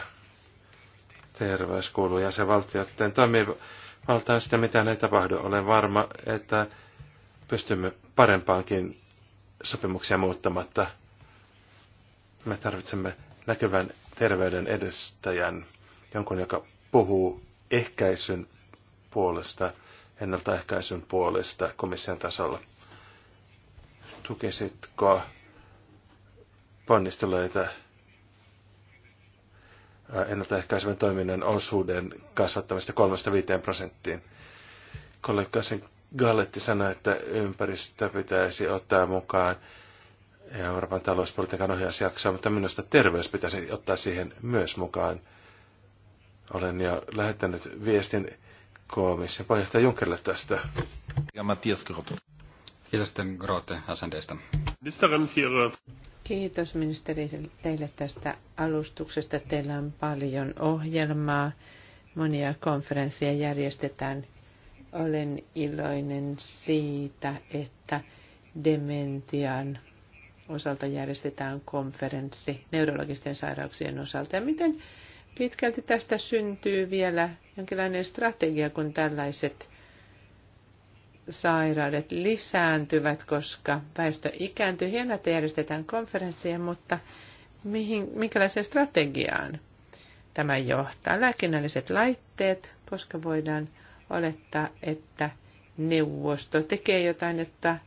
C: terveys kuuluu jäsenvaltioiden toimivaltaan sitä, mitä ei tapahdu. Olen varma, että pystymme parempaankin sopimuksia muuttamatta. Me tarvitsemme näkyvän terveyden edestäjän, jonkun, joka puhuu ehkäisyn puolesta, ennaltaehkäisyn puolesta komission tasolla. Tukisitko ponnisteluita ennaltaehkäisevän toiminnan osuuden kasvattamista 3-5 prosenttiin. sen Galletti sanoi, että ympäristö pitäisi ottaa mukaan Euroopan talouspolitiikan ohjausjaksoa, mutta minusta terveys pitäisi ottaa siihen myös mukaan. Olen jo lähettänyt viestin komission puheenjohtaja
B: Junckerille tästä. Ja Mattias Grote. Kiitos sitten Grote SNDstä.
D: Kiitos ministeri teille tästä alustuksesta. Teillä on paljon ohjelmaa. Monia konferensseja järjestetään. Olen iloinen siitä, että dementian osalta järjestetään konferenssi neurologisten sairauksien osalta. Ja miten pitkälti tästä syntyy vielä jonkinlainen strategia, kun tällaiset sairaudet lisääntyvät, koska väestö ikääntyy. Hienoa, että järjestetään konferenssia, mutta mihin, minkälaiseen strategiaan tämä johtaa? Lääkinnälliset laitteet, koska voidaan olettaa, että neuvosto tekee jotain, että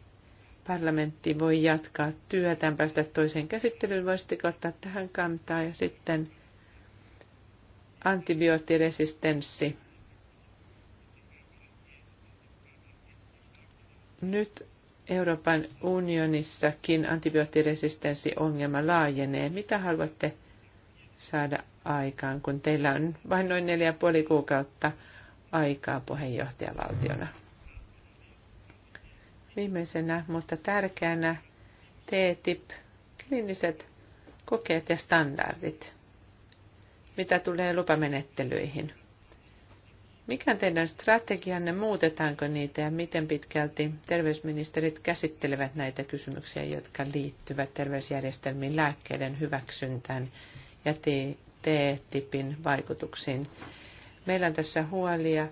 D: parlamentti voi jatkaa työtään, päästä toiseen käsittelyyn. Voisitteko ottaa tähän kantaa ja sitten antibioottiresistenssi Nyt Euroopan unionissakin antibioottiresistenssiongelma laajenee. Mitä haluatte saada aikaan, kun teillä on vain noin neljä puoli kuukautta aikaa puheenjohtajavaltiona? Viimeisenä, mutta tärkeänä, TTIP, kliiniset kokeet ja standardit. Mitä tulee lupamenettelyihin? Mikä on teidän strategianne, muutetaanko niitä ja miten pitkälti terveysministerit käsittelevät näitä kysymyksiä, jotka liittyvät terveysjärjestelmiin, lääkkeiden hyväksyntään ja T-tipin vaikutuksiin? Meillä on tässä huolia,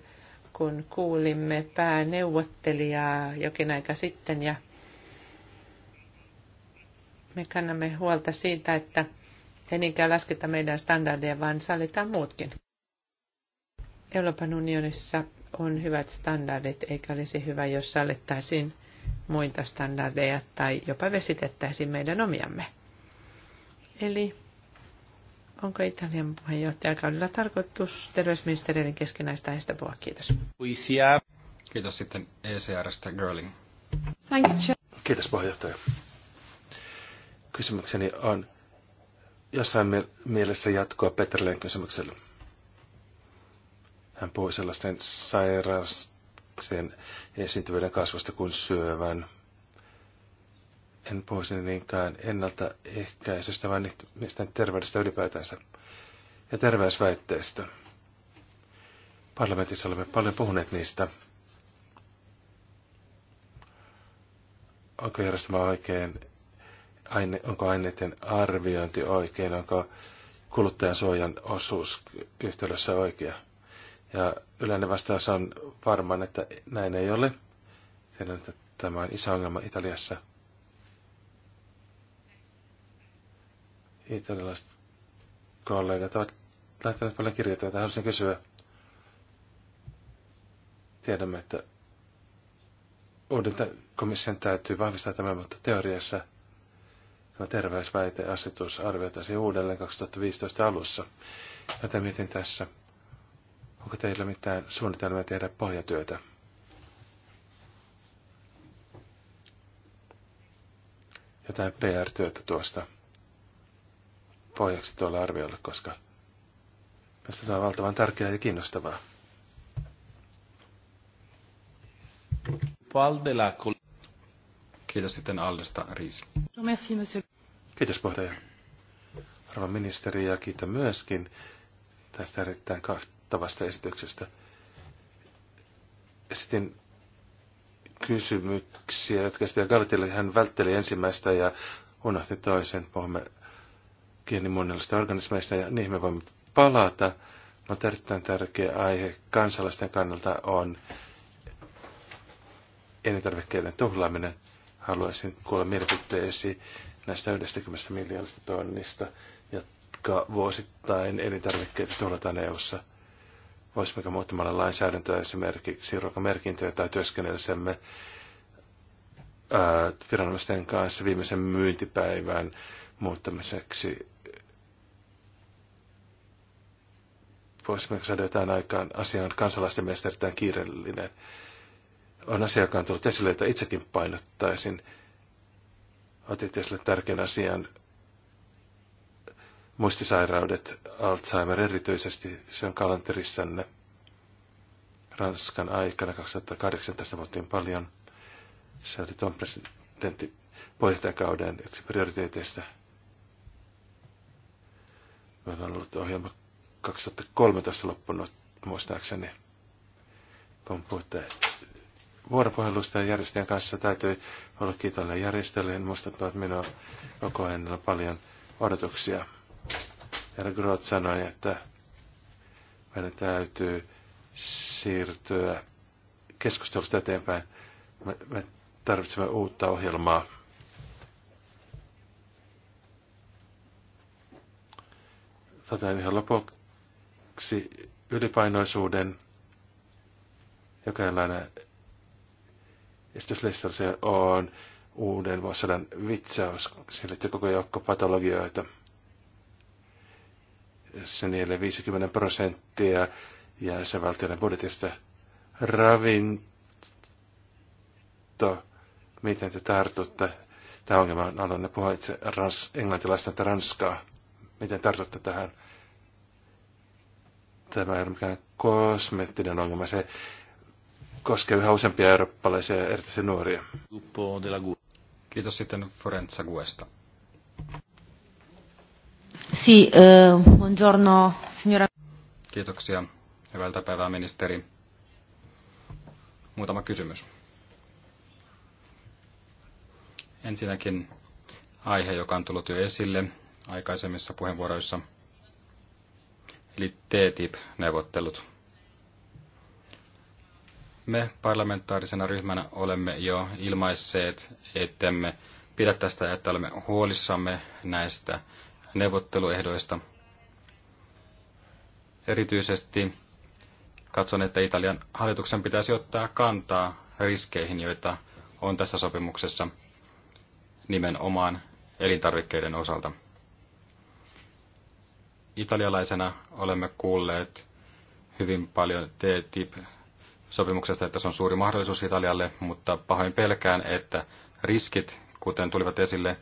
D: kun kuulimme pääneuvottelijaa jokin aika sitten ja me kannamme huolta siitä, että ei niinkään lasketa meidän standardeja, vaan sallitaan muutkin. Euroopan unionissa on hyvät standardit, eikä olisi hyvä, jos sallittaisiin muita standardeja tai jopa vesitettäisiin meidän omiamme. Eli onko Italian puheenjohtajakaudella tarkoitus terveysministeriöiden keskenäistä aiheesta puhua? Kiitos.
B: Kiitos sitten ECRstä Girling. Kiitos puheenjohtaja.
C: Kysymykseni on jossain mielessä jatkoa Peterleen kysymykselle. Hän puhui sellaisten sairauksien esiintyvyyden kasvusta kuin syövän. En puhuisi niinkään ennaltaehkäisystä, vaan niistä terveydestä ylipäätänsä ja terveysväitteistä. Parlamentissa olemme paljon puhuneet niistä. Onko järjestelmä oikein? Aine, onko aineiden arviointi oikein? Onko kuluttajan suojan osuus yhtälössä oikea? Ja yleinen vastaus on varmaan, että näin ei ole. Tiedän, että tämä on iso ongelma Italiassa. Italialaiset kollegat ovat lähteneet paljon että Haluaisin kysyä. Tiedämme, että uuden komission täytyy vahvistaa tämä, mutta teoriassa tämä terveysväiteasetus arvioitaisiin uudelleen 2015 alussa. Joten mietin tässä, Onko teillä mitään suunnitelmia tehdä pohjatyötä? Jotain PR-työtä tuosta pohjaksi tuolla arviolla, koska Tästä saa valtavan tärkeää ja kiinnostavaa. Kiitos sitten Allesta Riis. Kiitos puheenjohtaja. Arvon ministeri ja kiitän myöskin tästä erittäin mahtavasta esityksestä. Esitin kysymyksiä, jotka sitten Galatille hän vältteli ensimmäistä ja unohti toisen. Puhumme geenimuunnellisista organismeista ja niihin me voimme palata. Mutta erittäin tärkeä aihe kansalaisten kannalta on elintarvikkeiden tuhlaaminen. Haluaisin kuulla mielipiteesi näistä 90 miljoonasta tonnista, jotka vuosittain elintarvikkeita tuhlataan EU-ssa – Voisimmeko muuttamalla lainsäädäntöä esimerkiksi ruokamerkintöjä tai työskennellisemme viranomaisten kanssa viimeisen myyntipäivän muuttamiseksi voisimmeko saada jotain aikaan asian kansalaisten mielestä erittäin kiireellinen. On asia, joka on tullut esille, jota itsekin painottaisin. Otit esille tärkeän asian muistisairaudet, Alzheimer erityisesti, se on kalenterissanne. Ranskan aikana 2018 puhuttiin paljon. Se oli tuon presidentti puheenjohtajakauden yksi prioriteeteista. Meillä on ollut ohjelma 2013 loppunut muistaakseni, kun puhutte vuoropuhelusta ja järjestäjän kanssa täytyy olla kiitollinen järjestäjille. Muistuttavat minua koko ajan paljon odotuksia. Herra Groth sanoi, että meidän täytyy siirtyä keskustelusta eteenpäin. Me, me tarvitsemme uutta ohjelmaa. Tätä ihan lopuksi ylipainoisuuden jokainlainen se on uuden vuosisadan vitsaus. Siellä koko joukko patologioita se niille 50 prosenttia jäsenvaltioiden budjetista ravinto, miten te tartutte tämä ongelma on aloin puhua itse rans, englantilaista että ranskaa. Miten tartutte tähän? Tämä ei ole mikään kosmettinen ongelma. Se koskee yhä useampia eurooppalaisia, erityisesti nuoria. Kiitos sitten Forenza
B: Guesta.
A: Eh,
B: Kiitoksia. Hyvältä päivää, ministeri. Muutama kysymys. Ensinnäkin aihe, joka on tullut jo esille aikaisemmissa puheenvuoroissa, eli TTIP-neuvottelut. Me parlamentaarisena ryhmänä olemme jo ilmaisseet, ettemme pidä tästä, että olemme huolissamme näistä neuvotteluehdoista. Erityisesti katson, että Italian hallituksen pitäisi ottaa kantaa riskeihin, joita on tässä sopimuksessa nimenomaan elintarvikkeiden osalta. Italialaisena olemme kuulleet hyvin paljon TTIP-sopimuksesta, että se on suuri mahdollisuus Italialle, mutta pahoin pelkään, että riskit, kuten tulivat esille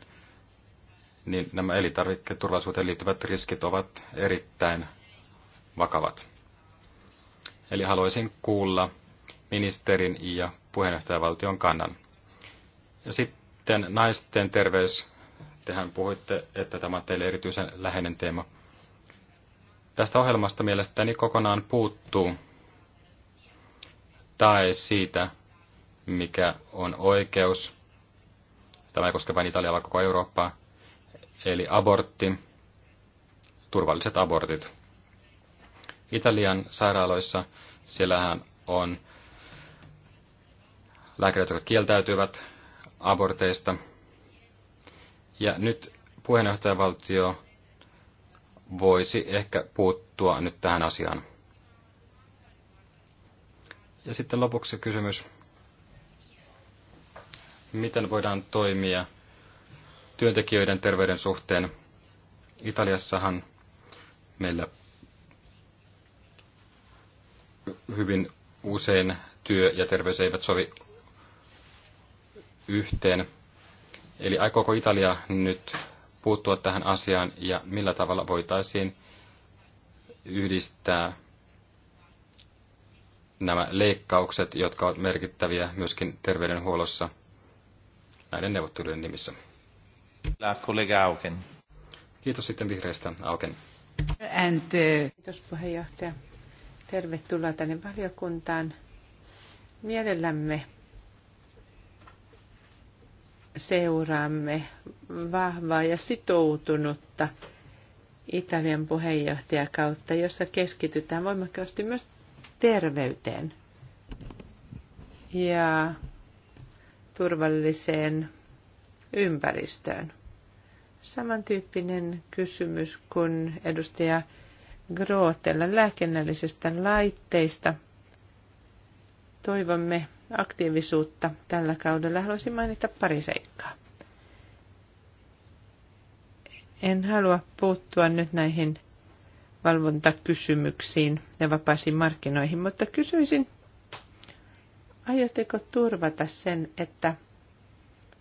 B: niin nämä elintarviketurvallisuuteen liittyvät riskit ovat erittäin vakavat. Eli haluaisin kuulla ministerin ja puheenjohtajavaltion kannan. Ja sitten naisten terveys. Tehän puhuitte, että tämä on teille erityisen läheinen teema. Tästä ohjelmasta mielestäni kokonaan puuttuu tai siitä, mikä on oikeus. Tämä ei koske vain Italiaa, vaan koko Eurooppaa eli abortti, turvalliset abortit. Italian sairaaloissa siellähän on lääkärit, jotka kieltäytyvät aborteista. Ja nyt puheenjohtajavaltio voisi ehkä puuttua nyt tähän asiaan. Ja sitten lopuksi kysymys, miten voidaan toimia – työntekijöiden terveyden suhteen. Italiassahan meillä hyvin usein työ ja terveys eivät sovi yhteen. Eli aikooko Italia nyt puuttua tähän asiaan ja millä tavalla voitaisiin yhdistää nämä leikkaukset, jotka ovat merkittäviä myöskin terveydenhuollossa näiden neuvottelujen nimissä? kollega Auken. Kiitos sitten vihreistä, Auken.
D: And, uh... Kiitos puheenjohtaja. Tervetuloa tänne valiokuntaan. Mielellämme seuraamme vahvaa ja sitoutunutta Italian puheenjohtajakautta, jossa keskitytään voimakkaasti myös terveyteen ja turvalliseen ympäristöön. Samantyyppinen kysymys kuin edustaja Grootella lääkennällisistä laitteista. Toivomme aktiivisuutta tällä kaudella. Haluaisin mainita pari seikkaa. En halua puuttua nyt näihin valvontakysymyksiin ja vapaisiin markkinoihin, mutta kysyisin, aiotteko turvata sen, että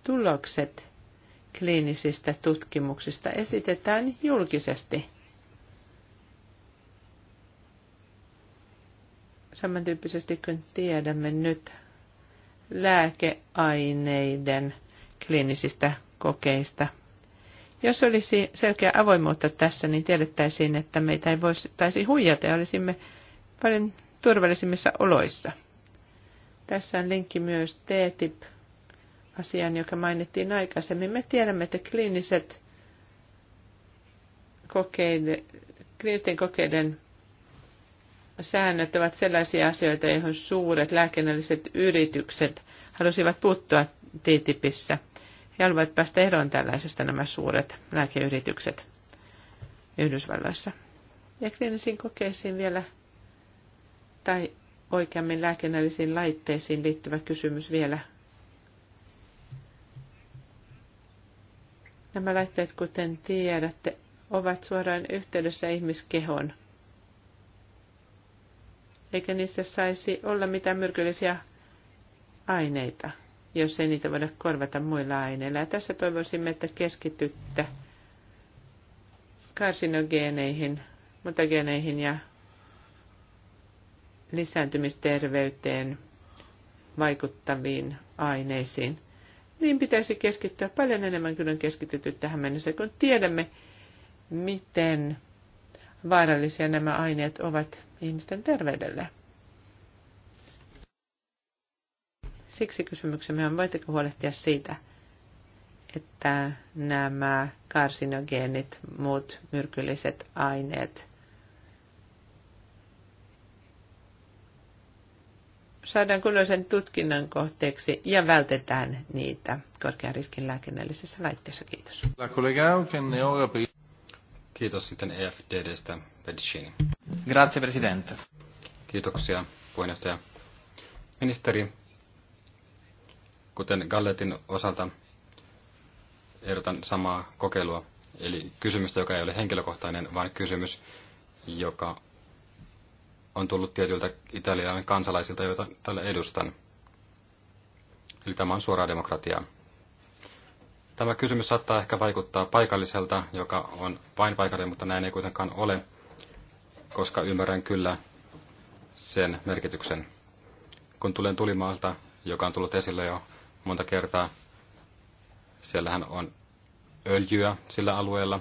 D: tulokset kliinisistä tutkimuksista esitetään julkisesti. Samantyyppisesti kuin tiedämme nyt lääkeaineiden kliinisistä kokeista. Jos olisi selkeä avoimuutta tässä, niin tiedettäisiin, että meitä ei voisi huijata ja olisimme paljon turvallisimmissa oloissa. Tässä on linkki myös TTIP asian, joka mainittiin aikaisemmin. Me tiedämme, että kliiniset kokeiden, kliinisten kokeiden säännöt ovat sellaisia asioita, joihin suuret lääkinnälliset yritykset halusivat puuttua TTIPissä. He haluavat päästä eroon tällaisesta nämä suuret lääkeyritykset Yhdysvalloissa. Ja kliinisiin kokeisiin vielä, tai oikeammin lääkinnällisiin laitteisiin liittyvä kysymys vielä – Nämä laitteet, kuten tiedätte, ovat suoraan yhteydessä ihmiskehon. Eikä niissä saisi olla mitään myrkyllisiä aineita, jos ei niitä voida korvata muilla aineilla. Ja tässä toivoisimme, että keskitytte karsinogeeneihin, mutageneihin ja lisääntymisterveyteen vaikuttaviin aineisiin – niin pitäisi keskittyä paljon enemmän kuin on keskitytty tähän mennessä, kun tiedämme, miten vaarallisia nämä aineet ovat ihmisten terveydelle. Siksi kysymyksemme on, voitteko huolehtia siitä, että nämä karsinogeenit, muut myrkylliset aineet saadaan kunnollisen tutkinnan kohteeksi ja vältetään niitä korkean riskin lääkinnällisessä laitteessa. Kiitos.
B: Kiitos sitten EFDDstä, Pedicini. Grazie, Presidente. Kiitoksia, puheenjohtaja. Ministeri, kuten Galletin osalta, ehdotan samaa kokeilua, eli kysymystä, joka ei ole henkilökohtainen, vaan kysymys, joka on tullut tietyiltä italialainen kansalaisilta, joita tällä edustan. Eli tämä on suoraa demokratiaa. Tämä kysymys saattaa ehkä vaikuttaa paikalliselta, joka on vain paikallinen, mutta näin ei kuitenkaan ole, koska ymmärrän kyllä sen merkityksen. Kun tulen Tulimaalta, joka on tullut esille jo monta kertaa, siellähän on öljyä sillä alueella.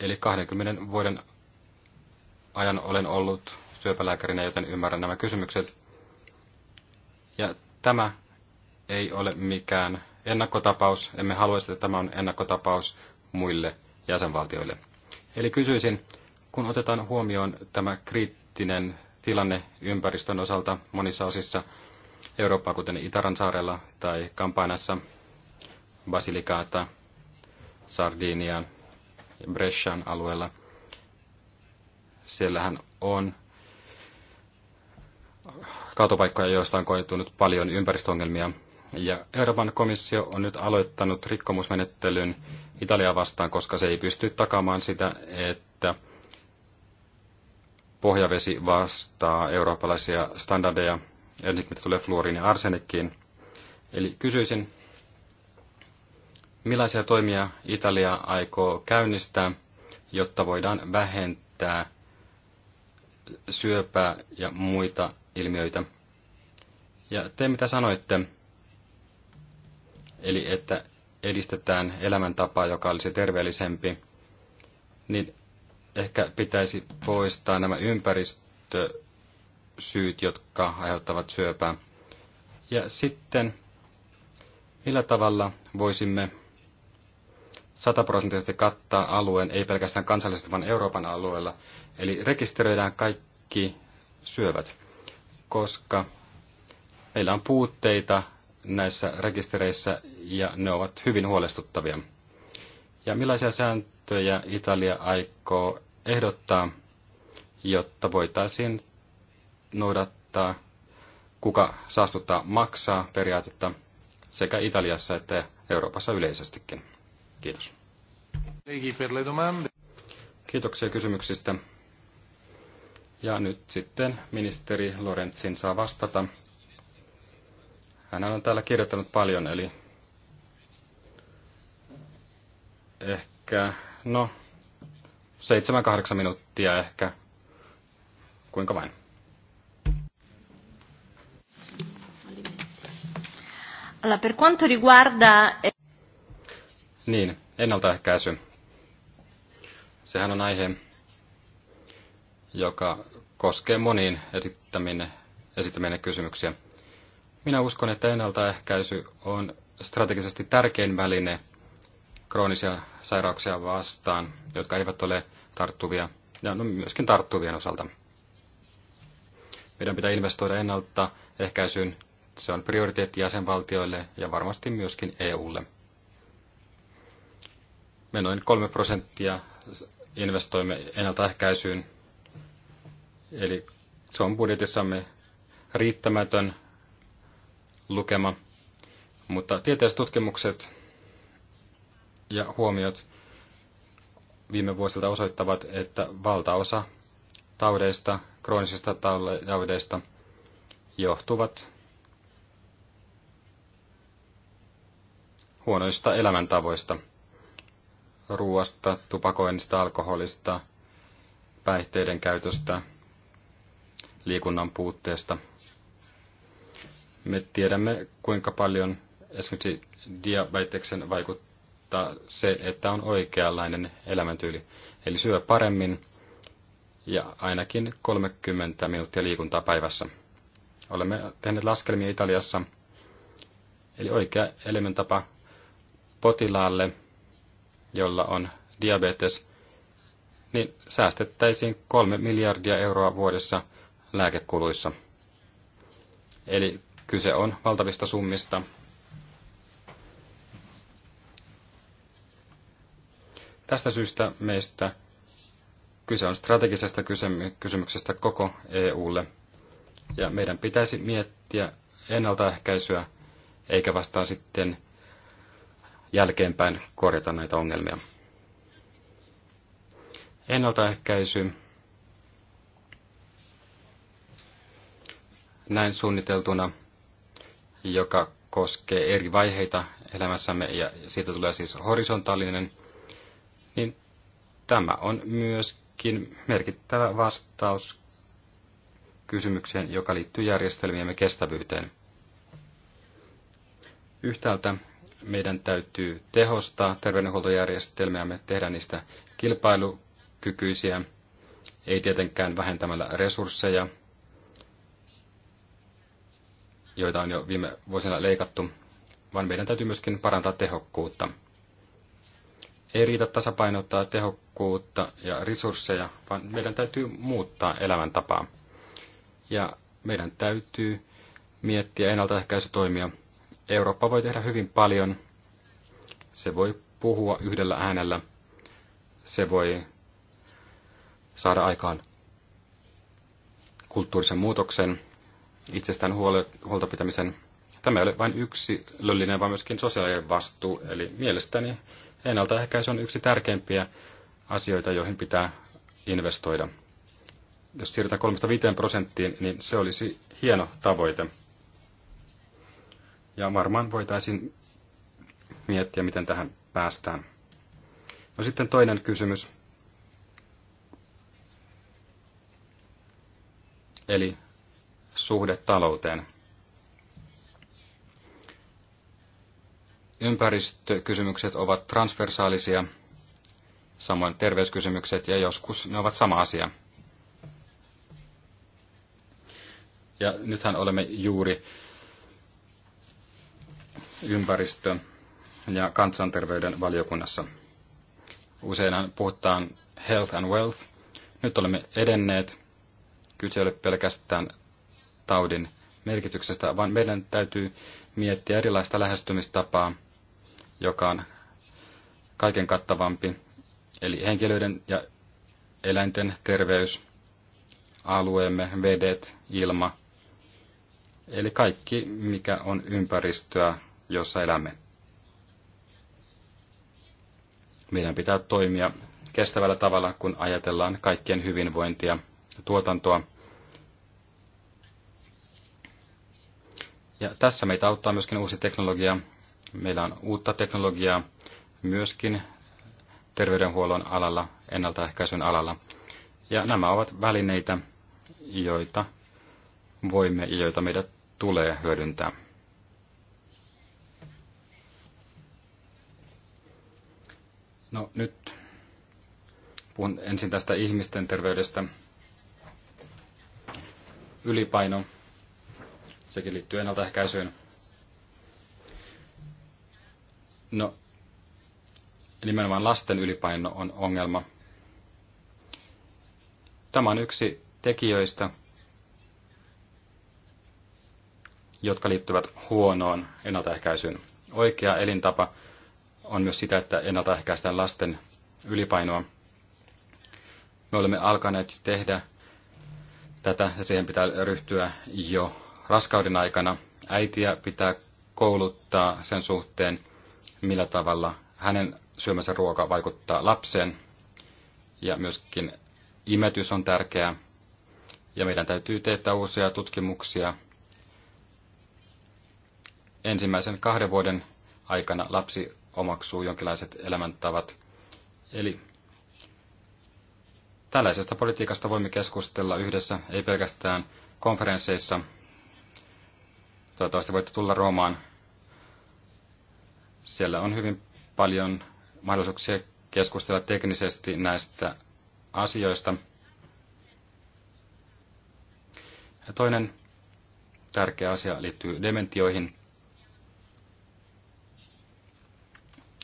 B: Eli 20 vuoden ajan olen ollut syöpälääkärinä, joten ymmärrän nämä kysymykset. Ja tämä ei ole mikään ennakkotapaus. Emme haluaisi, että tämä on ennakkotapaus muille jäsenvaltioille. Eli kysyisin, kun otetaan huomioon tämä kriittinen tilanne ympäristön osalta monissa osissa Eurooppaa, kuten Itaran saarella tai Kampanassa, Basilikaata, Sardinian ja Brescian alueella – Siellähän on kaatopaikkoja, joista on koitunut paljon ympäristöongelmia. Ja Euroopan komissio on nyt aloittanut rikkomusmenettelyn Italiaa vastaan, koska se ei pysty takaamaan sitä, että pohjavesi vastaa eurooppalaisia standardeja, ensin mitä tulee fluoriin ja arsenikkiin. Eli kysyisin, millaisia toimia Italia aikoo käynnistää, jotta voidaan vähentää syöpää ja muita ilmiöitä. Ja te mitä sanoitte, eli että edistetään elämäntapaa, joka olisi terveellisempi, niin ehkä pitäisi poistaa nämä ympäristösyyt, jotka aiheuttavat syöpää. Ja sitten, millä tavalla voisimme sataprosenttisesti kattaa alueen, ei pelkästään kansallisesti, vaan Euroopan alueella. Eli rekisteröidään kaikki syövät, koska meillä on puutteita näissä rekistereissä ja ne ovat hyvin huolestuttavia. Ja millaisia sääntöjä Italia aikoo ehdottaa, jotta voitaisiin noudattaa kuka saastuttaa maksaa periaatetta sekä Italiassa että Euroopassa yleisestikin? Kiitos. Kiitoksia kysymyksistä. Ja nyt sitten ministeri Lorenzin saa vastata. Hän on täällä kirjoittanut paljon, eli ehkä, no, seitsemän, kahdeksan minuuttia ehkä. Kuinka vain.
A: Allora, per quanto riguarda...
B: Niin, ennaltaehkäisy. Sehän on aihe, joka koskee moniin esittäminen, esittäminen kysymyksiä. Minä uskon, että ennaltaehkäisy on strategisesti tärkein väline kroonisia sairauksia vastaan, jotka eivät ole tarttuvia ja no, myöskin tarttuvien osalta. Meidän pitää investoida ennaltaehkäisyyn. Se on prioriteetti jäsenvaltioille ja varmasti myöskin EUlle. Me noin 3 prosenttia investoimme ennaltaehkäisyyn, eli se on budjetissamme riittämätön lukema, mutta tieteelliset tutkimukset ja huomiot viime vuosilta osoittavat, että valtaosa taudeista, kroonisista taudeista johtuvat huonoista elämäntavoista – ruoasta, tupakoinnista, alkoholista, päihteiden käytöstä, liikunnan puutteesta. Me tiedämme, kuinka paljon esimerkiksi diabeteksen vaikuttaa se, että on oikeanlainen elämäntyyli. Eli syö paremmin ja ainakin 30 minuuttia liikuntaa päivässä. Olemme tehneet laskelmia Italiassa. Eli oikea elementapa potilaalle – jolla on diabetes, niin säästettäisiin kolme miljardia euroa vuodessa lääkekuluissa. Eli kyse on valtavista summista. Tästä syystä meistä kyse on strategisesta kysymyksestä koko EUlle, ja meidän pitäisi miettiä ennaltaehkäisyä, eikä vastaa sitten jälkeenpäin korjata näitä ongelmia. Ennaltaehkäisy. Näin suunniteltuna, joka koskee eri vaiheita elämässämme ja siitä tulee siis horisontaalinen, niin tämä on myöskin merkittävä vastaus kysymykseen, joka liittyy järjestelmiemme kestävyyteen. Yhtäältä meidän täytyy tehostaa terveydenhuoltojärjestelmiämme, tehdä niistä kilpailukykyisiä, ei tietenkään vähentämällä resursseja, joita on jo viime vuosina leikattu, vaan meidän täytyy myöskin parantaa tehokkuutta. Ei riitä tasapainottaa tehokkuutta ja resursseja, vaan meidän täytyy muuttaa elämäntapaa. Ja meidän täytyy miettiä ennaltaehkäisytoimia, Eurooppa voi tehdä hyvin paljon. Se voi puhua yhdellä äänellä. Se voi saada aikaan kulttuurisen muutoksen, itsestään huolta pitämisen. Tämä ei ole vain yksi löllinen, vaan myöskin sosiaalinen vastuu. Eli mielestäni ennaltaehkäisy on yksi tärkeimpiä asioita, joihin pitää investoida. Jos siirrytään 3-5 prosenttiin, niin se olisi hieno tavoite. Ja varmaan voitaisiin miettiä, miten tähän päästään. No sitten toinen kysymys. Eli suhde talouteen. Ympäristökysymykset ovat transversaalisia, samoin terveyskysymykset ja joskus ne ovat sama asia. Ja nythän olemme juuri ympäristö- ja kansanterveyden valiokunnassa. Useinhan puhutaan health and wealth. Nyt olemme edenneet. Kyse ei ole pelkästään taudin merkityksestä, vaan meidän täytyy miettiä erilaista lähestymistapaa, joka on kaiken kattavampi, eli henkilöiden ja eläinten terveys, alueemme, vedet, ilma, eli kaikki, mikä on ympäristöä jossa elämme. Meidän pitää toimia kestävällä tavalla, kun ajatellaan kaikkien hyvinvointia ja tuotantoa. Ja tässä meitä auttaa myöskin uusi teknologia. Meillä on uutta teknologiaa myöskin terveydenhuollon alalla, ennaltaehkäisyn alalla. Ja nämä ovat välineitä, joita voimme ja joita meidän tulee hyödyntää. No nyt puhun ensin tästä ihmisten terveydestä. Ylipaino, sekin liittyy ennaltaehkäisyyn. No, nimenomaan lasten ylipaino on ongelma. Tämä on yksi tekijöistä, jotka liittyvät huonoon ennaltaehkäisyyn. Oikea elintapa on myös sitä, että ennaltaehkäistään lasten ylipainoa. Me olemme alkaneet tehdä tätä ja siihen pitää ryhtyä jo raskauden aikana. Äitiä pitää kouluttaa sen suhteen, millä tavalla hänen syömänsä ruoka vaikuttaa lapseen. Ja myöskin imetys on tärkeää. Ja meidän täytyy tehdä uusia tutkimuksia. Ensimmäisen kahden vuoden aikana lapsi omaksuu jonkinlaiset elämäntavat. Eli tällaisesta politiikasta voimme keskustella yhdessä, ei pelkästään konferensseissa. Toivottavasti voitte tulla Roomaan. Siellä on hyvin paljon mahdollisuuksia keskustella teknisesti näistä asioista. Ja toinen tärkeä asia liittyy dementioihin.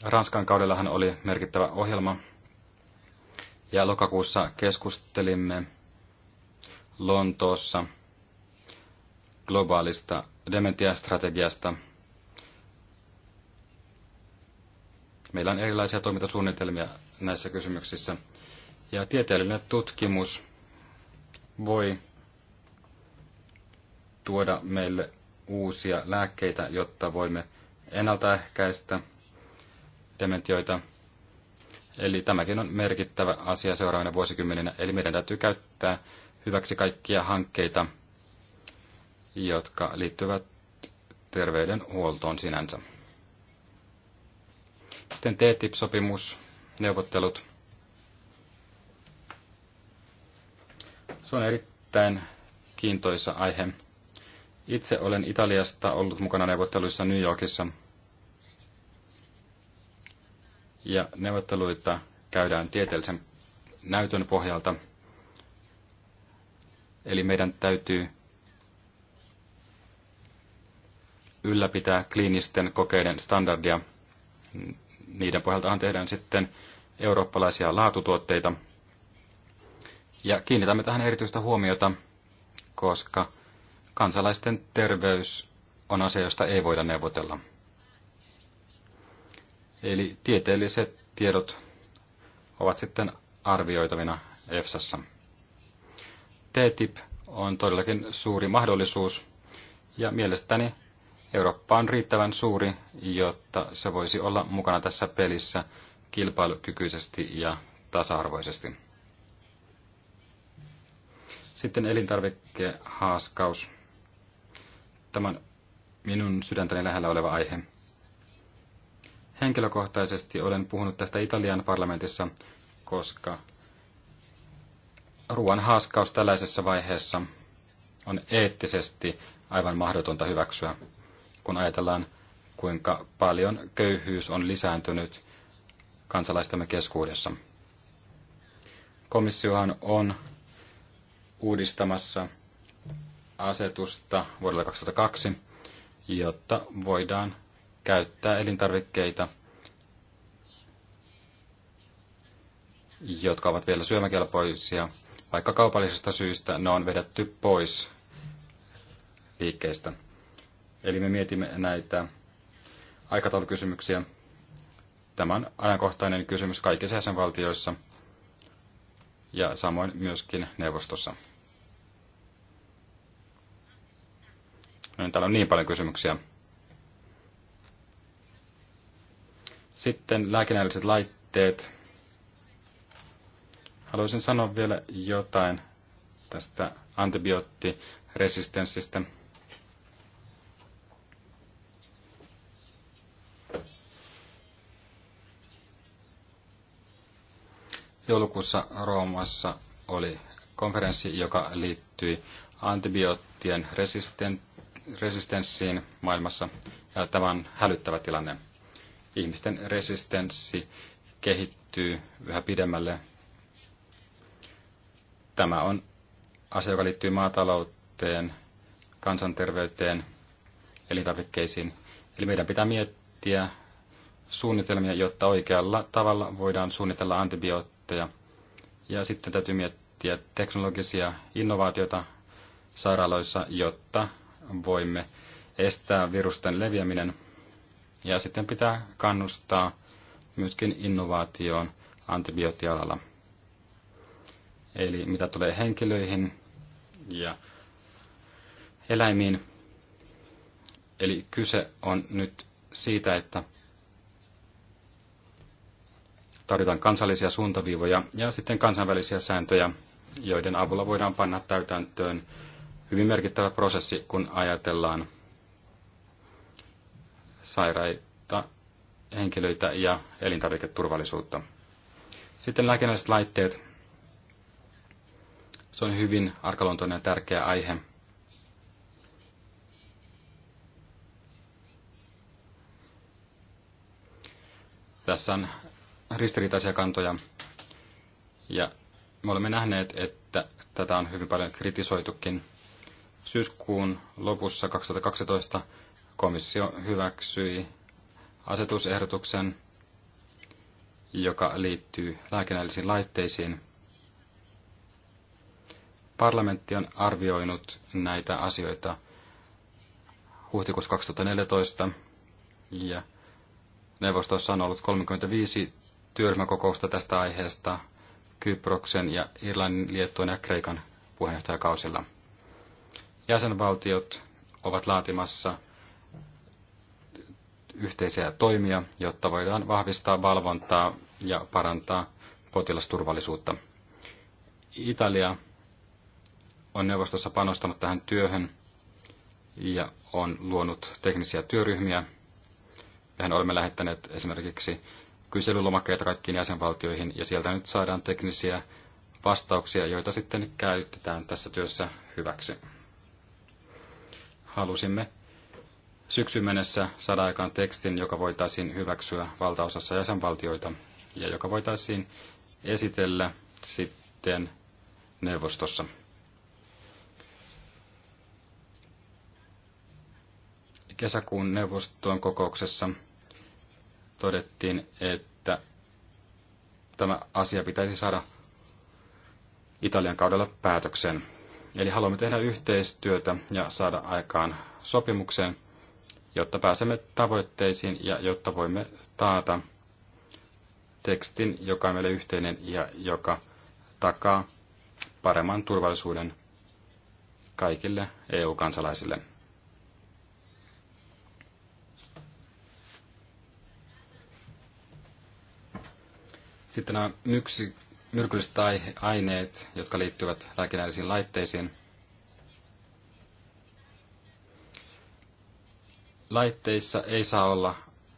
B: Ranskan kaudellahan oli merkittävä ohjelma. Ja lokakuussa keskustelimme Lontoossa globaalista dementiastrategiasta. Meillä on erilaisia toimintasuunnitelmia näissä kysymyksissä. Ja tieteellinen tutkimus voi tuoda meille uusia lääkkeitä, jotta voimme ennaltaehkäistä dementioita. Eli tämäkin on merkittävä asia seuraavana vuosikymmeninä. Eli meidän täytyy käyttää hyväksi kaikkia hankkeita, jotka liittyvät terveydenhuoltoon sinänsä. Sitten TTIP-sopimus, neuvottelut. Se on erittäin kiintoisa aihe. Itse olen Italiasta ollut mukana neuvotteluissa New Yorkissa – ja neuvotteluita käydään tieteellisen näytön pohjalta. Eli meidän täytyy ylläpitää kliinisten kokeiden standardia. Niiden pohjaltahan tehdään sitten eurooppalaisia laatutuotteita. Ja kiinnitämme tähän erityistä huomiota, koska kansalaisten terveys on asia, josta ei voida neuvotella. Eli tieteelliset tiedot ovat sitten arvioitavina EFSassa. TTIP on todellakin suuri mahdollisuus ja mielestäni Eurooppa on riittävän suuri, jotta se voisi olla mukana tässä pelissä kilpailukykyisesti ja tasa-arvoisesti. Sitten elintarvikehaaskaus. on minun sydäntäni lähellä oleva aihe. Henkilökohtaisesti olen puhunut tästä Italian parlamentissa, koska ruoan haaskaus tällaisessa vaiheessa on eettisesti aivan mahdotonta hyväksyä, kun ajatellaan, kuinka paljon köyhyys on lisääntynyt kansalaistamme keskuudessa. Komissiohan on uudistamassa asetusta vuodelle 2002, jotta voidaan käyttää elintarvikkeita, jotka ovat vielä syömäkelpoisia, vaikka kaupallisesta syystä ne on vedetty pois liikkeestä. Eli me mietimme näitä aikataulukysymyksiä. Tämä on ajankohtainen kysymys kaikissa jäsenvaltioissa ja samoin myöskin neuvostossa. No, niin, täällä on niin paljon kysymyksiä. Sitten lääkinnälliset laitteet. Haluaisin sanoa vielä jotain tästä antibioottiresistenssistä. Joulukuussa Roomassa oli konferenssi, joka liittyi antibioottien resisten, resistenssiin maailmassa. Ja tämä on hälyttävä tilanne ihmisten resistenssi kehittyy yhä pidemmälle. Tämä on asia, joka liittyy maatalouteen, kansanterveyteen, elintarvikkeisiin. Eli meidän pitää miettiä suunnitelmia, jotta oikealla tavalla voidaan suunnitella antibiootteja. Ja sitten täytyy miettiä teknologisia innovaatioita sairaaloissa, jotta voimme estää virusten leviäminen ja sitten pitää kannustaa myöskin innovaatioon antibioottialalla. Eli mitä tulee henkilöihin ja eläimiin. Eli kyse on nyt siitä, että tarvitaan kansallisia suuntaviivoja ja sitten kansainvälisiä sääntöjä, joiden avulla voidaan panna täytäntöön hyvin merkittävä prosessi, kun ajatellaan sairaita henkilöitä ja elintarviketurvallisuutta. Sitten lääkinnälliset laitteet. Se on hyvin arkaluontoinen ja tärkeä aihe. Tässä on ristiriitaisia kantoja ja me olemme nähneet, että tätä on hyvin paljon kritisoitukin. Syyskuun lopussa 2012 komissio hyväksyi asetusehdotuksen, joka liittyy lääkinnällisiin laitteisiin. Parlamentti on arvioinut näitä asioita huhtikuussa 2014 ja neuvostossa on ollut 35 työryhmäkokousta tästä aiheesta Kyproksen ja Irlannin, Liettuan ja Kreikan puheenjohtajakausilla. Jäsenvaltiot ovat laatimassa yhteisiä toimia, jotta voidaan vahvistaa valvontaa ja parantaa potilasturvallisuutta. Italia on neuvostossa panostanut tähän työhön ja on luonut teknisiä työryhmiä. Mehän olemme lähettäneet esimerkiksi kyselylomakkeita kaikkiin jäsenvaltioihin ja sieltä nyt saadaan teknisiä vastauksia, joita sitten käytetään tässä työssä hyväksi. Halusimme syksyn mennessä saada aikaan tekstin, joka voitaisiin hyväksyä valtaosassa jäsenvaltioita ja joka voitaisiin esitellä sitten neuvostossa. Kesäkuun neuvoston kokouksessa todettiin, että tämä asia pitäisi saada Italian kaudella päätöksen. Eli haluamme tehdä yhteistyötä ja saada aikaan sopimuksen jotta pääsemme tavoitteisiin ja jotta voimme taata tekstin, joka on meille yhteinen ja joka takaa paremman turvallisuuden kaikille EU-kansalaisille. Sitten nämä myrkylliset aineet, jotka liittyvät lääkinnällisiin laitteisiin. laitteissa ei saa olla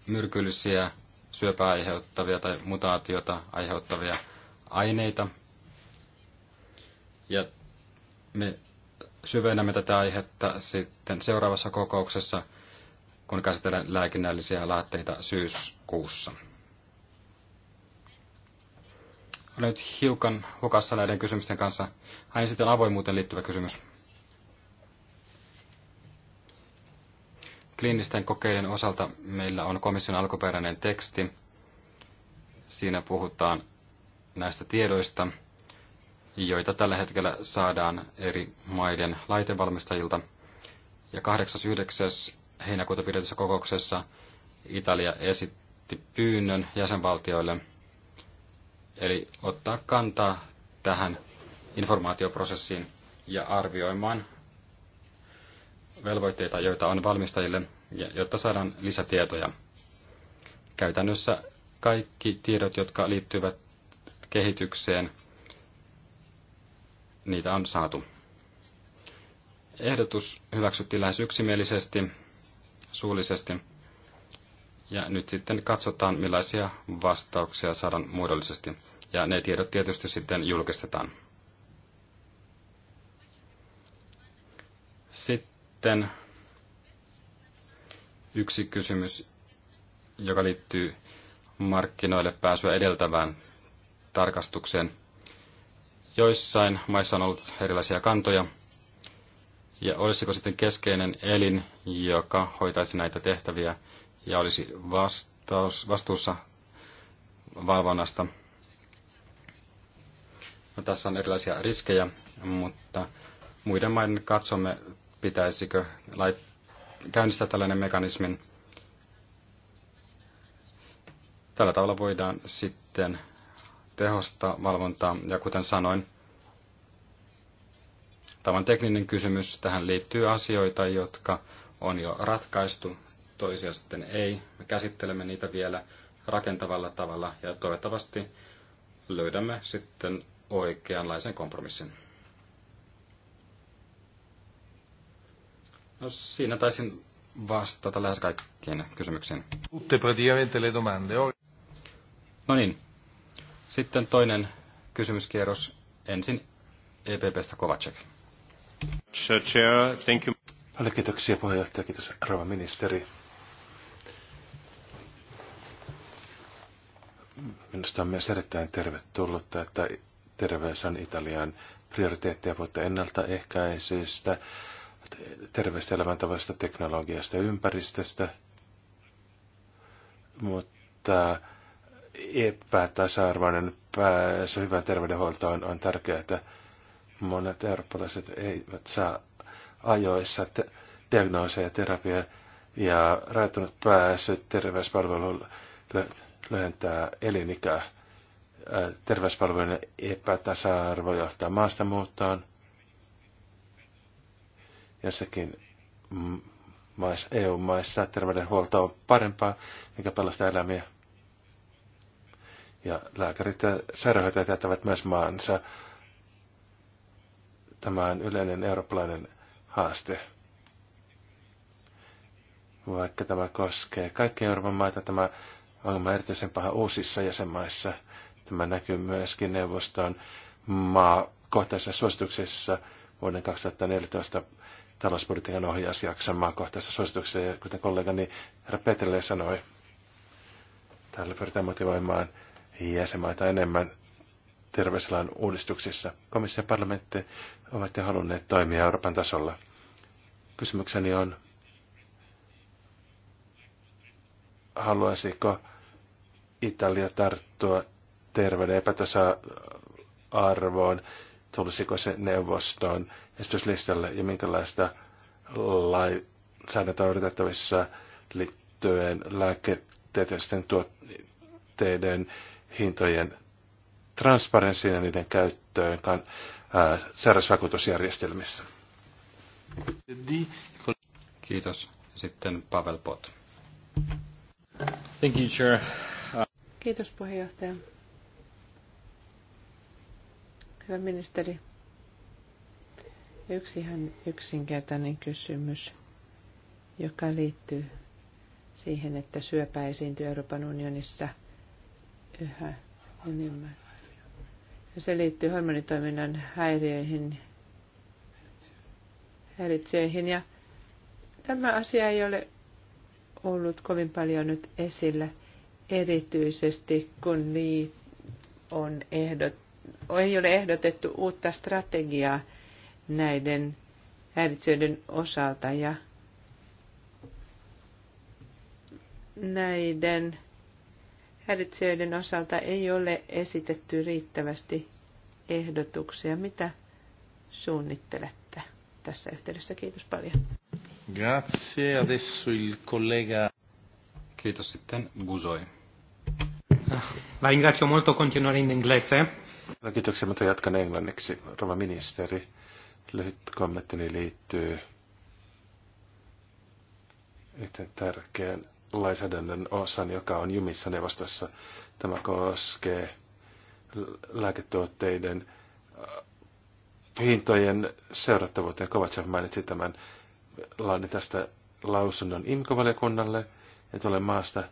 B: myrkyllisiä syöpää aiheuttavia tai mutaatiota aiheuttavia aineita. Ja me syvennämme tätä aihetta sitten seuraavassa kokouksessa, kun käsitellään lääkinnällisiä laitteita syyskuussa. Olen nyt hiukan hukassa näiden kysymysten kanssa. Aina niin, sitten avoimuuteen liittyvä kysymys. kliinisten kokeiden osalta meillä on komission alkuperäinen teksti. Siinä puhutaan näistä tiedoista, joita tällä hetkellä saadaan eri maiden laitevalmistajilta. Ja 8.9. heinäkuuta pidetyssä kokouksessa Italia esitti pyynnön jäsenvaltioille, eli ottaa kantaa tähän informaatioprosessiin ja arvioimaan velvoitteita, joita on valmistajille, jotta saadaan lisätietoja. Käytännössä kaikki tiedot, jotka liittyvät kehitykseen, niitä on saatu. Ehdotus hyväksyttiin lähes yksimielisesti, suullisesti, ja nyt sitten katsotaan, millaisia vastauksia saadaan muodollisesti, ja ne tiedot tietysti sitten julkistetaan. Sitten sitten yksi kysymys, joka liittyy markkinoille pääsyä edeltävään tarkastukseen. Joissain maissa on ollut erilaisia kantoja, ja olisiko sitten keskeinen elin, joka hoitaisi näitä tehtäviä ja olisi vastaus, vastuussa valvonnasta? No, tässä on erilaisia riskejä, mutta muiden maiden katsomme pitäisikö lait- käynnistää tällainen mekanismin. Tällä tavalla voidaan sitten tehostaa valvontaa. Ja kuten sanoin, tämä on tekninen kysymys. Tähän liittyy asioita, jotka on jo ratkaistu, toisia sitten ei. Me käsittelemme niitä vielä rakentavalla tavalla ja toivottavasti löydämme sitten oikeanlaisen kompromissin. No siinä taisin vastata lähes kaikkiin kysymyksiin. Tutte praticamente le domande. No niin. Sitten toinen kysymyskierros. Ensin EPPstä Kovacek. Chair, thank you.
C: Paljon kiitoksia puheenjohtaja, kiitos rouva ministeri. Minusta on myös erittäin tervetullutta, että terveys on Italian prioriteetteja puhutte ennaltaehkäisystä, terveestä elämäntavasta, teknologiasta ja ympäristöstä, mutta epätasa-arvoinen pääsy hyvään terveydenhuoltoon on tärkeää, että monet eurooppalaiset eivät saa ajoissa te- diagnooseja, terapia ja rajoittunut pääsy terveyspalveluille lyhentää elinikää. Terveyspalvelujen epätasa-arvo johtaa maastamuuttoon, jossakin maissa, EU-maissa terveydenhuolto on parempaa, mikä pelastaa elämiä. Ja lääkärit ja sairaanhoitajat jättävät myös maansa. Tämä on yleinen eurooppalainen haaste. Vaikka tämä koskee kaikkia Euroopan maita, tämä ongelma erityisen paha uusissa jäsenmaissa. Tämä näkyy myöskin neuvoston maakohtaisissa suosituksissa vuoden 2014 talouspolitiikan ohjausjakson maakohtaisessa suosituksessa, ja kuten kollegani herra Petrille sanoi, täällä pyritään motivoimaan jäsenmaita enemmän terveysalan uudistuksissa. Komissio ja parlamentti ovat jo halunneet toimia Euroopan tasolla. Kysymykseni on, haluaisiko Italia tarttua terveyden epätasa-arvoon tulisiko se neuvostoon esityslistalle ja minkälaista lainsäädäntöä on odotettavissa liittyen lääketieteellisten tuotteiden hintojen transparenssiin ja niiden käyttöön kan, ää, sairausvakuutusjärjestelmissä. Kiitos.
B: Sitten Pavel Pot. Thank you, Chair.
D: Kiitos puheenjohtaja. Hyvä ministeri. Yksi ihan yksinkertainen kysymys, joka liittyy siihen, että syöpä esiintyy Euroopan unionissa yhä enemmän. Ja se liittyy hormonitoiminnan häiriöihin, häiritsijöihin. Ja tämä asia ei ole ollut kovin paljon nyt esillä, erityisesti kun liit on ehdottu ei ole ehdotettu uutta strategiaa näiden häiritsijöiden osalta ja näiden häiritsijöiden osalta ei ole esitetty riittävästi ehdotuksia. Mitä suunnittelette tässä yhteydessä? Kiitos paljon.
B: Grazie. Adesso il collega... Kiitos sitten Guzoi. La ringrazio molto continuare in
C: inglese. No, kiitoksia, mutta jatkan englanniksi. Rova ministeri, lyhyt kommenttini liittyy yhteen tärkeän lainsäädännön osan, joka on jumissa neuvostossa. Tämä koskee lääketuotteiden hintojen seurattavuuteen. Kovacev mainitsi tämän laadin tästä lausunnon imkovaliokunnalle, että olen maasta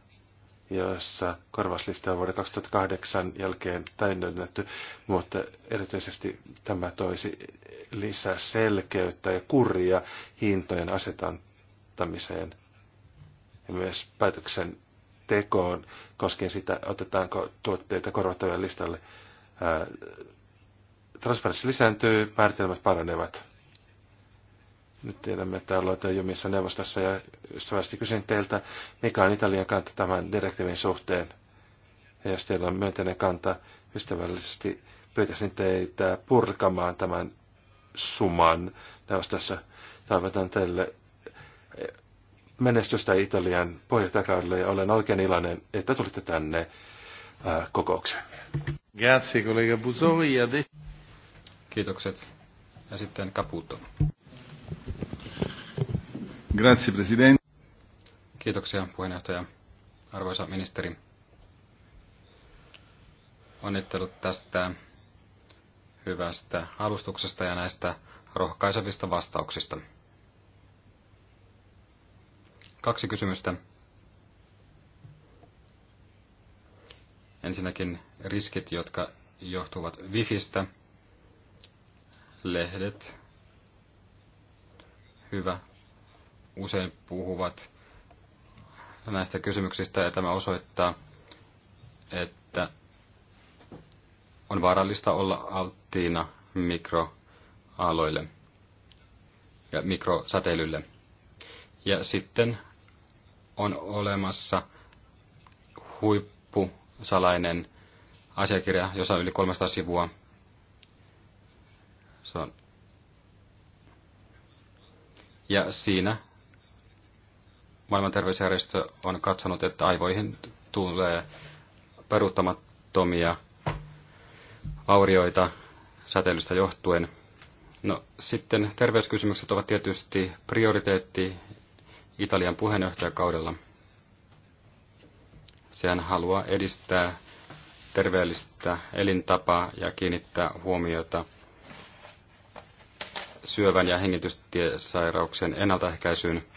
C: joissa korvauslista on vuoden 2008 jälkeen täydennetty, mutta erityisesti tämä toisi lisää selkeyttä ja kuria hintojen asetantamiseen ja myös päätöksen tekoon koskien sitä, otetaanko tuotteita korvattavien listalle. Transparenssi lisääntyy, määritelmät paranevat. Nyt tiedämme, että olette jo jumissa neuvostossa ja ystävästi kysyn teiltä, mikä on Italian kanta tämän direktiivin suhteen. Ja jos teillä on myönteinen kanta, ystävällisesti pyytäisin teitä purkamaan tämän suman neuvostossa. Toivotan teille menestystä Italian puheenjohtajakaudelle ja olen oikein iloinen, että tulitte tänne
B: äh, kokoukseen. Grazie, kollega Busoi. Kiitokset. Ja sitten Caputo. Grazie, Kiitoksia, puheenjohtaja. Arvoisa ministeri, onnittelut tästä hyvästä alustuksesta ja näistä rohkaisevista vastauksista. Kaksi kysymystä. Ensinnäkin riskit, jotka johtuvat Wifistä. Lehdet. Hyvä usein puhuvat näistä kysymyksistä ja tämä osoittaa, että on vaarallista olla alttiina mikroaloille ja mikrosäteilylle. Ja sitten on olemassa huippusalainen asiakirja, jossa on yli 300 sivua. Se on. Ja siinä Maailman terveysjärjestö on katsonut, että aivoihin tulee peruuttamattomia aurioita säteilystä johtuen. No sitten terveyskysymykset ovat tietysti prioriteetti Italian puheenjohtajakaudella. Sehän haluaa edistää terveellistä elintapaa ja kiinnittää huomiota syövän ja hengitystiesairauksen ennaltaehkäisyyn –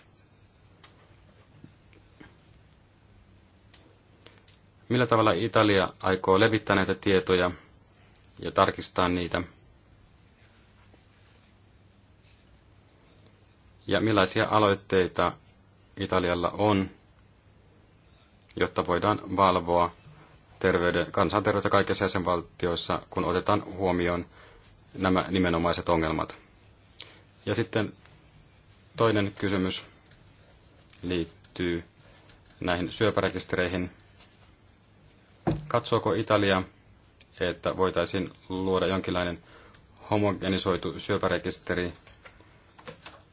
B: Millä tavalla Italia aikoo levittää näitä tietoja ja tarkistaa niitä? Ja millaisia aloitteita Italialla on, jotta voidaan valvoa terveyden, kansanterveyttä kaikissa jäsenvaltioissa, kun otetaan huomioon nämä nimenomaiset ongelmat. Ja sitten toinen kysymys liittyy näihin syöpärekistereihin – Katsooko Italia, että voitaisiin luoda jonkinlainen homogenisoitu syöpärekisteri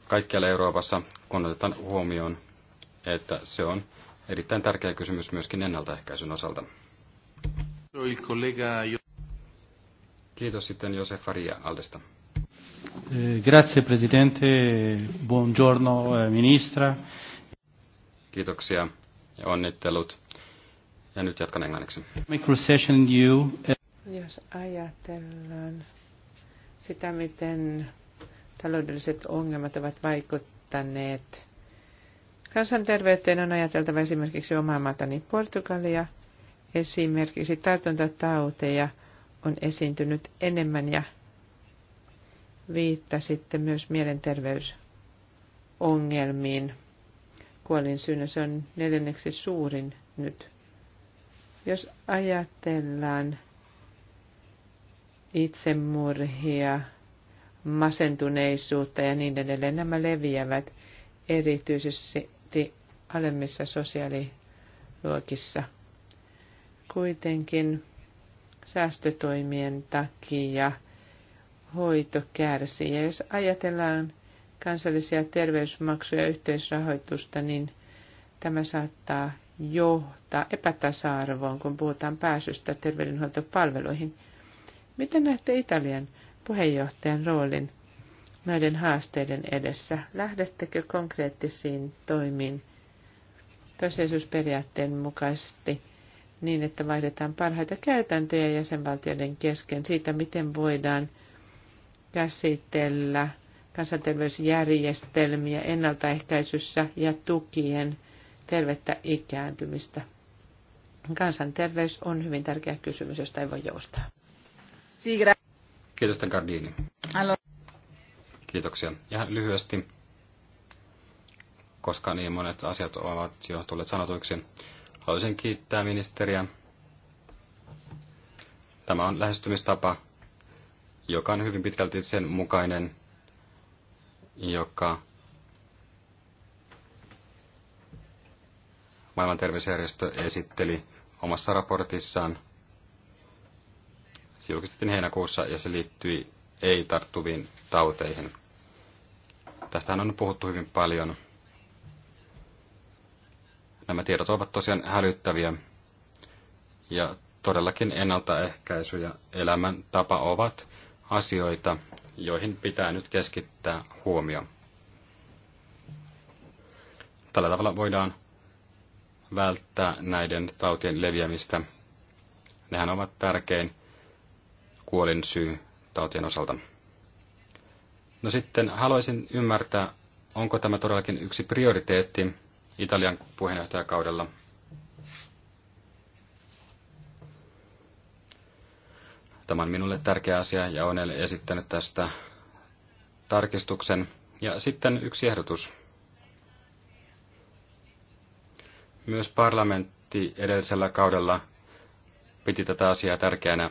B: kaikkialla Euroopassa, kun otetaan huomioon, että se on erittäin tärkeä kysymys myöskin ennaltaehkäisyn osalta. Kiitos sitten Josef Faria Aldesta.
A: Eh, grazie Presidente, buongiorno eh, ministra.
B: Kiitoksia ja onnittelut ja nyt jatkan englanniksi. Eh,
D: Jos ajatellaan sitä, miten taloudelliset ongelmat ovat vaikuttaneet kansanterveyteen, on ajateltava esimerkiksi omaa maatani Portugalia. Esimerkiksi tartuntatauteja on esiintynyt enemmän ja sitten myös mielenterveysongelmiin. Kuolin syynä se on neljänneksi suurin nyt jos ajatellaan itsemurhia, masentuneisuutta ja niin edelleen, nämä leviävät erityisesti alemmissa sosiaaliluokissa. Kuitenkin säästötoimien takia hoito kärsii. Ja jos ajatellaan kansallisia terveysmaksuja ja yhteisrahoitusta, niin tämä saattaa johtaa epätasa-arvoon, kun puhutaan pääsystä terveydenhuoltopalveluihin. Miten näette Italian puheenjohtajan roolin näiden haasteiden edessä? Lähdettekö konkreettisiin toimiin toiseisuusperiaatteen mukaisesti niin, että vaihdetaan parhaita käytäntöjä jäsenvaltioiden kesken siitä, miten voidaan käsitellä kansanterveysjärjestelmiä ennaltaehkäisyssä ja tukien – tervettä ikääntymistä. Kansanterveys on hyvin tärkeä kysymys, josta ei voi joustaa.
B: Kiitos, Gardini. Kiitoksia. Ja lyhyesti, koska niin monet asiat ovat jo tulleet sanotuiksi, haluaisin kiittää ministeriä. Tämä on lähestymistapa, joka on hyvin pitkälti sen mukainen, joka Maailman terveysjärjestö esitteli omassa raportissaan. Se julkistettiin heinäkuussa ja se liittyi ei-tarttuviin tauteihin. Tästähän on puhuttu hyvin paljon. Nämä tiedot ovat tosiaan hälyttäviä ja todellakin ennaltaehkäisy ja elämäntapa ovat asioita, joihin pitää nyt keskittää huomio. Tällä tavalla voidaan välttää näiden tautien leviämistä. Nehän ovat tärkein kuolin syy tautien osalta. No sitten haluaisin ymmärtää, onko tämä todellakin yksi prioriteetti Italian puheenjohtajakaudella. Tämä on minulle tärkeä asia ja olen esittänyt tästä tarkistuksen. Ja sitten yksi ehdotus. Myös parlamentti edellisellä kaudella piti tätä asiaa tärkeänä,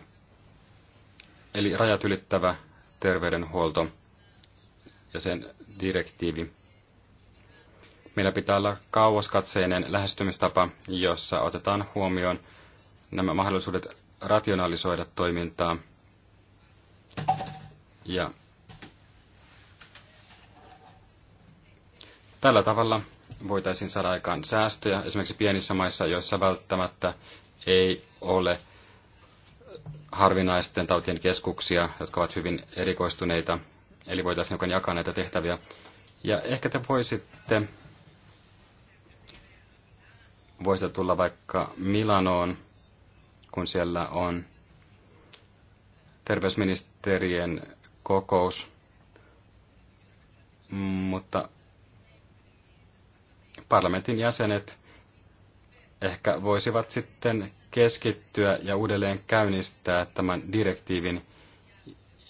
B: eli rajat ylittävä terveydenhuolto ja sen direktiivi. Meillä pitää olla kauaskatseinen lähestymistapa, jossa otetaan huomioon nämä mahdollisuudet rationalisoida toimintaa ja tällä tavalla voitaisiin saada aikaan säästöjä, esimerkiksi pienissä maissa, joissa välttämättä ei ole harvinaisten tautien keskuksia, jotka ovat hyvin erikoistuneita, eli voitaisiin jokainen jakaa näitä tehtäviä. Ja ehkä te voisitte, voisitte tulla vaikka Milanoon, kun siellä on terveysministerien kokous, mutta parlamentin jäsenet ehkä voisivat sitten keskittyä ja uudelleen käynnistää tämän direktiivin,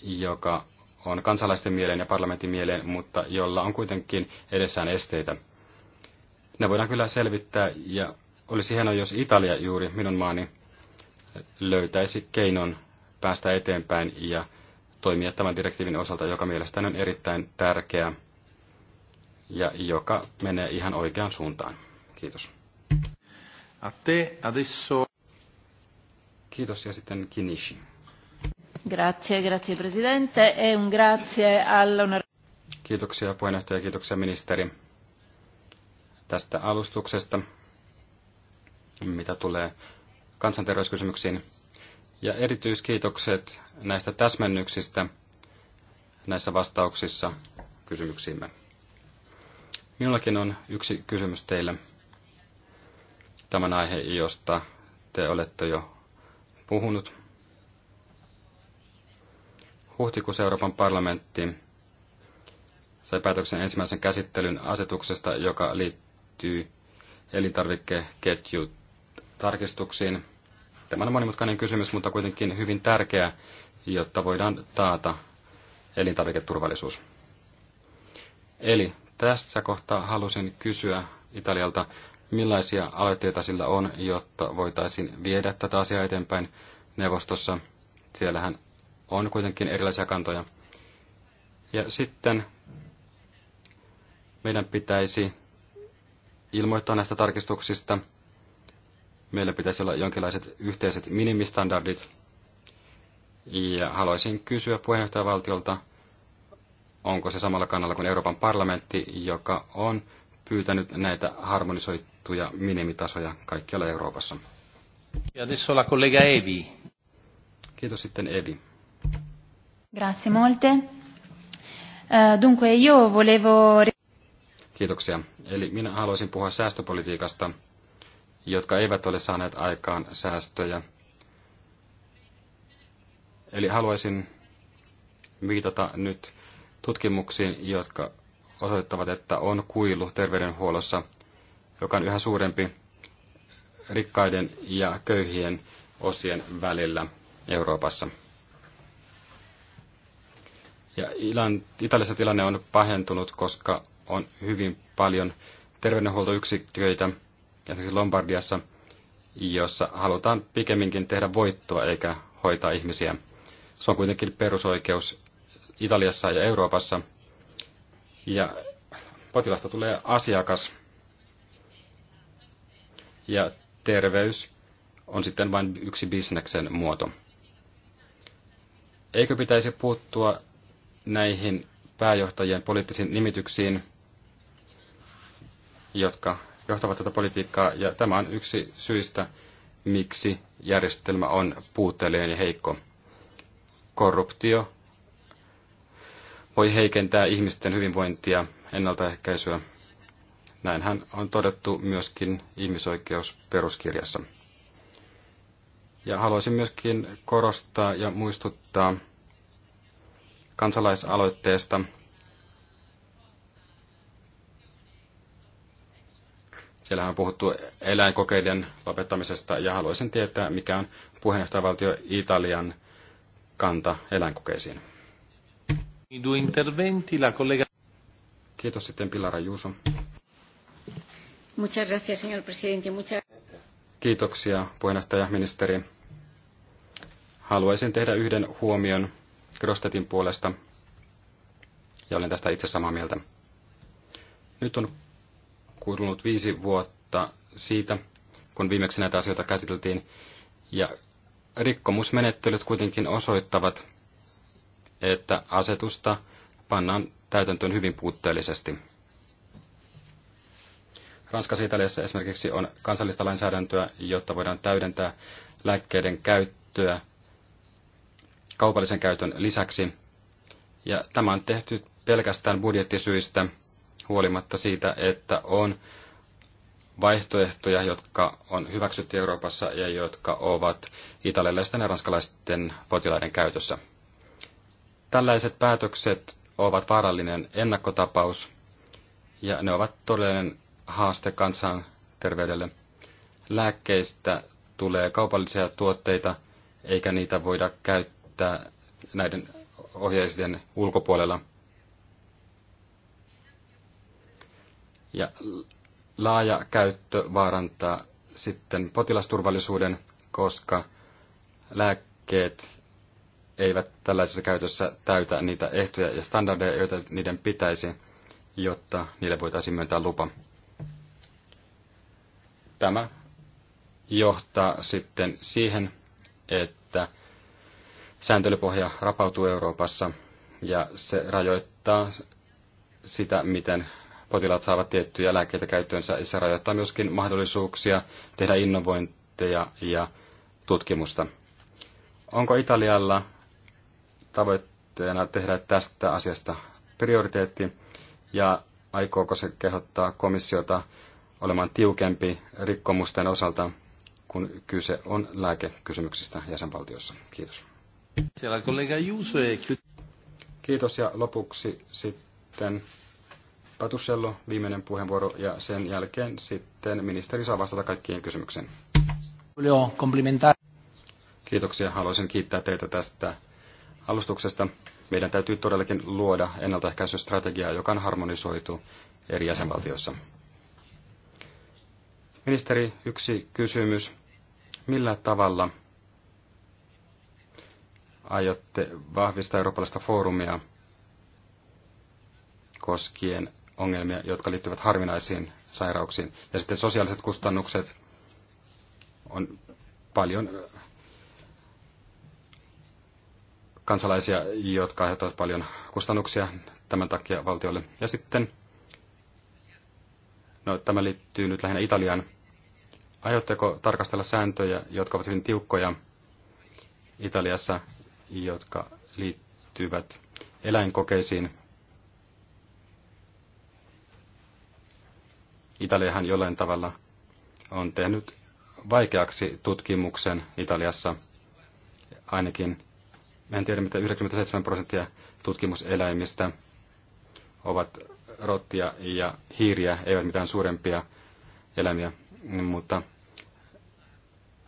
B: joka on kansalaisten mieleen ja parlamentin mieleen, mutta jolla on kuitenkin edessään esteitä. Ne voidaan kyllä selvittää ja olisi hienoa, jos Italia juuri minun maani löytäisi keinon päästä eteenpäin ja toimia tämän direktiivin osalta, joka mielestäni on erittäin tärkeä ja joka menee ihan oikeaan suuntaan. Kiitos. A te adesso... Kiitos ja sitten Kinishi.
A: Grazie, grazie presidente e un grazie all'onore...
B: Kiitoksia puheenjohtaja ja kiitoksia ministeri tästä alustuksesta, mitä tulee kansanterveyskysymyksiin. Ja erityiskiitokset näistä täsmennyksistä näissä vastauksissa kysymyksiimme. Minullakin on yksi kysymys teille. Tämän aiheen josta te olette jo puhunut. Huhtikuussa Euroopan parlamentti sai päätöksen ensimmäisen käsittelyn asetuksesta, joka liittyy elintarvikeketjutarkistuksiin. Tämä on monimutkainen kysymys, mutta kuitenkin hyvin tärkeä, jotta voidaan taata elintarviketurvallisuus. Eli tässä kohtaa halusin kysyä Italialta, millaisia aloitteita sillä on, jotta voitaisiin viedä tätä asiaa eteenpäin neuvostossa. Siellähän on kuitenkin erilaisia kantoja. Ja sitten meidän pitäisi ilmoittaa näistä tarkistuksista. Meillä pitäisi olla jonkinlaiset yhteiset minimistandardit. Ja haluaisin kysyä puheenjohtajavaltiolta, valtiolta onko se samalla kannalla kuin Euroopan parlamentti, joka on pyytänyt näitä harmonisoituja minimitasoja kaikkialla Euroopassa. Ja adesso la collega Evi. Kiitos sitten Evi.
A: Grazie molte. Eh, dunque io volevo...
B: Kiitoksia. Eli minä haluaisin puhua säästöpolitiikasta, jotka eivät ole saaneet aikaan säästöjä. Eli haluaisin viitata nyt tutkimuksiin, jotka osoittavat, että on kuilu terveydenhuollossa, joka on yhä suurempi rikkaiden ja köyhien osien välillä Euroopassa. Ja Italiassa tilanne on pahentunut, koska on hyvin paljon terveydenhuoltoyksiköitä, esimerkiksi Lombardiassa, jossa halutaan pikemminkin tehdä voittoa eikä hoitaa ihmisiä. Se on kuitenkin perusoikeus Italiassa ja Euroopassa. Ja potilasta tulee asiakas. Ja terveys on sitten vain yksi bisneksen muoto. Eikö pitäisi puuttua näihin pääjohtajien poliittisiin nimityksiin, jotka johtavat tätä politiikkaa, ja tämä on yksi syistä, miksi järjestelmä on puutteellinen ja heikko. Korruptio voi heikentää ihmisten hyvinvointia, ennaltaehkäisyä. Näinhän on todettu myöskin ihmisoikeusperuskirjassa. Ja haluaisin myöskin korostaa ja muistuttaa kansalaisaloitteesta. Siellähän on puhuttu eläinkokeiden lopettamisesta ja haluaisin tietää, mikä on puheenjohtajavaltio Italian kanta eläinkokeisiin. Kiitos sitten Pilara
A: Muchas gracias, señor presidente. Muchas...
B: Kiitoksia, puheenjohtaja ministeri. Haluaisin tehdä yhden huomion Grostetin puolesta, ja olen tästä itse samaa mieltä. Nyt on kulunut viisi vuotta siitä, kun viimeksi näitä asioita käsiteltiin, ja rikkomusmenettelyt kuitenkin osoittavat, että asetusta pannaan täytäntöön hyvin puutteellisesti. Ranskassa Italiassa esimerkiksi on kansallista lainsäädäntöä, jotta voidaan täydentää lääkkeiden käyttöä kaupallisen käytön lisäksi. Ja tämä on tehty pelkästään budjettisyistä huolimatta siitä, että on vaihtoehtoja, jotka on hyväksytty Euroopassa ja jotka ovat italialaisten ja ranskalaisten potilaiden käytössä. Tällaiset päätökset ovat vaarallinen ennakkotapaus ja ne ovat todellinen haaste kansanterveydelle. Lääkkeistä tulee kaupallisia tuotteita, eikä niitä voida käyttää näiden ohjeisten ulkopuolella. Ja laaja käyttö vaarantaa sitten potilasturvallisuuden, koska lääkkeet eivät tällaisessa käytössä täytä niitä ehtoja ja standardeja, joita niiden pitäisi, jotta niille voitaisiin myöntää lupa. Tämä johtaa sitten siihen, että sääntelypohja rapautuu Euroopassa ja se rajoittaa sitä, miten potilaat saavat tiettyjä lääkkeitä käyttöönsä. Se rajoittaa myöskin mahdollisuuksia tehdä innovointeja ja tutkimusta. Onko Italialla tavoitteena tehdä tästä asiasta prioriteetti ja aikooko se kehottaa komissiota olemaan tiukempi rikkomusten osalta, kun kyse on lääkekysymyksistä jäsenvaltiossa. Kiitos. Kiitos ja lopuksi sitten Patusello, viimeinen puheenvuoro ja sen jälkeen sitten ministeri saa vastata kaikkiin kysymyksiin. Kiitoksia. Haluaisin kiittää teitä tästä alustuksesta. Meidän täytyy todellakin luoda ennaltaehkäisystrategiaa, joka on harmonisoitu eri jäsenvaltioissa. Ministeri, yksi kysymys. Millä tavalla aiotte vahvistaa eurooppalaista foorumia koskien ongelmia, jotka liittyvät harvinaisiin sairauksiin. Ja sitten sosiaaliset kustannukset on paljon kansalaisia, jotka aiheuttavat paljon kustannuksia tämän takia valtiolle. Ja sitten, no tämä liittyy nyt lähinnä Italiaan. Aiotteko tarkastella sääntöjä, jotka ovat hyvin tiukkoja Italiassa, jotka liittyvät eläinkokeisiin? Italiahan jollain tavalla on tehnyt vaikeaksi tutkimuksen Italiassa, ainakin en tiedä, että 97 prosenttia tutkimuseläimistä ovat rottia ja hiiriä, eivät mitään suurempia eläimiä, mutta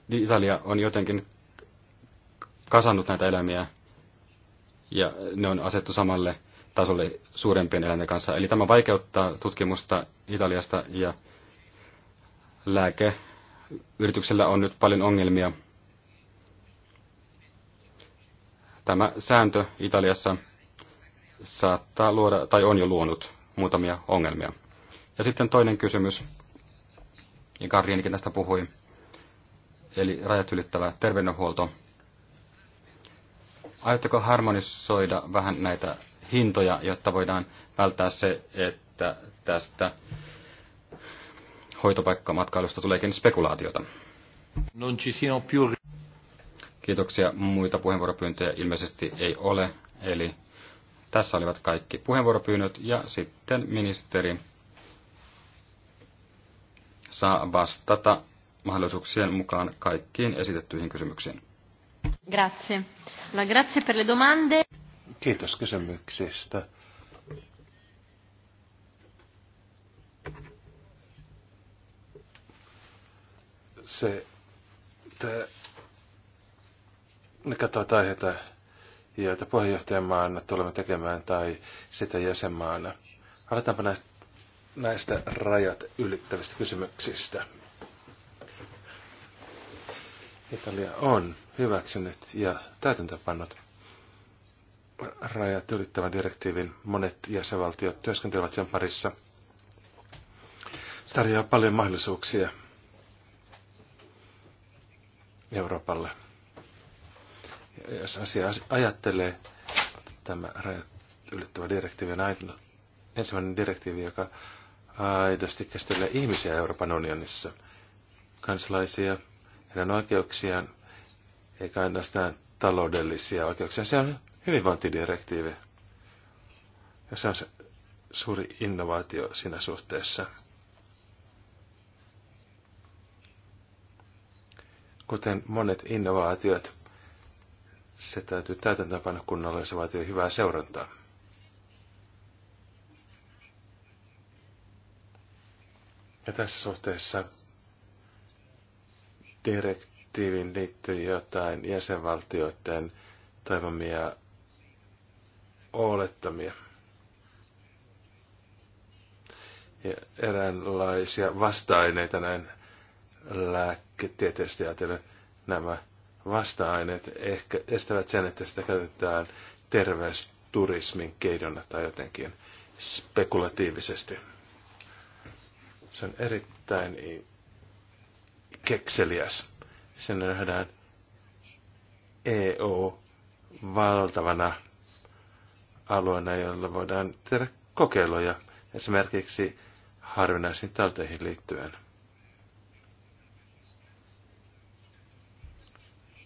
B: Italia on jotenkin kasannut näitä eläimiä ja ne on asettu samalle tasolle suurempien eläinten kanssa. Eli tämä vaikeuttaa tutkimusta Italiasta ja lääkeyrityksellä on nyt paljon ongelmia Tämä sääntö Italiassa saattaa luoda, tai on jo luonut, muutamia ongelmia. Ja sitten toinen kysymys, ja Karriinikin tästä puhui, eli rajat ylittävä terveydenhuolto. Aiotteko harmonisoida vähän näitä hintoja, jotta voidaan välttää se, että tästä hoitopaikkamatkailusta tuleekin spekulaatiota?
A: Non ci siano più...
B: Kiitoksia. Muita puheenvuoropyyntöjä ilmeisesti ei ole, eli tässä olivat kaikki puheenvuoropyynnöt ja sitten ministeri saa vastata mahdollisuuksien mukaan kaikkiin esitettyihin kysymyksiin.
A: Grazie. La grazie per le domande.
B: Kiitos kysymyksistä.
C: Se, te ne katsovat aiheita, joita puheenjohtajamaana tulemme tekemään tai sitä jäsenmaana. Aletaanpa näistä, näistä rajat ylittävistä kysymyksistä. Italia on hyväksynyt ja täytäntöpannut rajat ylittävän direktiivin. Monet jäsenvaltiot työskentelevät sen parissa. Se tarjoaa paljon mahdollisuuksia Euroopalle. Jos asia ajattelee, tämä rajat ylittävä direktiivi on ensimmäinen direktiivi, joka aidosti käsittelee ihmisiä Euroopan unionissa, kansalaisia, heidän oikeuksiaan, eikä ainoastaan taloudellisia oikeuksia. Se on hyvinvointidirektiivi, ja se on se suuri innovaatio siinä suhteessa. Kuten monet innovaatiot, se täytyy täytäntöönpanna kunnolla ja se vaatii hyvää seurantaa. Ja tässä suhteessa direktiivin liittyy jotain jäsenvaltioiden toivomia olettamia ja eräänlaisia vasta-aineita näin lääketieteellisesti ajatellen nämä vasta-aineet ehkä estävät sen, että sitä käytetään terveysturismin keidona tai jotenkin spekulatiivisesti. Se on erittäin kekseliäs. Sen nähdään EO valtavana alueena, jolla voidaan tehdä kokeiluja esimerkiksi harvinaisiin talteihin liittyen.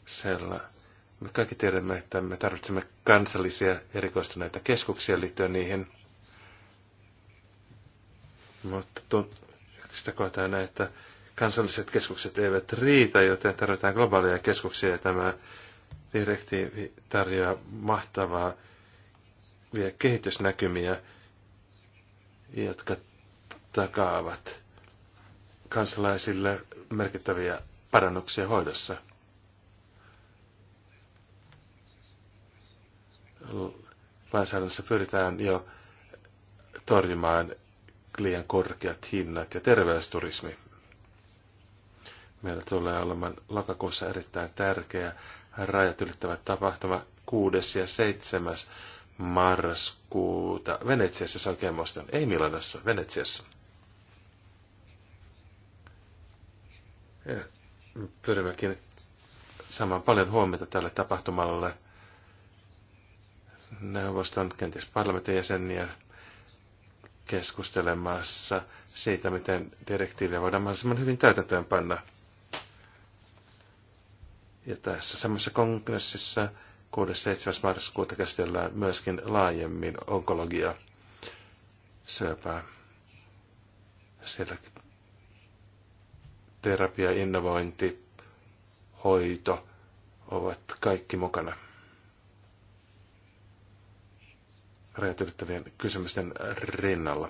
C: sella. Me kaikki tiedämme, että me tarvitsemme kansallisia erikoistuneita keskuksia liittyen niihin. Mutta sitä kohtaa näin, että kansalliset keskukset eivät riitä, joten tarvitaan globaaleja keskuksia ja tämä direktiivi tarjoaa mahtavaa vielä kehitysnäkymiä, jotka takaavat kansalaisille merkittäviä parannuksia hoidossa. lainsäädännössä pyritään jo torjumaan liian korkeat hinnat ja terveysturismi. Meillä tulee olemaan lokakuussa erittäin tärkeä rajat ylittävä tapahtuma 6. ja 7. marraskuuta Venetsiassa, se oikein muistan, ei Milanassa, Venetsiassa. Ja pyrimmekin saamaan paljon huomiota tälle tapahtumalle – neuvoston, kenties parlamentin jäseniä keskustelemassa siitä, miten direktiiviä voidaan mahdollisimman hyvin täytäntöön panna. Ja tässä samassa kongressissa 6.7. marraskuuta käsitellään myöskin laajemmin onkologia, syöpää. Siellä terapia, innovointi, hoito ovat kaikki mukana. rajat kysymysten rinnalla.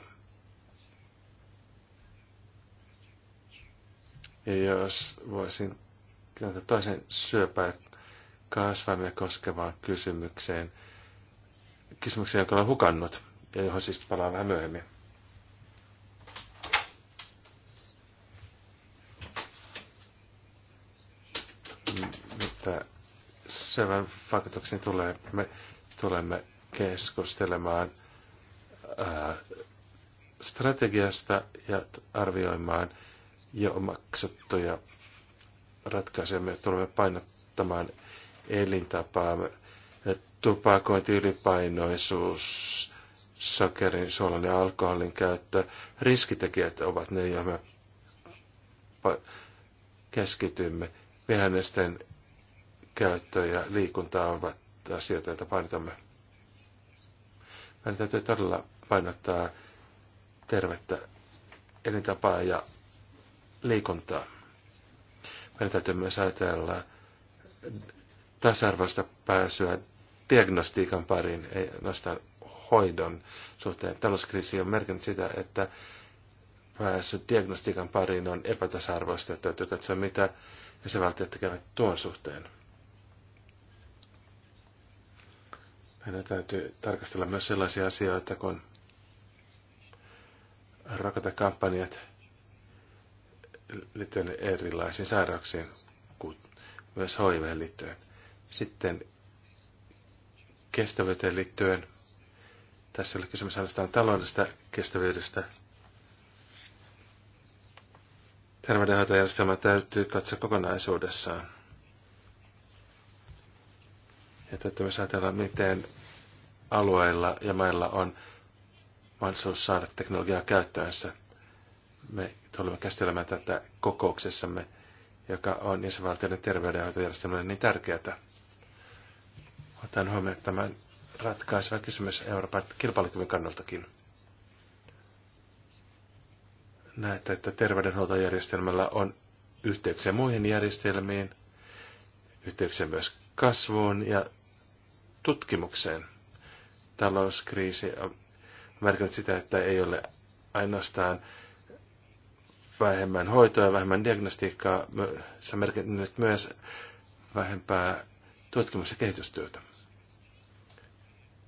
C: Ja jos voisin kääntää toisen syöpää kasvamme koskevaan kysymykseen, kysymykseen, jonka olen hukannut, ja johon siis palaan vähän myöhemmin. Mitä syövän vaikutuksiin tulee, me tulemme keskustelemaan strategiasta ja arvioimaan jo maksettuja ratkaisuja. Me tulemme painottamaan elintapaa, tupakointi, ylipainoisuus, sokerin, suolan ja alkoholin käyttö. Riskitekijät ovat ne, joihin me keskitymme. Vihannesten käyttö ja liikunta ovat asioita, joita painotamme. Meidän täytyy todella painottaa tervettä elintapaa ja liikuntaa. Meidän täytyy myös ajatella tasa-arvoista pääsyä diagnostiikan pariin, ei nostaa hoidon suhteen. Talouskriisi on merkinnyt sitä, että pääsy diagnostiikan pariin on epätasa-arvoista, että täytyy katsoa mitä jäsenvaltiot tekevät tuon suhteen. Meidän täytyy tarkastella myös sellaisia asioita kun rokotekampanjat liittyen erilaisiin sairauksiin, myös HIV liittyen. Sitten kestävyyteen liittyen. Tässä oli kysymys ainoastaan taloudellisesta kestävyydestä. Terveydenhoitojärjestelmä täytyy katsoa kokonaisuudessaan. Että, että myös ajatellaan, miten alueilla ja mailla on mahdollisuus saada teknologiaa käyttöönsä. Me tulemme käsittelemään tätä kokouksessamme, joka on jäsenvaltioiden terveydenhoitojärjestelmälle niin tärkeää. Otan huomioon tämän ratkaiseva kysymys Euroopan kilpailukyvyn kannaltakin. Näette, että terveydenhuoltojärjestelmällä on yhteyksiä muihin järjestelmiin, yhteyksiä myös kasvuun ja tutkimukseen. Talouskriisi on merkinnyt sitä, että ei ole ainoastaan vähemmän hoitoa ja vähemmän diagnostiikkaa, se on merkinnyt myös vähempää tutkimus- ja kehitystyötä.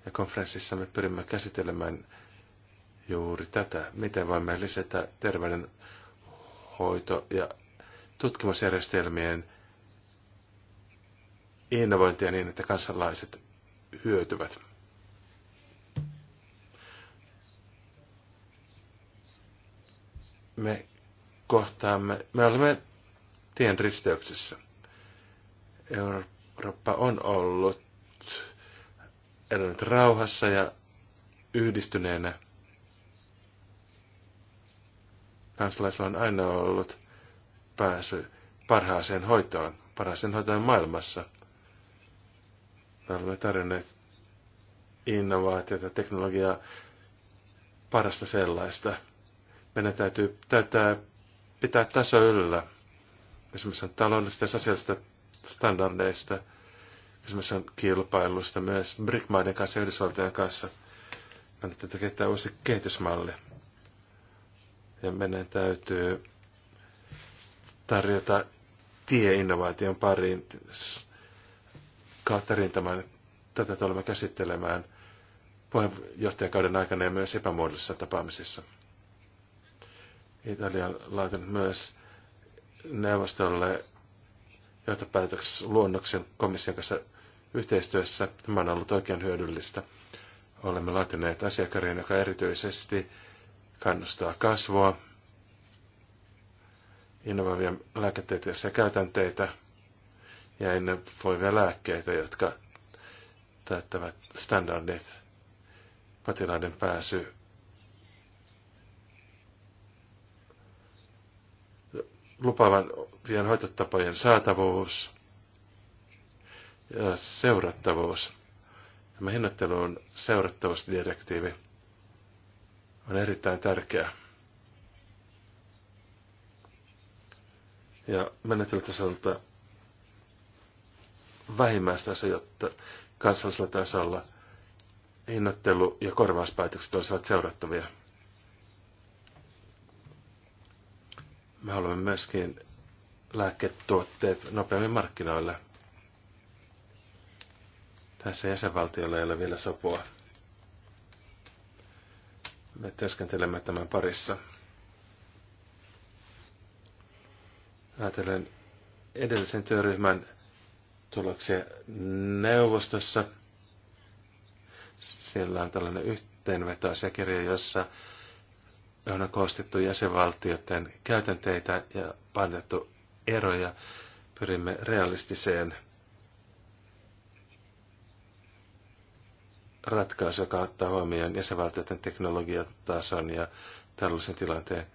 C: Ja konferenssissa me pyrimme käsittelemään juuri tätä, miten voimme lisätä terveydenhoito- ja tutkimusjärjestelmien innovointia niin, että kansalaiset hyötyvät. Me kohtaamme, me olemme tien risteyksessä. Eurooppa on ollut elänyt rauhassa ja yhdistyneenä. Kansalaisilla on aina ollut pääsy parhaaseen hoitoon, parhaaseen hoitoon maailmassa – me olemme tarjonneet innovaatiota, teknologiaa, parasta sellaista. Meidän täytyy täyttää, pitää taso yllä. esimerkiksi on taloudellista ja sosiaalista standardeista. esimerkiksi on kilpailusta myös BRIC-maiden kanssa ja Yhdysvaltojen kanssa. Meidän täytyy kehittää uusi kehitysmalli. Ja meidän täytyy tarjota tie innovaation pariin Katarin tämän, tätä tulemme käsittelemään kauden aikana ja myös epämuodollisissa tapaamisissa. Italia on myös neuvostolle johtopäätöksessä luonnoksen komission kanssa yhteistyössä. Tämä on ollut oikein hyödyllistä. Olemme laatineet asiakirjan, joka erityisesti kannustaa kasvua, innovaavia lääketieteellisiä käytänteitä – ja voivia lääkkeitä, jotka täyttävät standardit potilaiden pääsy lupaavan hoitotapojen saatavuus ja seurattavuus. Tämä hinnoitteluun seurattavuusdirektiivi on erittäin tärkeä. Ja menetelytasolta se, jotta kansallisella tasolla hinnoittelu- ja korvauspäätökset olisivat seurattavia. Me haluamme myöskin lääketuotteet nopeammin markkinoille. Tässä jäsenvaltiolla ei ole vielä sopua. Me työskentelemme tämän parissa. Ajattelen edellisen työryhmän tuloksia neuvostossa. Siellä on tällainen yhteenvetoasiakirja, jossa on koostettu jäsenvaltioiden käytänteitä ja painettu eroja. Pyrimme realistiseen ratkaisuun, joka ottaa huomioon jäsenvaltioiden teknologiatason ja tällaisen tilanteen.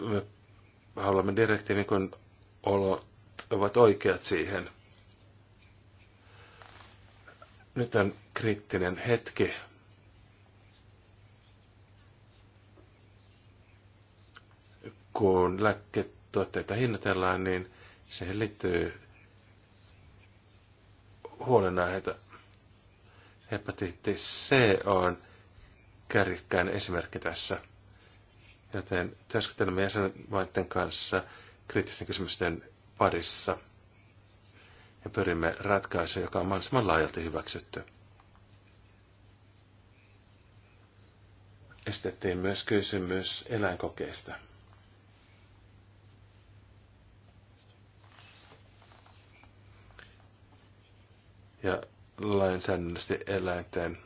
C: Me haluamme direktiivin, kun olo ovat oikeat siihen. Nyt on kriittinen hetki. Kun lääketuotteita hinnatellaan, niin siihen liittyy huolenaiheita. Hepatiitti C on kärjikkään esimerkki tässä. Joten työskentelemme jäsenmaiden kanssa kriittisten kysymysten parissa ja pyrimme ratkaisuun, joka on mahdollisimman laajalti hyväksytty. Estettiin myös kysymys eläinkokeista. Ja lainsäädännöllisesti eläinten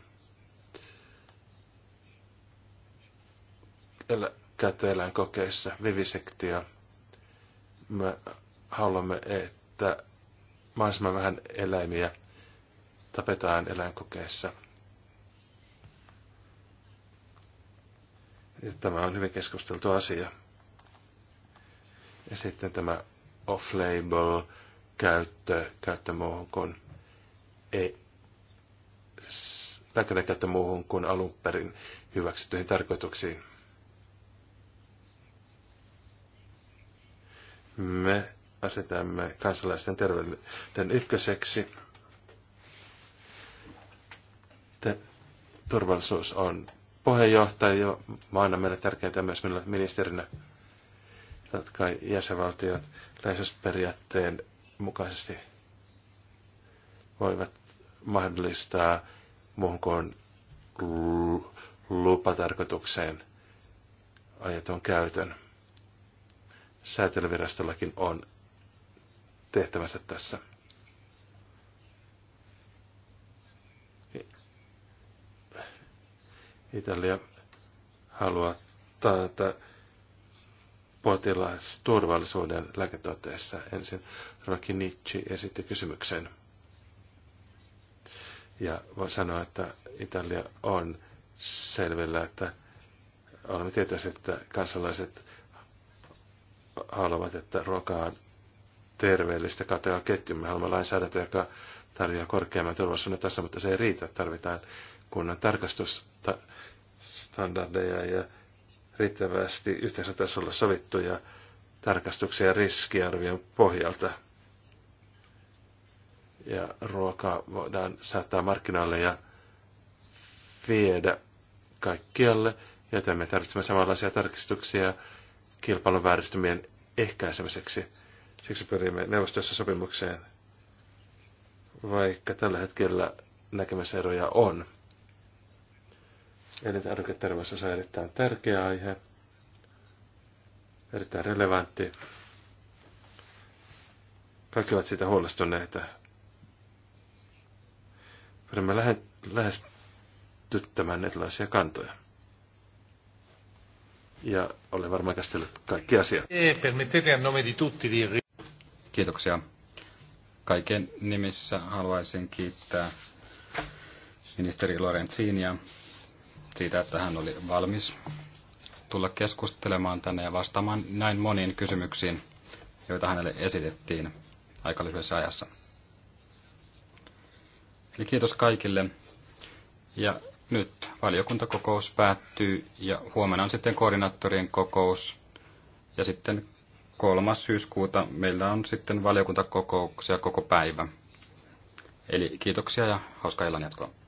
C: elä, käyttöeläinkokeissa vivisektio. Me haluamme, että mahdollisimman vähän eläimiä tapetaan eläinkokeissa. Ja tämä on hyvin keskusteltu asia. Ja sitten tämä off-label käyttö, käyttö muuhun kuin ei, käyttö muuhun kuin alun perin hyväksyttyihin tarkoituksiin. Me asetamme kansalaisten terveyden ykköseksi. Te, turvallisuus on puheenjohtaja jo maana meille tärkeintä myös minulle ministerinä. jotka jäsenvaltiot läheisyysperiaatteen mukaisesti voivat mahdollistaa muuhun kuin lupatarkoitukseen ajaton käytön. Säätelyvirastollakin on tehtävänsä tässä. Italia haluaa taata turvallisuuden lääketuotteissa. Ensin Nietzsche esitti kysymyksen. Ja voi sanoa, että Italia on selvillä, että olemme tietoisia, että kansalaiset haluavat, että on terveellistä katea ketjun. Me haluamme lainsäädäntö, joka tarjoaa korkeamman turvallisuuden tässä, mutta se ei riitä. Tarvitaan kunnan tarkastusstandardeja ja riittävästi yhteisötasolla sovittuja tarkastuksia riskiarvion pohjalta. Ja ruokaa voidaan saattaa markkinoille ja viedä kaikkialle, joten me tarvitsemme samanlaisia tarkistuksia kilpailun vääristymien ehkäisemiseksi Siksi pyrimme neuvostossa sopimukseen, vaikka tällä hetkellä eroja on. Elintarviketerveys on erittäin tärkeä aihe, erittäin relevantti. Kaikki ovat siitä huolestuneita. Pyrimme lähestyttämään erilaisia kantoja. Ja
B: olen varmaan käsitellyt kaikki asiat.
A: E permettete a nome di tutti di
B: Kiitoksia. Kaiken nimissä haluaisin kiittää ministeri Lorenzinia siitä, että hän oli valmis tulla keskustelemaan tänne ja vastaamaan näin moniin kysymyksiin, joita hänelle esitettiin aika lyhyessä ajassa. Eli kiitos kaikille. Ja nyt valiokuntakokous päättyy ja huomenna on sitten koordinaattorien kokous ja sitten kolmas syyskuuta meillä on sitten valiokuntakokouksia koko päivä. Eli kiitoksia ja hauskaa illan jatkoa.